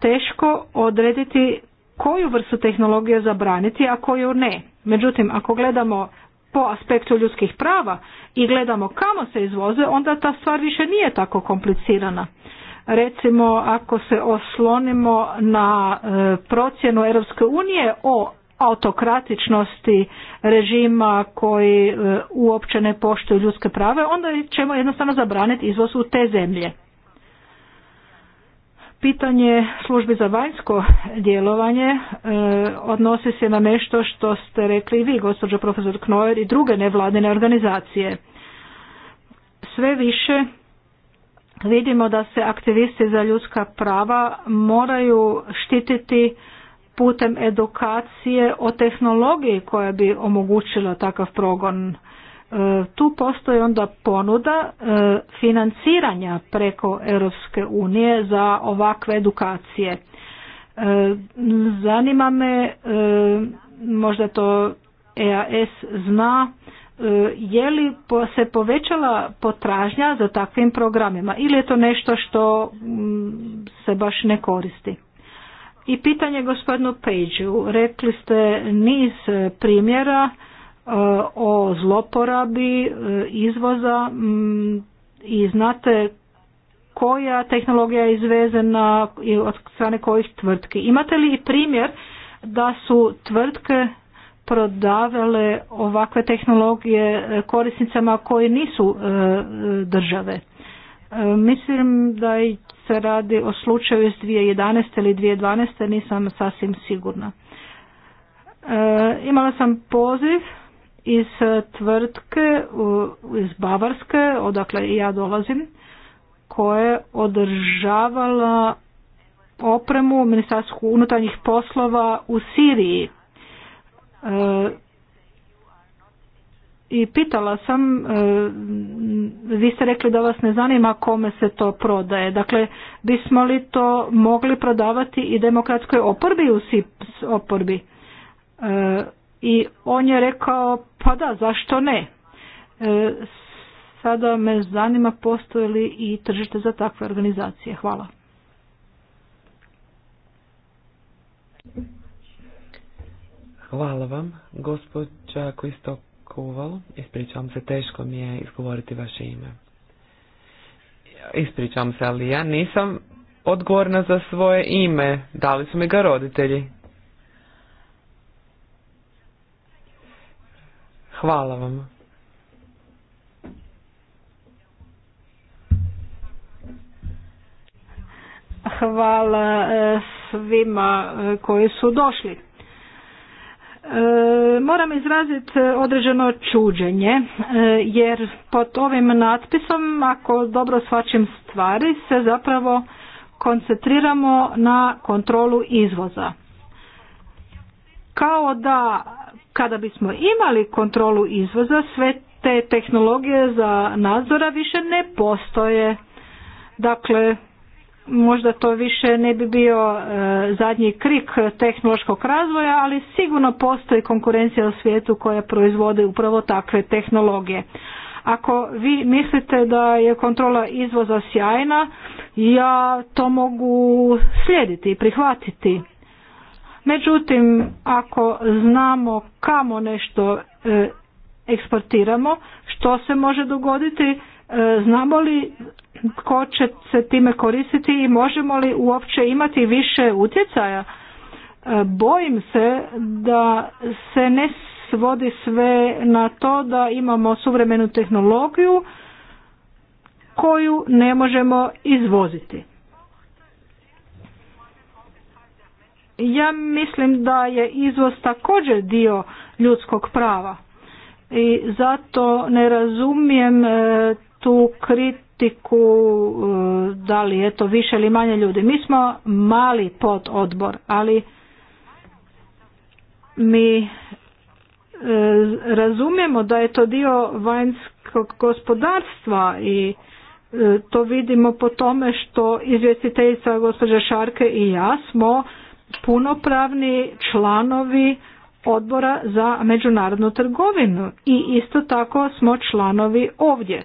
teško odrediti koju vrstu tehnologije zabraniti, a koju ne. Međutim, ako gledamo po aspektu ljudskih prava i gledamo kamo se izvoze, onda ta stvar više nije tako komplicirana. Recimo, ako se oslonimo na e, procjenu Europske unije o autokratičnosti režima koji e, uopće ne poštuju ljudske prave, onda ćemo jednostavno zabraniti izvoz u te zemlje. Pitanje službi za vanjsko djelovanje e, odnosi se na nešto što ste rekli i vi, gospođo profesor Knojer, i druge nevladine organizacije. Sve više vidimo da se aktivisti za ljudska prava moraju štititi putem edukacije o tehnologiji koja bi omogućila takav progon E, tu postoji onda ponuda e, financiranja preko Europske unije za ovakve edukacije. E, zanima me, možda to EAS zna, je li se povećala potražnja za takvim programima ili je to nešto što se baš ne koristi? I pitanje gospodinu Peđu. Rekli ste niz primjera Eh, o zloporabi eh, izvoza mm, i znate koja tehnologija je izvezena i od strane kojih tvrtki. Imate li primjer da su tvrtke prodavale ovakve tehnologije eh, korisnicama koje nisu države? Mislim da se radi o slučaju iz 2011. ili 2012. nisam sasvim sigurna. Imala sam poziv iz e, tvrtke iz Bavarske, odakle i ja dolazim, koja je održavala opremu Ministarstvu unutarnjih poslova u Siriji. E, I pitala sam, e, vi ste rekli da vas ne zanima kome se to prodaje. Dakle, bismo li to mogli prodavati i demokratskoj oporbi u Sips oporbi? i on je rekao pa da zašto ne e, sada me zanima postoje li i tržište za takve organizacije hvala Hvala vam, gospođa ste Koval. Ispričavam se, teško mi je izgovoriti vaše ime. Ispričavam se, ali ja nisam odgovorna za svoje ime. Dali su mi ga roditelji. Hvala vam. Hvala e, svima e, koji su došli. E, moram izraziti određeno čuđenje jer pod ovim natpisom ako dobro svačim stvari se zapravo koncentriramo na kontrolu izvoza. Kao da kada bismo imali kontrolu izvoza, sve te tehnologije za nadzora više ne postoje. Dakle, možda to više ne bi bio e, zadnji krik tehnološkog razvoja, ali sigurno postoji konkurencija u svijetu koja proizvode upravo takve tehnologije. Ako vi mislite da je kontrola izvoza sjajna, ja to mogu slijediti i prihvatiti. Međutim, ako znamo kamo nešto e, eksportiramo, što se može dogoditi, e, znamo li tko će se time koristiti i možemo li uopće imati više utjecaja. E, bojim se da se ne svodi sve na to da imamo suvremenu tehnologiju koju ne možemo izvoziti. Ja mislim da je izvoz također dio ljudskog prava i zato ne razumijem e, tu kritiku e, da li je to više ili manje ljudi. Mi smo mali pododbor, ali mi e, razumijemo da je to dio vanjskog gospodarstva i to vidimo po tome što izvjestiteljica gospođa Šarke i ja smo punopravni članovi odbora za međunarodnu trgovinu i isto tako smo članovi ovdje.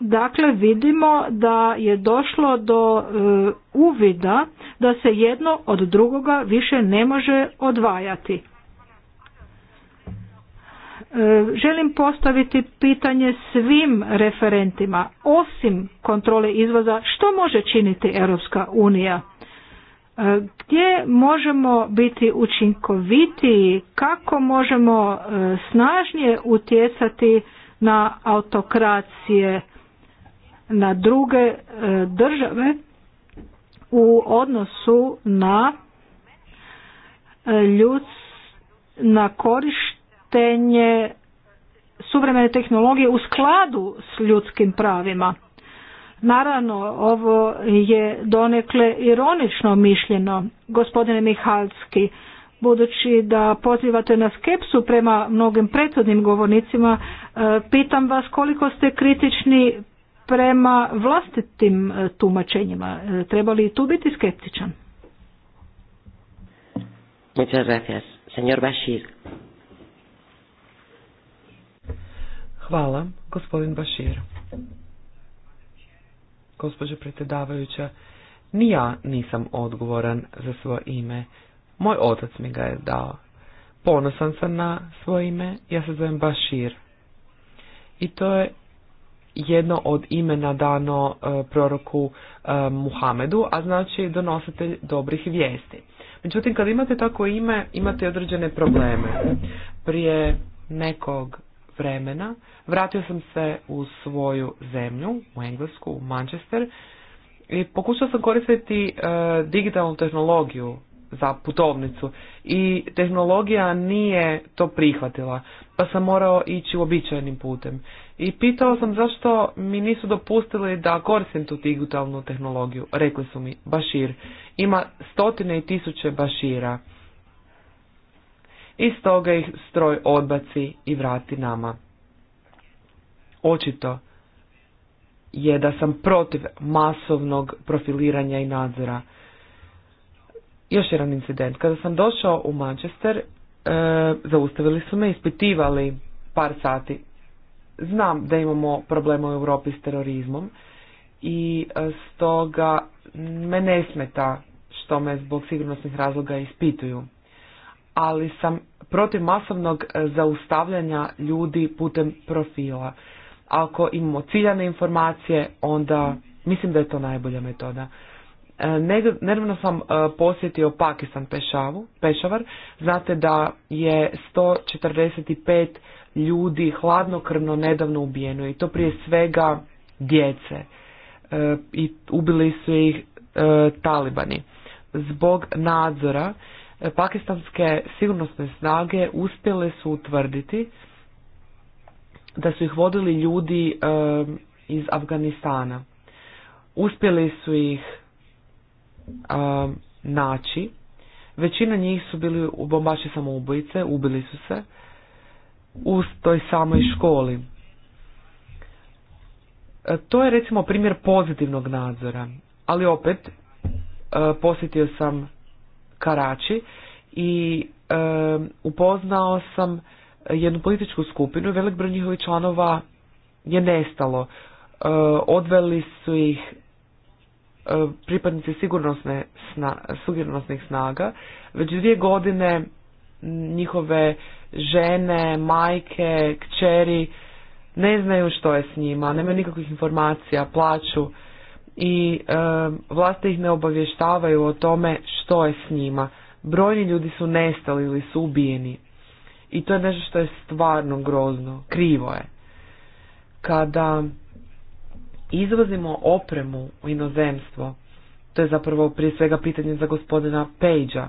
Dakle, vidimo da je došlo do e, uvida da se jedno od drugoga više ne može odvajati. Želim postaviti pitanje svim referentima, osim kontrole izvoza, što može činiti Europska unija? E, gdje možemo biti učinkovitiji, kako možemo e, snažnije utjecati na autokracije, na druge e, države u odnosu na ljud, na korištenje korištenje suvremene tehnologije u skladu s ljudskim pravima. Naravno, ovo je donekle ironično mišljeno, gospodine Mihalski, budući da pozivate na skepsu prema mnogim prethodnim govornicima, e, pitam vas koliko ste kritični prema vlastitim e, tumačenjima. E, treba li tu biti skeptičan? Muchas gracias. Hvala, gospodin Bašir. Gospođo predsjedavajuća, ni ja nisam odgovoran za svoje ime. Moj otac mi ga je dao. Ponosan sam na svoje ime, ja se zovem Bašir. I to je jedno od imena dano e, proroku e, Muhamedu, a znači donositelj dobrih vijesti. Međutim, kad imate tako ime, imate određene probleme. Prije nekog vremena vratio sam se u svoju zemlju, u Englesku, u Manchester i pokušao sam koristiti e, digitalnu tehnologiju za putovnicu i tehnologija nije to prihvatila, pa sam morao ići uobičajenim putem. I pitao sam zašto mi nisu dopustili da koristim tu digitalnu tehnologiju. Rekli su mi, Bašir, ima stotine i tisuće Bašira i stoga ih stroj odbaci i vrati nama. Očito je da sam protiv masovnog profiliranja i nadzora. Još jedan incident. Kada sam došao u Manchester, e, zaustavili su me, ispitivali par sati. Znam da imamo problema u Europi s terorizmom i e, stoga me ne smeta što me zbog sigurnosnih razloga ispituju ali sam protiv masovnog e, zaustavljanja ljudi putem profila. Ako imamo ciljane informacije, onda mislim da je to najbolja metoda. E, nedavno sam e, posjetio Pakistan Pešavu, Pešavar. Znate da je 145 ljudi hladnokrvno nedavno ubijeno i to prije svega djece. I ubili su ih talibani. Zbog nadzora pakistanske sigurnosne snage uspjele su utvrditi da su ih vodili ljudi iz Afganistana. Uspjeli su ih naći. Većina njih su bili u bombači samoubojice, ubili su se u toj samoj školi. E, to je recimo primjer pozitivnog nadzora, ali opet e, posjetio sam Karači i upoznao sam jednu političku skupinu i velik broj njihovih članova je nestalo. odveli su ih e, pripadnici sigurnosne sigurnosnih snaga. Već dvije godine njihove žene, majke, kćeri ne znaju što je s njima, nemaju nikakvih informacija, plaću i e, vlasti ih ne obavještavaju o tome što je s njima. Brojni ljudi su nestali ili su ubijeni. I to je nešto što je stvarno grozno, krivo je. Kada izvozimo opremu u inozemstvo, to je zapravo prije svega pitanje za gospodina Pejđa.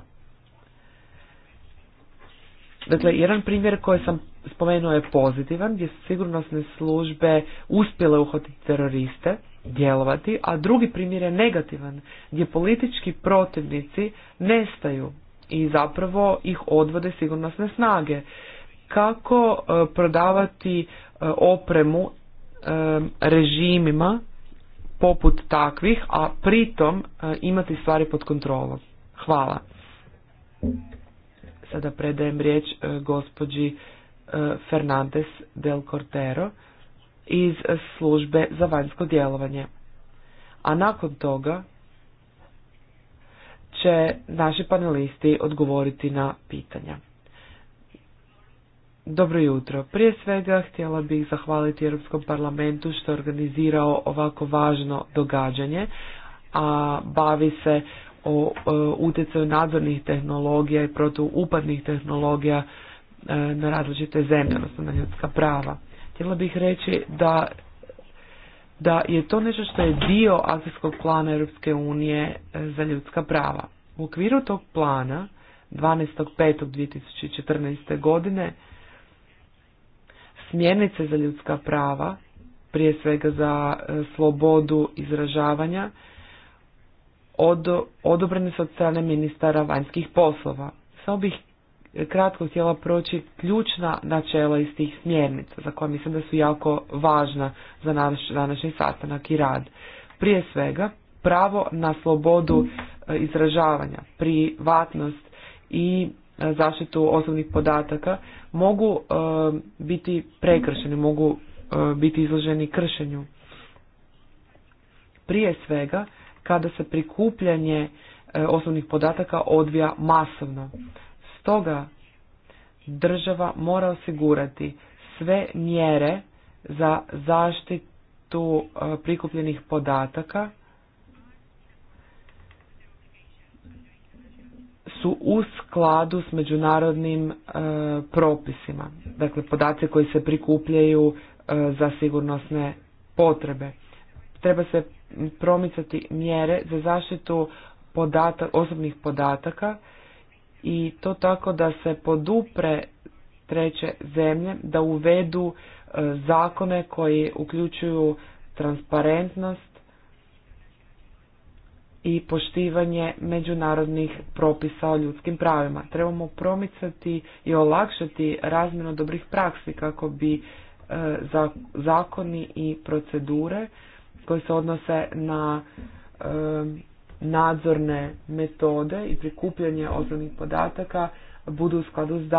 Dakle, jedan primjer koji sam spomenuo je pozitivan, gdje su sigurnosne službe uspjele uhvatiti teroriste, djelovati, a drugi primjer je negativan, gdje politički protivnici nestaju i zapravo ih odvode sigurnosne snage. Kako e, prodavati e, opremu e, režimima poput takvih, a pritom imati stvari pod kontrolom. Hvala. Sada predajem riječ gospođi Fernandez del Cortero iz službe za vanjsko djelovanje. A nakon toga će naši panelisti odgovoriti na pitanja. Dobro jutro. Prije svega htjela bih zahvaliti Europskom parlamentu što je organizirao ovako važno događanje, a bavi se o, utjecaju nadzornih tehnologija i protuupadnih tehnologija e, na različite zemlje, odnosno na ljudska prava. Htjela bih reći da da je to nešto što je dio akcijskog plana Europske unije e, za ljudska prava. U okviru tog plana 12.5.2014. godine smjernice za ljudska prava, prije svega za e, slobodu izražavanja, odobrene su od strane ministara vanjskih poslova. Samo bih kratko htjela proći ključna načela iz tih smjernica za koje mislim da su jako važna za naš današnji sastanak i rad. Prije svega, pravo na slobodu e, izražavanja, privatnost i e, zaštitu osobnih podataka mogu e, biti prekršeni, mogu biti izloženi kršenju. Prije svega, kada se prikupljanje osobnih podataka odvija masovno. Stoga država mora osigurati sve mjere za zaštitu e, prikupljenih podataka su u skladu s međunarodnim e, propisima. Dakle, podaci koji se prikupljaju e, za sigurnosne potrebe. Treba se promicati mjere za zaštitu osobnih podataka i to tako da se podupre treće zemlje da uvedu e, zakone koji uključuju transparentnost i poštivanje međunarodnih propisa o ljudskim pravima. Trebamo promicati i olakšati razmjenu dobrih praksi kako bi e, zakoni i procedure koje se odnose na e, nadzorne metode i prikupljanje osnovnih podataka budu u skladu s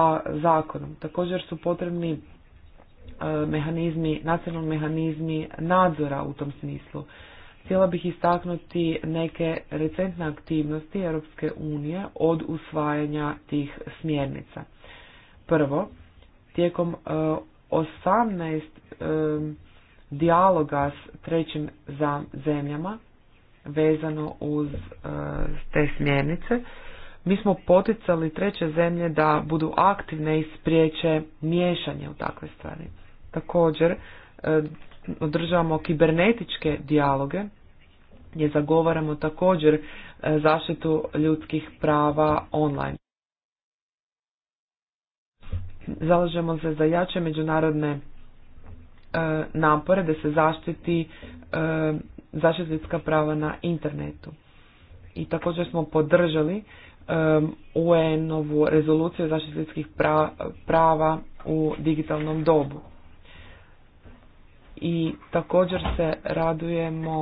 zakonom. Također su potrebni e, mehanizmi, nacionalni mehanizmi nadzora u tom smislu. Htjela bih istaknuti neke recentne aktivnosti Europske unije od usvajanja tih smjernica. Prvo, tijekom 18 e, e, dijaloga s trećim zemljama vezano uz e, te smjernice. Mi smo poticali treće zemlje da budu aktivne i spriječe miješanje u takve stvari. Također, e, održavamo kibernetičke dijaloge gdje zagovaramo također e, zaštitu ljudskih prava online. Zalažemo se za jače međunarodne napore da se zaštiti zaštiti prava na internetu. I također smo podržali um, UN-ovu rezoluciju zaštiti ljudskih prava u digitalnom dobu. I također se radujemo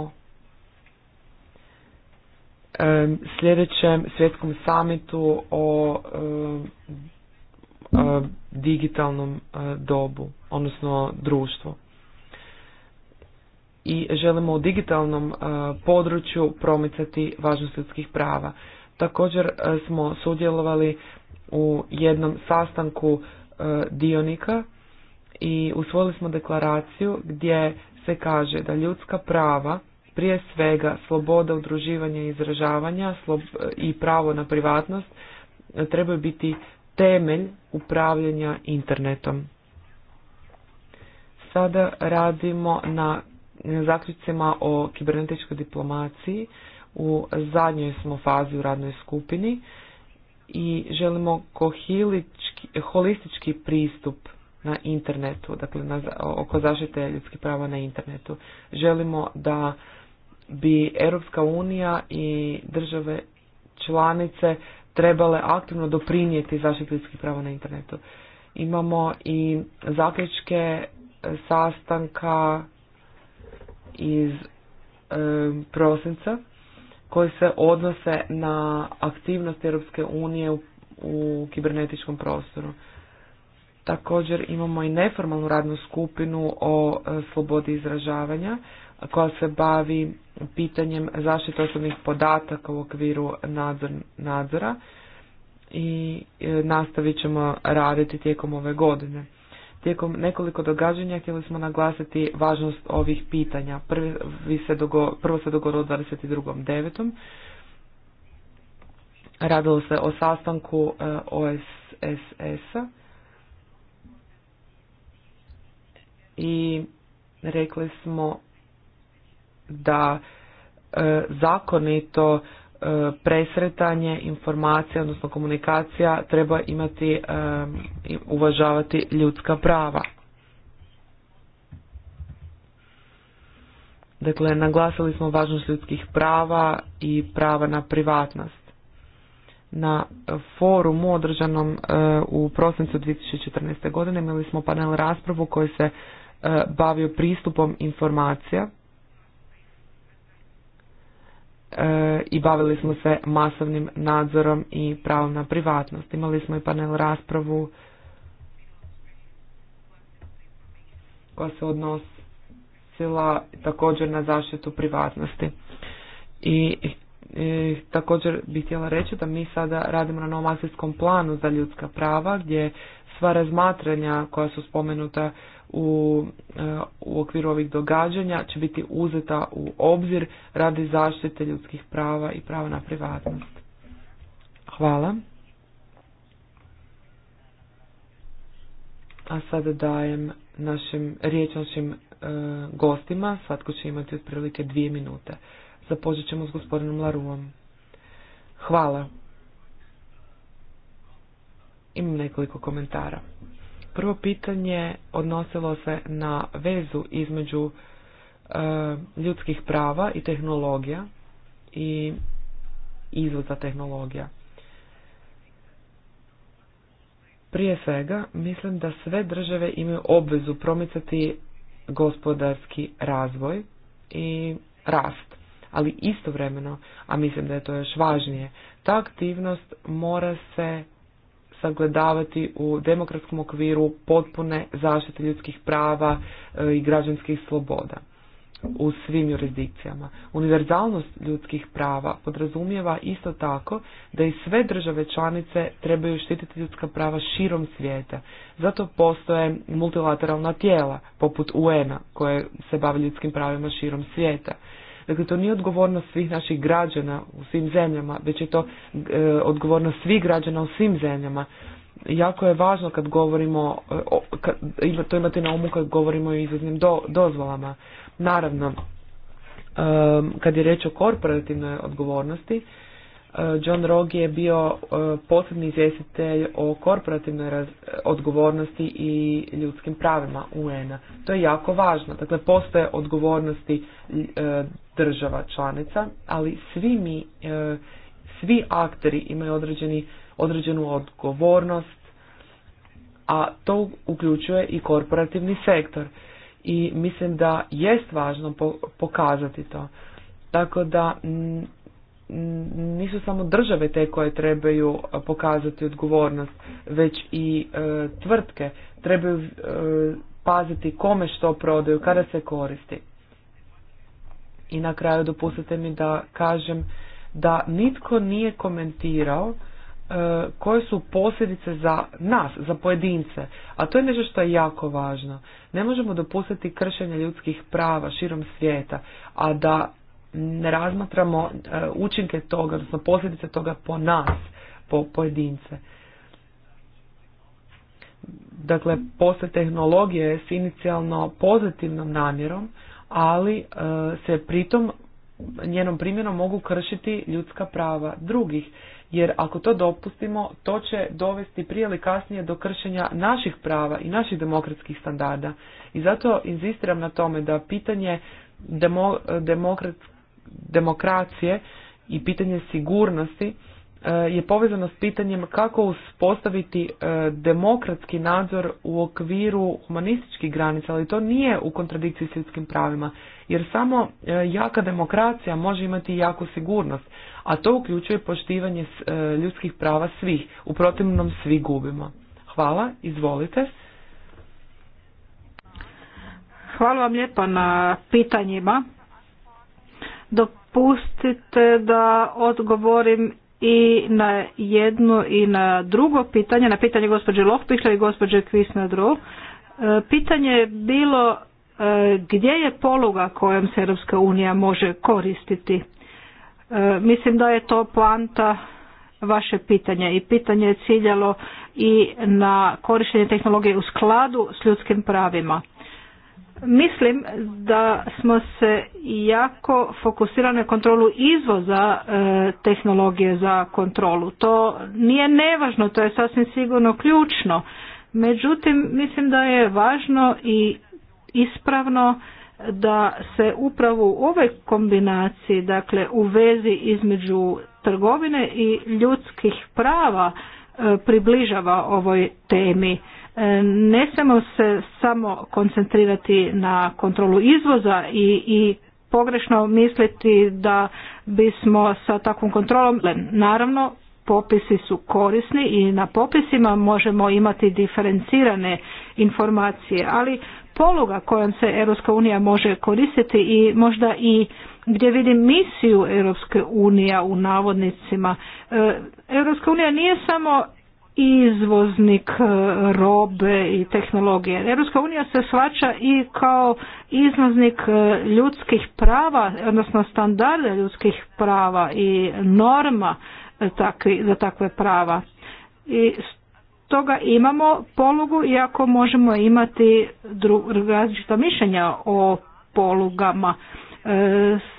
um, sljedećem svjetskom samitu o um, um, digitalnom uh, dobu, odnosno društvu i želimo u digitalnom e, području promicati važnost ljudskih prava. Također e, smo sudjelovali u jednom sastanku e, dionika i usvojili smo deklaraciju gdje se kaže da ljudska prava prije svega sloboda udruživanja i izražavanja i pravo na privatnost trebaju biti temelj upravljanja internetom. Sada radimo na zaključcima o kibernetičkoj diplomaciji. U zadnjoj smo fazi u radnoj skupini i želimo holistički pristup na internetu, dakle na, oko zaštite ljudskih prava na internetu. Želimo da bi Europska unija i države članice trebale aktivno doprinijeti zaštiti ljudskih prava na internetu. Imamo i zaključke sastanka iz e, prosinca koji se odnose na aktivnost Europske unije u, u kibernetičkom prostoru. Također imamo i neformalnu radnu skupinu o e, slobodi izražavanja koja se bavi pitanjem zaštite osobnih podataka u okviru nadzor, nadzora i e, nastavit ćemo raditi tijekom ove godine. Tijekom nekoliko događanja htjeli smo naglasiti važnost ovih pitanja. Prvi se dogo, prvo se dogodilo 22.9. Radilo se o sastanku e, OSSS-a i rekli smo da e, zakonito presretanje informacija, odnosno komunikacija treba imati e, i uvažavati ljudska prava. Dakle, naglasili smo važnost ljudskih prava i prava na privatnost. Na forumu održanom e, u prosincu 2014. godine imali smo panel raspravu koji se e, bavio pristupom informacija E, i bavili smo se masovnim nadzorom i pravom na privatnost. Imali smo i panel raspravu koja se odnosila također na zaštitu privatnosti. I, e, također bih htjela reći da mi sada radimo na novom akcijskom planu za ljudska prava gdje sva razmatranja koja su spomenuta u, e, u okviru ovih događanja će biti uzeta u obzir radi zaštite ljudskih prava i prava na privatnost. Hvala. A sada dajem našim, riječ e, gostima. Svatko će imati otprilike dvije minute. Započet ćemo s gospodinom Laruom. Hvala. Imam nekoliko komentara. Prvo pitanje odnosilo se na vezu između e, ljudskih prava i tehnologija i izvoza tehnologija. Prije svega, mislim da sve države imaju obvezu promicati gospodarski razvoj i rast, ali istovremeno, a mislim da je to još važnije, ta aktivnost mora se sagledavati u demokratskom okviru potpune zaštite ljudskih prava e, i građanskih sloboda u svim jurisdikcijama. Univerzalnost ljudskih prava podrazumijeva isto tako da i sve države članice trebaju štititi ljudska prava širom svijeta. Zato postoje multilateralna tijela poput UN-a koje se bave ljudskim pravima širom svijeta. Dakle, to nije odgovornost svih naših građana u svim zemljama, već je to e, odgovornost svih građana u svim zemljama. Jako je važno kad govorimo, o, to imate na umu kad govorimo o izvoznim dozvolama. Naravno, kad je reč o korporativnoj odgovornosti, e, John Rogge je bio e, posebni izvjestitelj o korporativnoj odgovornosti i ljudskim pravima UN-a. To je jako važno. Dakle, postoje odgovornosti država članica, ali svi mi, e, svi akteri imaju određeni, određenu odgovornost, a to uključuje i korporativni sektor. I mislim da jest važno pokazati to. Tako da nisu samo države te koje trebaju pokazati odgovornost, već i e, tvrtke trebaju e, paziti kome što prodaju, kada se koristi. I na kraju dopustite mi da kažem da nitko nije komentirao e, koje su posljedice za nas, za pojedince, a to je nešto što je jako važno. Ne možemo dopustiti kršenje ljudskih prava širom svijeta, a da ne razmatramo e, učinke toga, odnosno posljedice toga po nas, po pojedince. Dakle, poslije tehnologije s inicijalno pozitivnom namjerom, ali e, se pritom njenom primjenom mogu kršiti ljudska prava drugih, jer ako to dopustimo, to će dovesti prije ili kasnije do kršenja naših prava i naših demokratskih standarda. I zato inzistiram na tome da pitanje demokracije i pitanje sigurnosti je povezano s pitanjem kako uspostaviti e, demokratski nadzor u okviru humanističkih granica, ali to nije u kontradikciji s ljudskim pravima, jer samo e, jaka demokracija može imati jaku sigurnost, a to uključuje poštivanje e, ljudskih prava svih, u protivnom svi gubimo. Hvala, izvolite. Hvala vam lijepa na pitanjima. Dopustite da odgovorim i na jedno i na drugo pitanje, na pitanje gospođe Lohpihla i gospođe Kvisnadru, e, pitanje je bilo e, gdje je poluga kojom se Europska unija može koristiti. E, mislim da je to poanta vaše pitanje i pitanje je ciljalo i na korištenje tehnologije u skladu s ljudskim pravima. Mislim da smo se jako fokusirali na kontrolu izvoza e, tehnologije za kontrolu. To nije nevažno, to je sasvim sigurno ključno. Međutim, mislim da je važno i ispravno da se upravo u ovoj kombinaciji, dakle u vezi između trgovine i ljudskih prava e, približava ovoj temi. E, ne samo se samo koncentrirati na kontrolu izvoza i, i pogrešno misliti da bismo sa takvom kontrolom, naravno popisi su korisni i na popisima možemo imati diferencirane informacije, ali poluga kojom se Europska unija može koristiti i možda i gdje vidim misiju Europske unije u navodnicima. E, Europska unija nije samo izvoznik e, robe i tehnologije. Europska unija se svača i kao izvoznik e, ljudskih prava, odnosno standarda ljudskih prava i norma e, takvi, za takve prava. I toga imamo polugu, iako možemo imati različita mišljenja o polugama. E,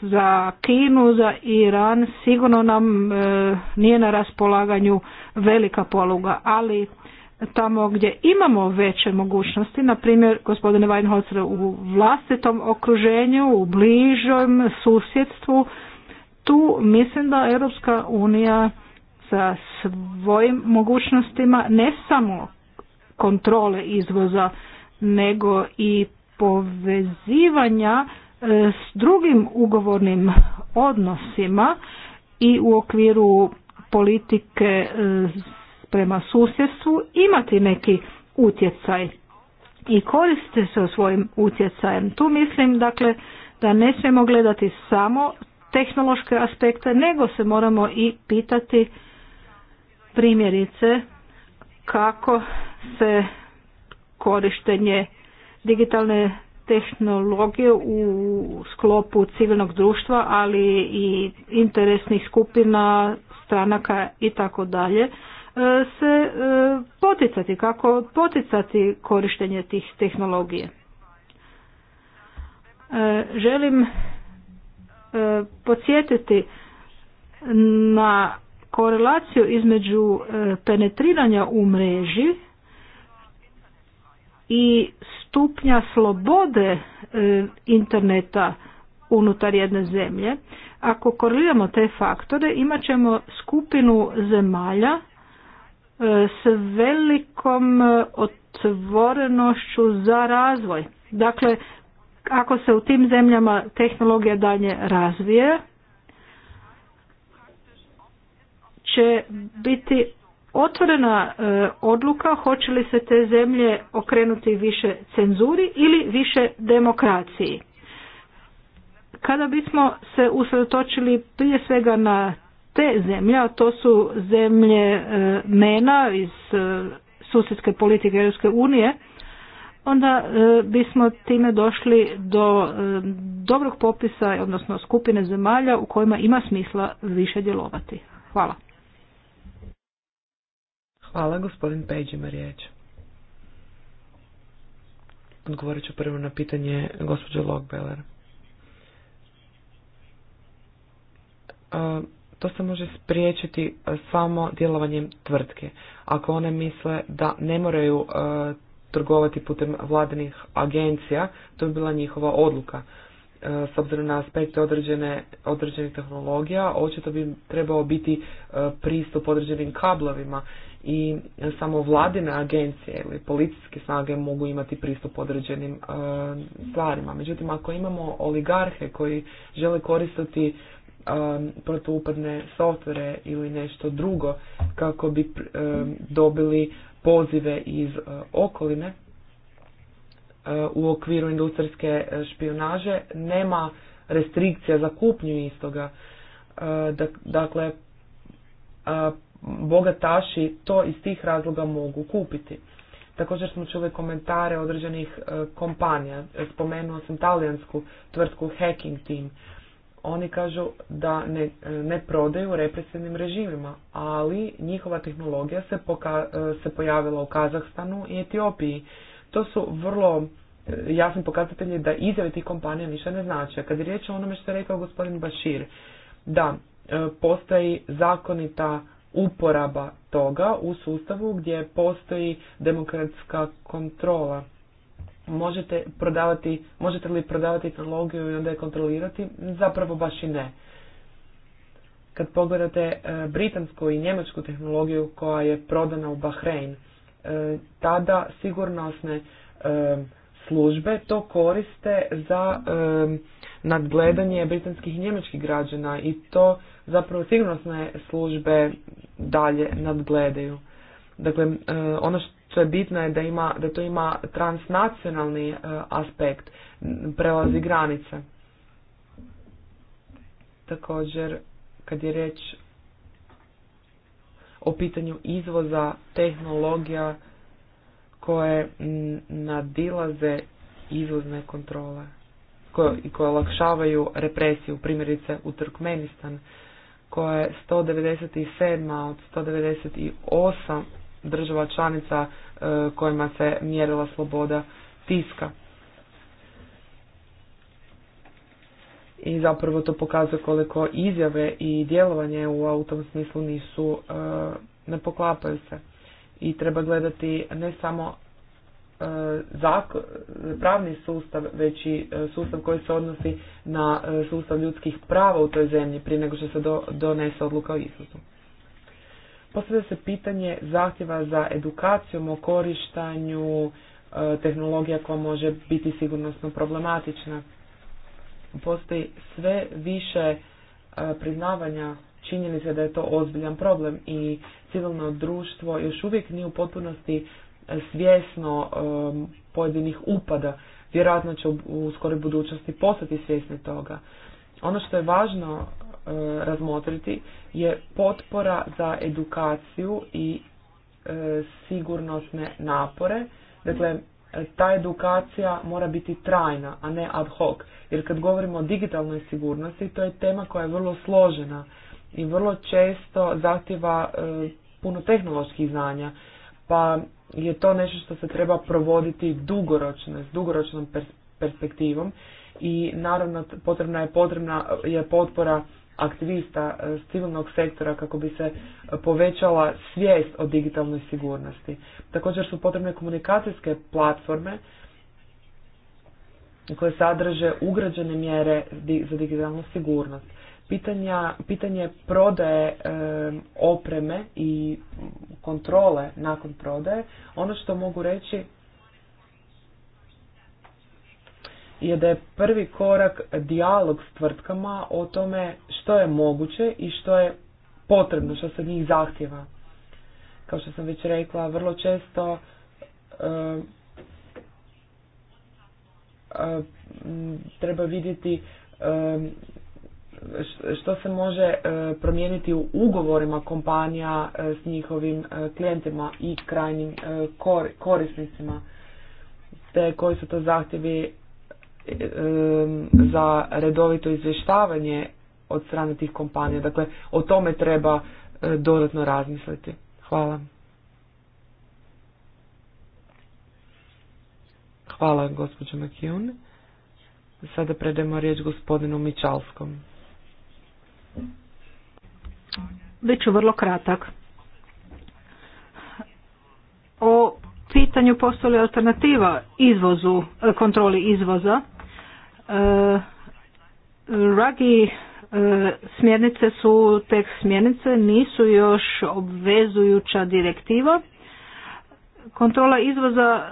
za Kinu, za Iran sigurno nam e, nije na raspolaganju velika poluga, ali tamo gdje imamo veće mogućnosti, na primjer gospodine Weinholzer u vlastitom okruženju, u bližom susjedstvu, tu mislim da Europska unija sa svojim mogućnostima ne samo kontrole izvoza nego i povezivanja E, s drugim ugovornim odnosima i u okviru politike e, prema susjedstvu imati neki utjecaj i koristiti se svojim utjecajem. Tu mislim dakle da ne smijemo gledati samo tehnološke aspekte, nego se moramo i pitati primjerice kako se korištenje digitalne tehnologije u sklopu civilnog društva, ali i interesnih skupina, stranaka i tako dalje e, se e, poticati, kako poticati korištenje tih tehnologije. E, želim podsjetiti na korelaciju između penetriranja u mreži i stupnja slobode e, interneta unutar jedne zemlje. Ako koriramo te faktore imat ćemo skupinu zemalja e, s velikom e, otvorenošću za razvoj. Dakle, ako se u tim zemljama tehnologija dalje razvije, će biti otvorena e, odluka hoće li se te zemlje okrenuti više cenzuri ili više demokraciji. Kada bismo se usredotočili prije svega na te zemlje, a to su zemlje e, MENA iz e, susjedske politike Europske unije, onda bismo time došli do dobrog popisa, odnosno skupine zemalja u kojima ima smisla više djelovati. Hvala. Hvala, gospodin Pejđ ima riječ. Odgovorit ću prvo na pitanje gospođe Logbeller. E, to se može spriječiti e, samo djelovanjem tvrtke. Ako one misle da ne moraju e, trgovati putem vladinih agencija, to bi bila njihova odluka. S obzirom na aspekte određenih tehnologija, očito bi trebao biti pristup određenim kablovima i samo vladine agencije ili policijske snage mogu imati pristup određenim e, stvarima. Međutim, ako imamo oligarhe koji žele koristiti e, protuupadne softvere ili nešto drugo kako bi e, dobili pozive iz e, okoline e, u okviru industrijske špionaže, nema restrikcija za kupnju istoga. dakle, bogataši to iz tih razloga mogu kupiti. Također smo čuli komentare određenih e, kompanija. E, spomenuo sam talijansku tvrtku Hacking Team. Oni kažu da ne, e, ne prodaju represivnim režimima, ali njihova tehnologija se, se pojavila u Kazahstanu i Etiopiji. To su vrlo jasni pokazatelji da izjave tih kompanija ništa ne znače. Kad je riječ o onome što je rekao gospodin Bašir, da, postoji zakonita uporaba toga u sustavu gdje postoji demokratska kontrola. Možete, prodavati, možete li prodavati tehnologiju i onda je kontrolirati? Zapravo baš i ne. Kad pogledate e, britansku i njemačku tehnologiju koja je prodana u Bahrein, e, tada sigurnosne e, službe to koriste za nadgledanje britanskih i njemačkih građana i to zapravo sigurnosne službe dalje nadgledaju. Dakle, e, ono što je bitno je da, ima, da to ima transnacionalni e, aspekt, prelazi granice. Također, kad je riječ o pitanju izvoza tehnologija koje nadilaze izvozne kontrole koje, koje olakšavaju represiju, primjerice u Turkmenistan, koja je 197. od 198 država članica e, kojima se mjerila sloboda tiska. I zapravo to pokazuje koliko izjave i djelovanje u autom smislu nisu, e, ne poklapaju se. I treba gledati ne samo E, pravni sustav, već i e, sustav koji se odnosi na e, sustav ljudskih prava u toj zemlji prije nego što se donese odluka o izvozu. Postavlja se pitanje zahtjeva za edukacijom o korištanju tehnologija koja može biti sigurnosno problematična. Postoji sve više priznavanja činjenice da je to ozbiljan problem i civilno društvo još uvijek nije u potpunosti svjesno pojedinih upada. Vjerojatno će u skoroj budućnosti postati svjesni toga. Ono što je važno razmotriti je potpora za edukaciju i sigurnosne napore. Dakle, ta edukacija mora biti trajna, a ne ad hoc. Jer kad govorimo o digitalnoj sigurnosti, to je tema koja je vrlo složena i vrlo često zahtjeva puno tehnoloških znanja. Pa je to nešto što se treba provoditi dugoročno, s dugoročnom perspektivom i naravno potrebna je potrebna je potpora aktivista s e, civilnog sektora kako bi se povećala svijest o digitalnoj sigurnosti. Također su potrebne komunikacijske platforme koje sadrže ugrađene mjere za digitalnu sigurnost pitanja, pitanje prodaje opreme i kontrole nakon prodaje, ono što mogu reći je da je prvi korak dijalog s tvrtkama o tome što je moguće i što je potrebno, što se od njih zahtjeva. Kao što sam već rekla, vrlo često treba vidjeti što se može e, promijeniti u ugovorima kompanija e, s njihovim e, klijentima i krajnjim korisnicima, te koji su to zahtjevi za redovito izvještavanje od strane tih kompanija. Dakle, o tome treba dodatno razmisliti. Hvala. Hvala, gospođo Makijun. Sada predajemo riječ gospodinu Mičalskom ću vrlo kratak. O pitanju postoji alternativa izvozu, e, kontroli izvoza. E, ragi e, smjernice su tek smjernice, nisu još obvezujuća direktiva. Kontrola izvoza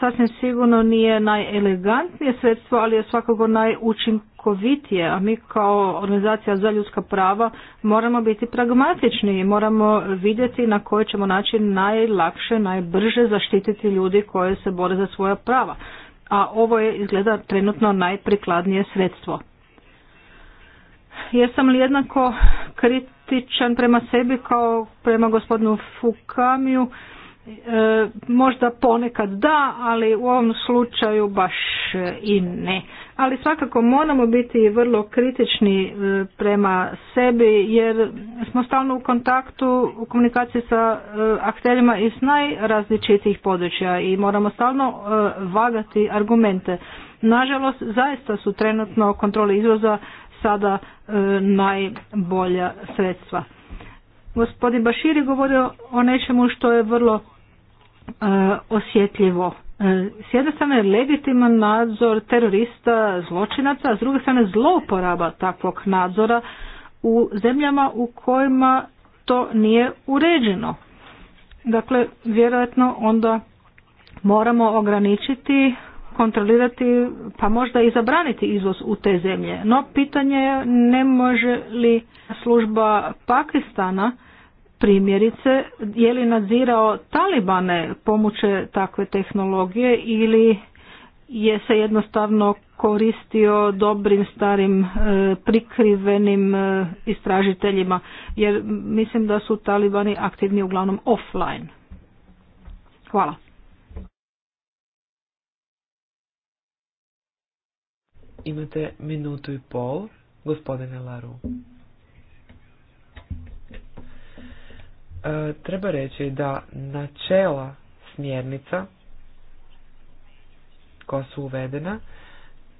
sasvim sigurno nije najelegantnije sredstvo, ali je svakako najučinkovitije učinkovitije, a mi kao organizacija za ljudska prava moramo biti pragmatični i moramo vidjeti na koji ćemo način najlakše, najbrže zaštititi ljudi koji se bore za svoja prava. A ovo je izgleda trenutno najprikladnije sredstvo. Jesam li jednako kritičan prema sebi kao prema gospodinu Fukamiju? E, možda ponekad da, ali u ovom slučaju baš i ne. Ali svakako moramo biti vrlo kritični e, prema sebi jer smo stalno u kontaktu, u komunikaciji sa e, akterima iz najrazličitijih područja i moramo stalno vagati argumente. Nažalost, zaista su trenutno kontrole izvoza sada najbolja sredstva. Gospodin Baširi govorio o nečemu što je vrlo osjetljivo. E, s jedne strane legitiman nadzor terorista, zločinaca, a s druge strane zlouporaba takvog nadzora u zemljama u kojima to nije uređeno. Dakle, vjerojatno onda moramo ograničiti, kontrolirati, pa možda i zabraniti izvoz u te zemlje. No, pitanje je ne može li služba Pakistana primjerice je li nadzirao talibane pomoće takve tehnologije ili je se jednostavno koristio dobrim starim e, prikrivenim e, istražiteljima jer mislim da su talibani aktivni uglavnom offline. Hvala. Imate minutu i pol, gospodine Laru. E, treba reći da načela smjernica koja su uvedena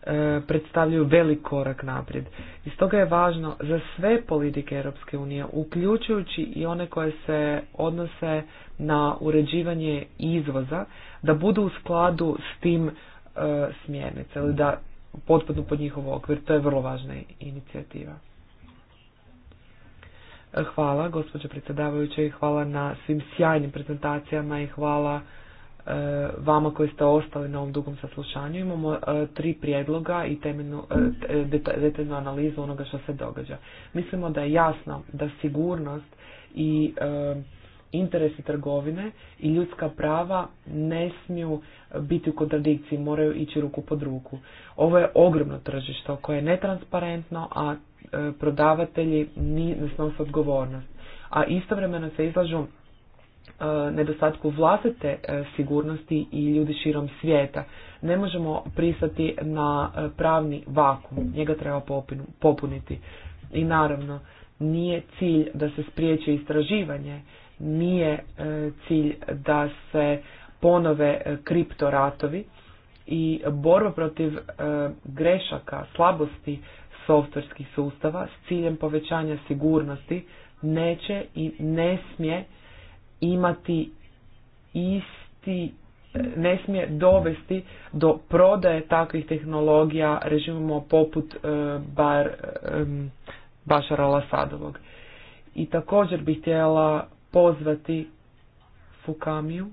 e, predstavljaju velik korak naprijed. I stoga je važno za sve politike Europske unije, uključujući i one koje se odnose na uređivanje izvoza, da budu u skladu s tim e, smjernice ili da potpadnu pod njihov okvir. To je vrlo važna inicijativa. Hvala, gospođo predsjedavajuća, i hvala na svim sjajnim prezentacijama i hvala e, vama koji ste ostali na ovom dugom saslušanju. Imamo e, tri prijedloga i temeljnu, e, detaljnu analizu onoga što se događa. Mislimo da je jasno da sigurnost i interesi trgovine i ljudska prava ne smiju biti u kontradikciji, moraju ići ruku pod ruku. Ovo je ogromno tržište koje je netransparentno, a e, prodavatelji ni ne snose odgovornost. A istovremeno se izlažu e, nedostatku vlastite e, sigurnosti i ljudi širom svijeta. Ne možemo pristati na pravni vakum, njega treba popuniti. I naravno, nije cilj da se spriječi istraživanje, nije e, cilj da se ponove e, kriptoratovi i borba protiv e, grešaka, slabosti softverskih sustava s ciljem povećanja sigurnosti neće i ne smije imati isti ne smije dovesti do prodaje takvih tehnologija režimima poput bar Bašara Lasadovog. I također bih htjela pozvati Fukamiju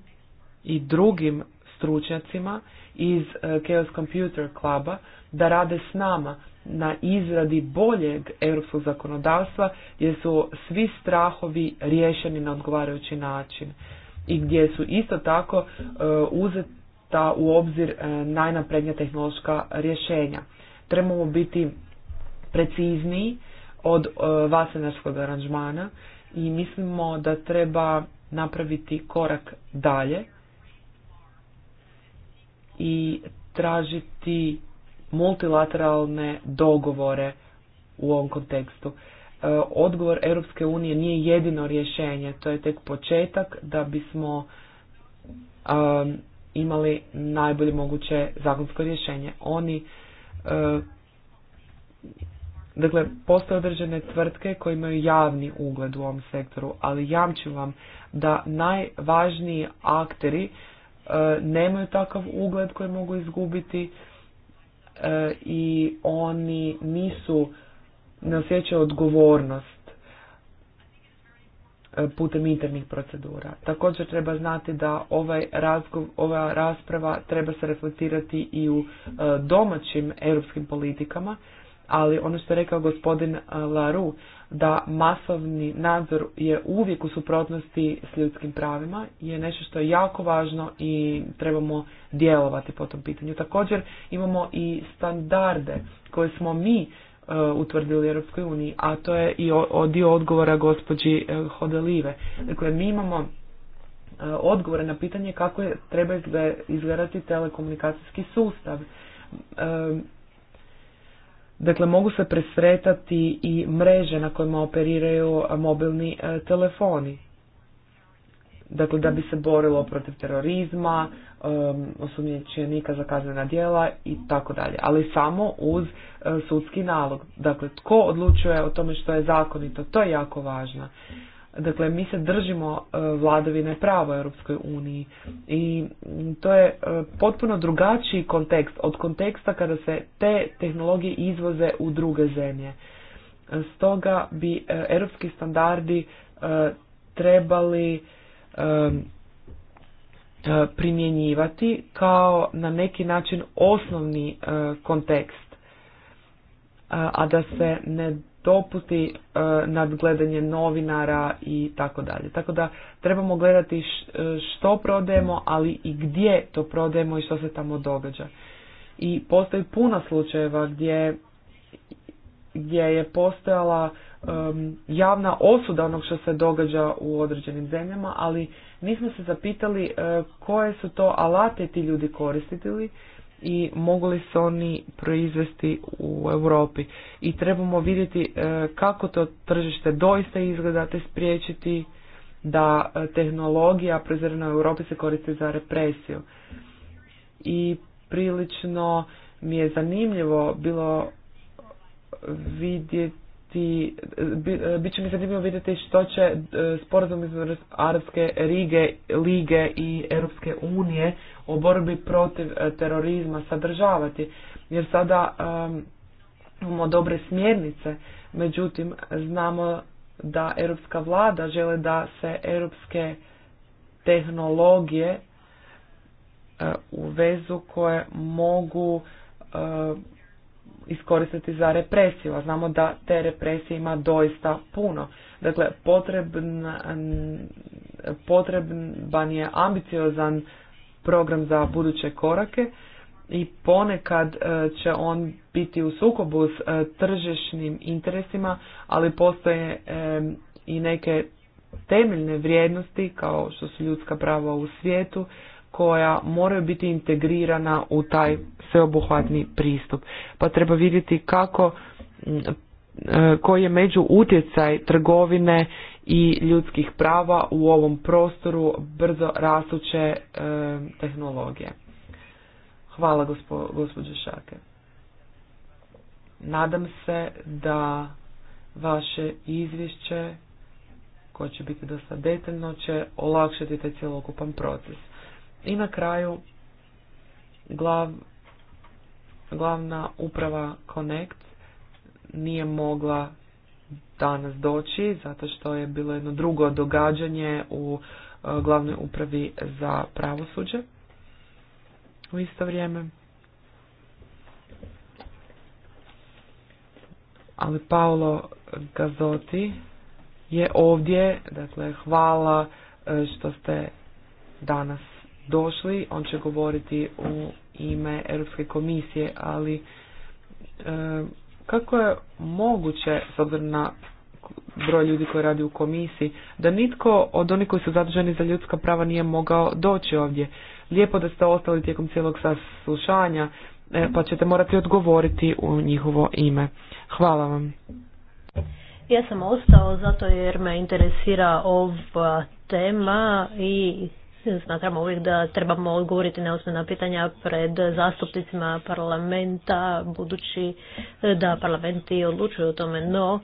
i drugim stručnjacima iz e, Chaos Computer Cluba da rade s nama na izradi boljeg europskog zakonodavstva gdje su svi strahovi riješeni na odgovarajući način i gdje su isto tako e, uzeta u obzir e, najnaprednija tehnološka rješenja. Trebamo biti precizniji od vasenarskog aranžmana i mislimo da treba napraviti korak dalje i tražiti multilateralne dogovore u ovom kontekstu. E, odgovor Europske unije nije jedino rješenje, to je tek početak da bismo um, imali najbolje moguće zakonsko rješenje. Oni e, Dakle, postoje određene tvrtke koje imaju javni ugled u ovom sektoru, ali jamčim vam da najvažniji akteri e, nemaju takav ugled koji mogu izgubiti e, i oni nisu, ne osjećaju odgovornost e, putem internih procedura. Također treba znati da ovaj razgov, ova rasprava treba se reflektirati i u domaćim europskim politikama ali ono što je rekao gospodin eh, Laru, da masovni nadzor je uvijek u suprotnosti s ljudskim pravima, je nešto što je jako važno i trebamo djelovati po tom pitanju. Također imamo i standarde koje smo mi eh, utvrdili u Europskoj uniji, a to je i dio odgovora gospođi eh, Hodelive. Dakle, mi imamo odgovore na pitanje kako je, treba izgledati telekomunikacijski sustav Dakle, mogu se presretati i mreže na kojima operiraju mobilni e, telefoni. Dakle, da bi se borilo protiv terorizma, osumnjičenika za kaznena djela i tako dalje. Ali samo uz e, sudski nalog. Dakle, tko odlučuje o tome što je zakonito, to je jako važno. Dakle, mi se držimo e, vladavine prava Europskoj uniji i to je e, potpuno drugačiji kontekst od konteksta kada se te tehnologije izvoze u druge zemlje. Stoga bi e, europski standardi trebali primjenjivati kao na neki način osnovni kontekst, a da se ne dopusti, e, nadgledanje novinara i tako dalje. Tako da trebamo gledati e, što prodajemo, ali i gdje to prodajemo i što se tamo događa. I postoji puno slučajeva gdje, gdje je postojala javna osuda onog što se događa u određenim zemljama, ali nismo se zapitali e, koje su to alate ti ljudi koristili i mogu li se oni proizvesti u Europi. I trebamo vidjeti e, kako to tržište doista izgleda te spriječiti da e, tehnologija proizvedena u Europi se koristi za represiju. I prilično mi je zanimljivo bilo vidjeti vidjeti, bit će mi zanimljivo vidjeti što će e, sporazum iz Arabske rige, lige i Europske unije o borbi protiv e, terorizma sadržavati. Jer sada imamo dobre smjernice, međutim znamo da europska vlada žele da se europske tehnologije uh, vezu koje mogu iskoristiti za represiju, a znamo da te represije ima doista puno. Dakle, potreban je ambiciozan program za buduće korake i ponekad e, će on biti u sukobu s e, tržišnim interesima, ali postoje e, i neke temeljne vrijednosti kao što su ljudska prava u svijetu, koja moraju biti integrirana u taj sveobuhvatni pristup. Pa treba vidjeti kako e, koji je među utjecaj trgovine i ljudskih prava u ovom prostoru brzo rastuće e, tehnologije. Hvala gospo, gospođo Šake. Nadam se da vaše izvješće koje će biti dosta detaljno će olakšati taj cjelokupan proces. I na kraju glav, glavna uprava Connect nije mogla danas doći zato što je bilo jedno drugo događanje u e, glavnoj upravi za pravosuđe u isto vrijeme. Ali Paolo Gazoti je ovdje, dakle hvala e, što ste danas došli. On će govoriti u ime Europske komisije, ali e, kako je moguće, s obzirom na broj ljudi koji radi u komisiji, da nitko od onih koji su zaduženi za ljudska prava nije mogao doći ovdje. Lijepo da ste ostali tijekom cijelog saslušanja, e, pa ćete morati odgovoriti u njihovo ime. Hvala vam. Ja sam ostao zato jer me interesira ova tema i Smatramo uvijek da trebamo odgovoriti na osnovna pitanja pred zastupnicima parlamenta, budući da parlamenti odlučuju o tome. No,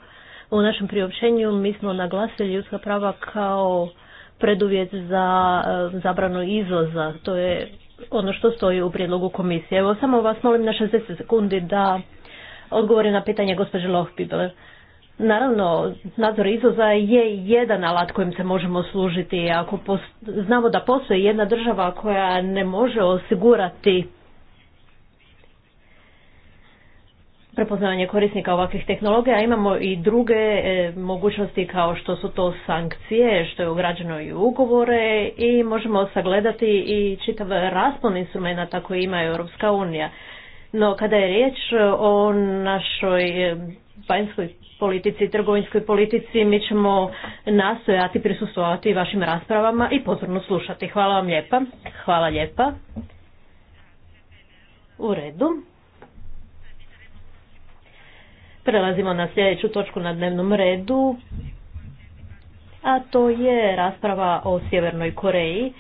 u našem priopćenju mi smo naglasili ljudska prava kao preduvjet za eh, zabranu izvoza. To je ono što stoji u prijedlogu komisije. Evo, samo vas molim na 60 sekundi da odgovore na pitanje gospođe Lohpibler. Naravno, nadzor izvoza je jedan alat kojim se možemo služiti. Ako znamo da postoji jedna država koja ne može osigurati prepoznavanje korisnika ovakvih tehnologija, imamo i druge e, mogućnosti kao što su to sankcije, što je ugrađeno i ugovore i možemo sagledati i čitav raspon instrumenta koji ima Europska unija. No kada je riječ o našoj e, vanjskoj politici, trgovinskoj politici. Mi ćemo nastojati prisustovati vašim raspravama i pozorno slušati. Hvala vam lijepa. Hvala lijepa. U redu. Prelazimo na sljedeću točku na dnevnom redu, a to je rasprava o Sjevernoj Koreji.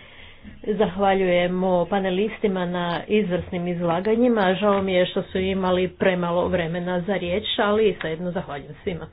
Zahvaljujemo panelistima na izvrsnim izlaganjima. Žao mi je što su imali premalo vremena za riječ, ali jedno zahvaljujem svima.